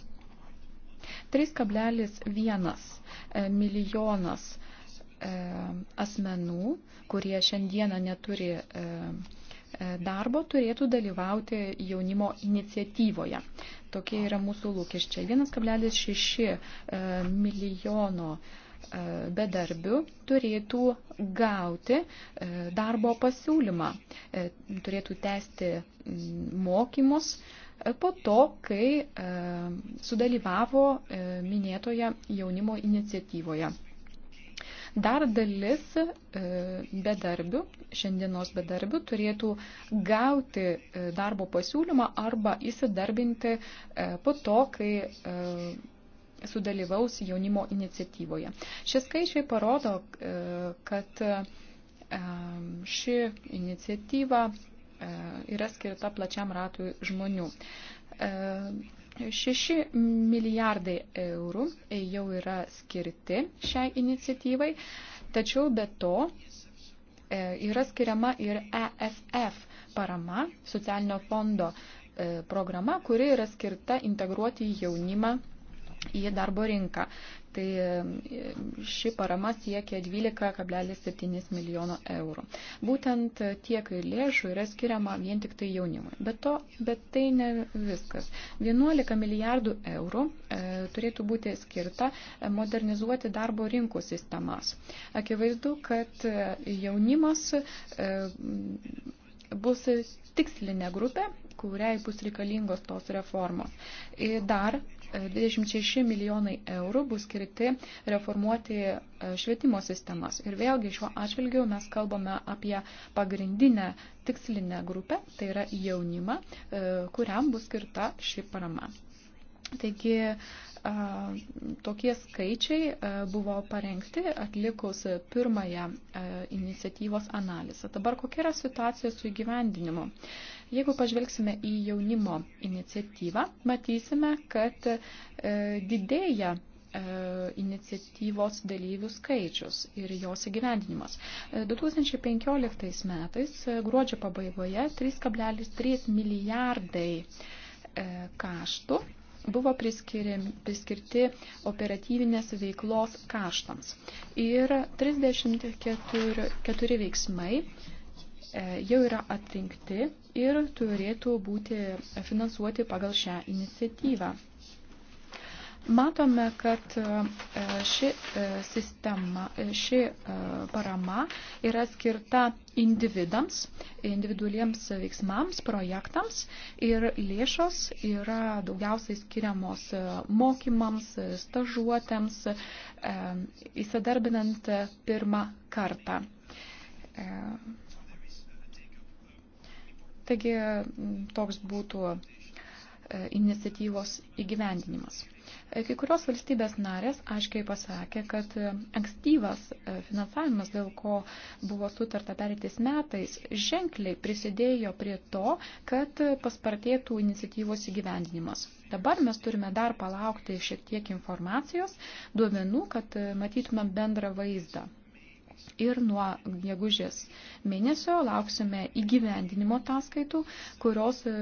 3,1 e, milijonas e, asmenų, kurie šiandieną neturi e, darbo, turėtų dalyvauti jaunimo iniciatyvoje. Tokie yra mūsų lūkesčiai. 1,6 milijono bedarbių turėtų gauti darbo pasiūlymą, turėtų tęsti mokymus, po to, kai e, sudalyvavo e, minėtoje jaunimo iniciatyvoje. Dar dalis e, bedarbių, šiandienos bedarbių, turėtų gauti darbo pasiūlymą arba įsidarbinti po to, kai sudalyvaus jaunimo iniciatyvoje. Šie skaičiai parodo, kad ši iniciatyva E, yra skirta plačiam ratui žmonių. 6 e, milijardai eurų jau yra skirti šiai iniciatyvai, tačiau be to e, yra skiriama ir ESF parama socialinio fondo programa, kuri yra skirta integruoti jaunimą į darbo rinką. Tai e, ši parama siekia 12,7 milijono eurų. Būtent tiek lėšų yra skiriama vien tik tai jaunimui. Bet, to, bet tai ne viskas. 11 milijardų eurų e, turėtų būti skirta e, modernizuoti darbo rinkų sistemas. Akivaizdu, kad e, jaunimas e, bus tikslinė grupė, kuriai bus reikalingos tos reformos. Dar 26 milijonai eurų bus skirti reformuoti e, švietimo sistemas. Ir vėlgi šiuo atžvilgiu mes kalbame apie pagrindinę tikslinę grupę, tai yra jaunimą, e, kuriam bus skirta ši parama. Taigi e, tokie skaičiai buvo parengti atlikus pirmąją iniciatyvos analizą. Dabar kokia yra situacija su įgyvendinimu? Jeigu pažvelgsime į jaunimo iniciatyvą, matysime, kad e, didėja e, iniciatyvos dalyvių skaičius ir jos įgyvendinimas. 2015 e, metais e, gruodžio pabaigoje 3,3 milijardai kaštų buvo priskirti operatyvinės veiklos kaštams. Ir 34 veiksmai E, jau yra atrinkti ir turėtų būti finansuoti pagal šią iniciatyvą. Matome, kad e, ši e, sistema, ši parama yra skirta individams, individualiems veiksmams, projektams ir lėšos yra daugiausiai skiriamos mokymams, stažuotėms, įsidarbinant pirmą kartą. Taigi toks būtų e, iniciatyvos įgyvendinimas. E, kai kurios valstybės narės aiškiai pasakė, kad e, ankstyvas finansavimas, dėl ko buvo sutarta pereitais metais, ženkliai prisidėjo prie to, kad paspartėtų iniciatyvos įgyvendinimas. Dabar mes turime dar palaukti šiek tiek informacijos, duomenų, kad matytumėm bendrą vaizdą. Ir nuo gegužės mėnesio lauksime įgyvendinimo ataskaitų, kurios e,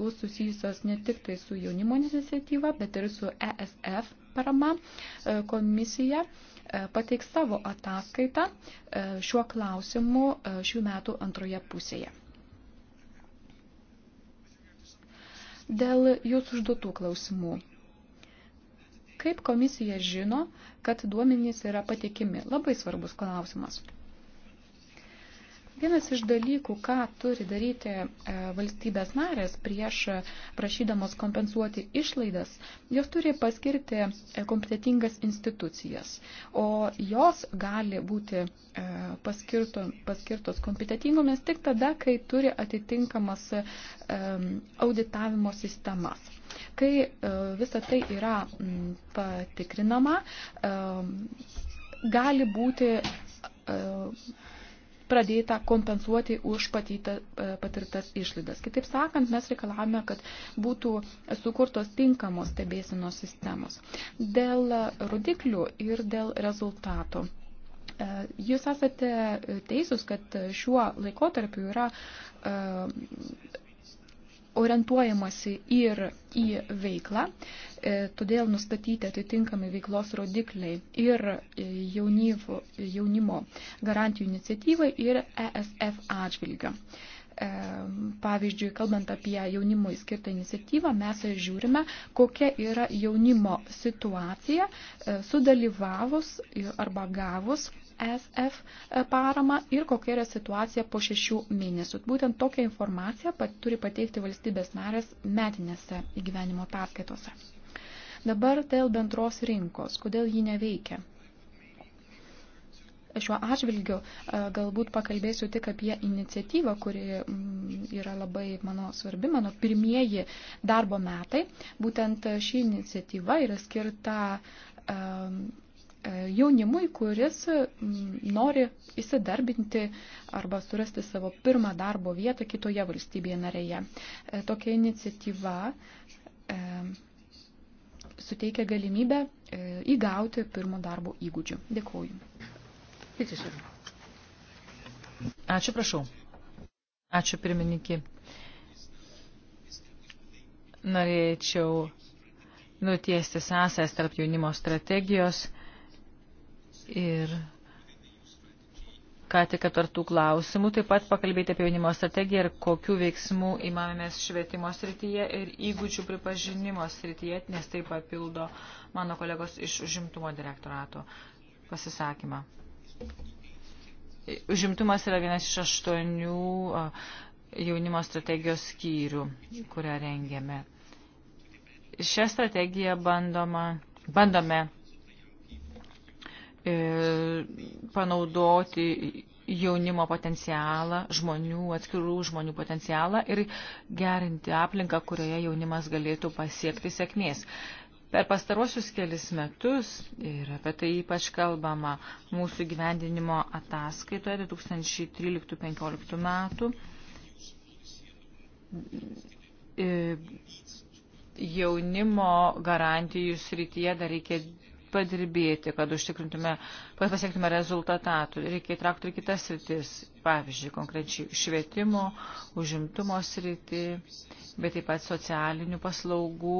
bus susijusios ne tik tai su jaunimo iniciatyva, bet ir su ESF parama. E, komisija e, pateiks savo ataskaitą šiuo klausimu šių metų antroje pusėje. Dėl jūsų užduotų klausimų. Kaip komisija žino, kad duomenys yra patikimi? Labai svarbus klausimas. Vienas iš dalykų, ką turi daryti e, valstybės narės prieš prašydamos kompensuoti išlaidas, jos turi paskirti e, kompetitingas institucijas, o jos gali būti e, paskirto, paskirtos kompetitingomis tik tada, kai turi atitinkamas auditavimo sistemas. Kai visa tai yra patikrinama, gali būti pradėta kompensuoti už patyta, e, patirtas išlaidas. Kitaip sakant, mes reikalavome, kad būtų sukurtos tinkamos stebėsinos sistemos. Dėl rodiklių ir dėl rezultato. E, jūs esate teisūs, kad šiuo laikotarpiu yra e, orientuojamasi ir į veiklą, e, todėl nustatyti atitinkami veiklos rodikliai ir e, jaunyvo, jaunimo garantijų iniciatyvai ir ESF atžvilgiu. E, pavyzdžiui, kalbant apie jaunimo įskirtą iniciatyvą, mes žiūrime, kokia yra jaunimo situacija sudalyvavus arba gavus ESF e, paramą ir kokia yra situacija po šešių mėnesių. Būtent tokią informaciją pat, turi pateikti valstybės narės metinėse įgyvenimo ataskaitose. Dabar dėl bendros rinkos, kodėl ji neveikia šiuo atžvilgiu e, galbūt pakalbėsiu tik apie iniciatyvą, kuri mm, yra labai mano svarbi, mano pirmieji darbo metai. Būtent e, ši iniciatyva yra skirta E, jaunimui, kuris nori įsidarbinti arba surasti savo pirmą darbo vietą kitoje valstybėje narėje. E, tokia iniciatyva e, suteikia galimybę įgauti pirmo darbo įgūdžių. Dėkuoju. Ačiū, prašau. Ačiū, pirmininkė. Norėčiau nutiesti sąsąs tarp jaunimo strategijos Ir ką tik aptartų klausimų, taip pat pakalbėti apie jaunimo strategiją ir kokių veiksmų įmamės švietimo srityje ir įgūdžių pripažinimo srityje, nes tai papildo mano kolegos iš užimtumo direktorato pasisakymą. Užimtumas yra vienas iš aštuonių jaunimo strategijos skyrių, kurią rengėme. Šią strategiją bandoma, bandome E, panaudoti jaunimo potencialą, žmonių, atskirų žmonių potencialą ir gerinti aplinką, kurioje jaunimas galėtų pasiekti sėkmės. Per pastaruosius kelis metus, ir apie tai ypač kalbama mūsų gyvendinimo ataskaitoje 2013-2015 metų, e, jaunimo garantijų srityje dar reikia padirbėti, kad užtikrintume, kad pasiektume rezultatų. Reikia įtraukti ir kitas sritis, pavyzdžiui, konkrečiai švietimo, užimtumo sritį, bet taip pat socialinių paslaugų,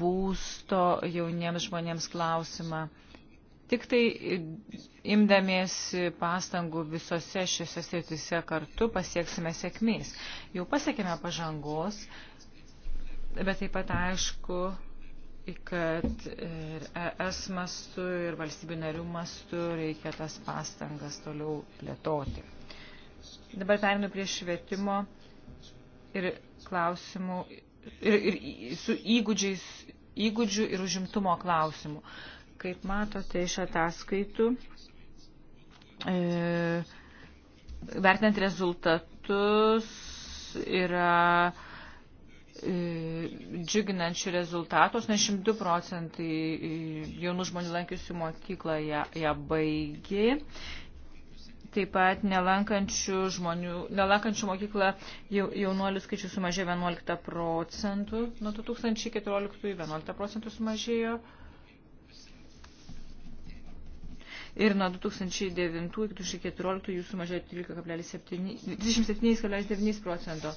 būsto jauniems žmonėms klausimą. Tik tai imdamiesi pastangų visose šiuose sritise kartu pasieksime sėkmės. Jau pasiekėme pažangos, bet taip pat aišku, kad ir ES mastu, ir valstybių narių mastu reikia tas pastangas toliau plėtoti. Dabar perinu prie švietimo ir klausimų, ir, ir su įgūdžiais, įgūdžių ir užimtumo klausimų. Kaip matote iš ataskaitų, e, vertinant rezultatus yra E, džiuginančių rezultatų. 82 procentai e, jaunų žmonių lankiusių mokyklą ją, ją baigė. Taip pat nelankančių, žmonių, nelankančių mokyklą jaunuolių skaičių sumažėjo 11 procentų. Nuo 2014 11 procentų sumažėjo. ir nuo 2009 iki 2014 jų sumažėjo 37,9 procento.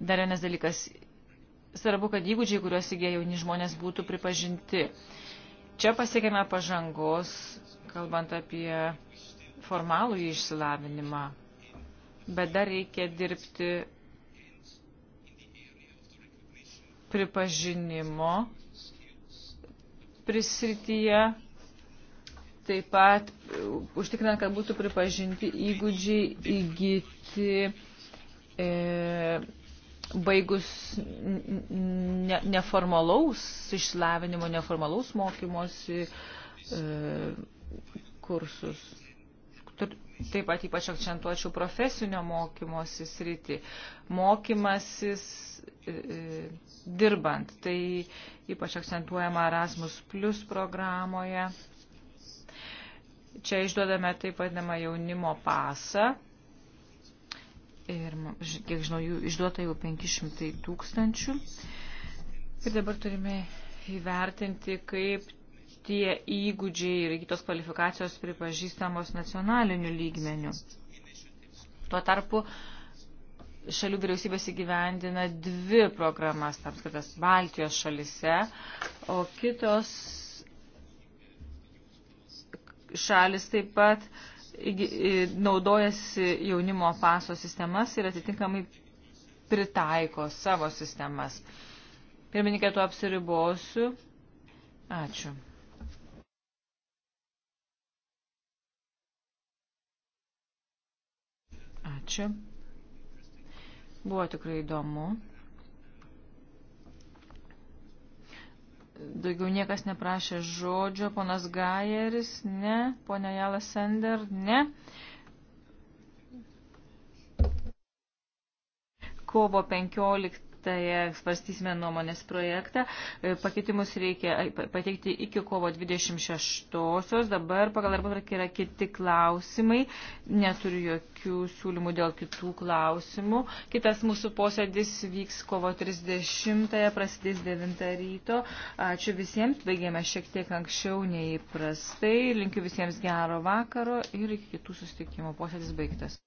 Dar vienas dalykas. Svarbu, kad įgūdžiai, kuriuos įgėjo jauni žmonės, būtų pripažinti. Čia pasiekėme pažangos, kalbant apie formalų išsilavinimą, bet dar reikia dirbti pripažinimo prisrityje, taip pat uh, užtikrinant, kad būtų pripažinti įgūdžiai įgyti e, baigus ne, neformalaus išsilavinimo, neformalaus mokymosi e, kursus. Taip pat ypač akcentuočiau profesinio mokymosi sritį. Mokymasis e, e, dirbant. Tai ypač akcentuojama Erasmus Plus programoje. Čia išduodame taip vadinamą jaunimo pasą Ir, kiek žinau, jų išduota jau 500 tūkstančių. Ir dabar turime įvertinti, kaip tie įgūdžiai ir kitos kvalifikacijos pripažįstamos nacionaliniu lygmeniu. Tuo tarpu šalių vyriausybės įgyvendina dvi programas, tam skirtas Baltijos šalise, o kitos šalis taip pat uh, E, naudojasi jaunimo paso sistemas ir atitinkamai pritaiko savo sistemas. Pirmininkė, tu apsiribosiu. Ačiū. Ačiū. Buvo tikrai įdomu. Daugiau niekas neprašė žodžio. Ponas Gajeris, ne. Pone Jala Sender, ne. Kovo 15 13 svarstysime nuomonės projektą. E, pakeitimus reikia pateikti iki kovo 26-osios. Dabar pagal arba yra kiti klausimai. Neturiu jokių siūlymų dėl kitų klausimų. Kitas mūsų posėdis vyks kovo 30-ąją, prasidės 9 ryto. Ačiū visiems. Baigėme šiek tiek anksčiau nei įprastai. Linkiu visiems gero vakaro ir iki kitų susitikimų. Posėdis baigtas.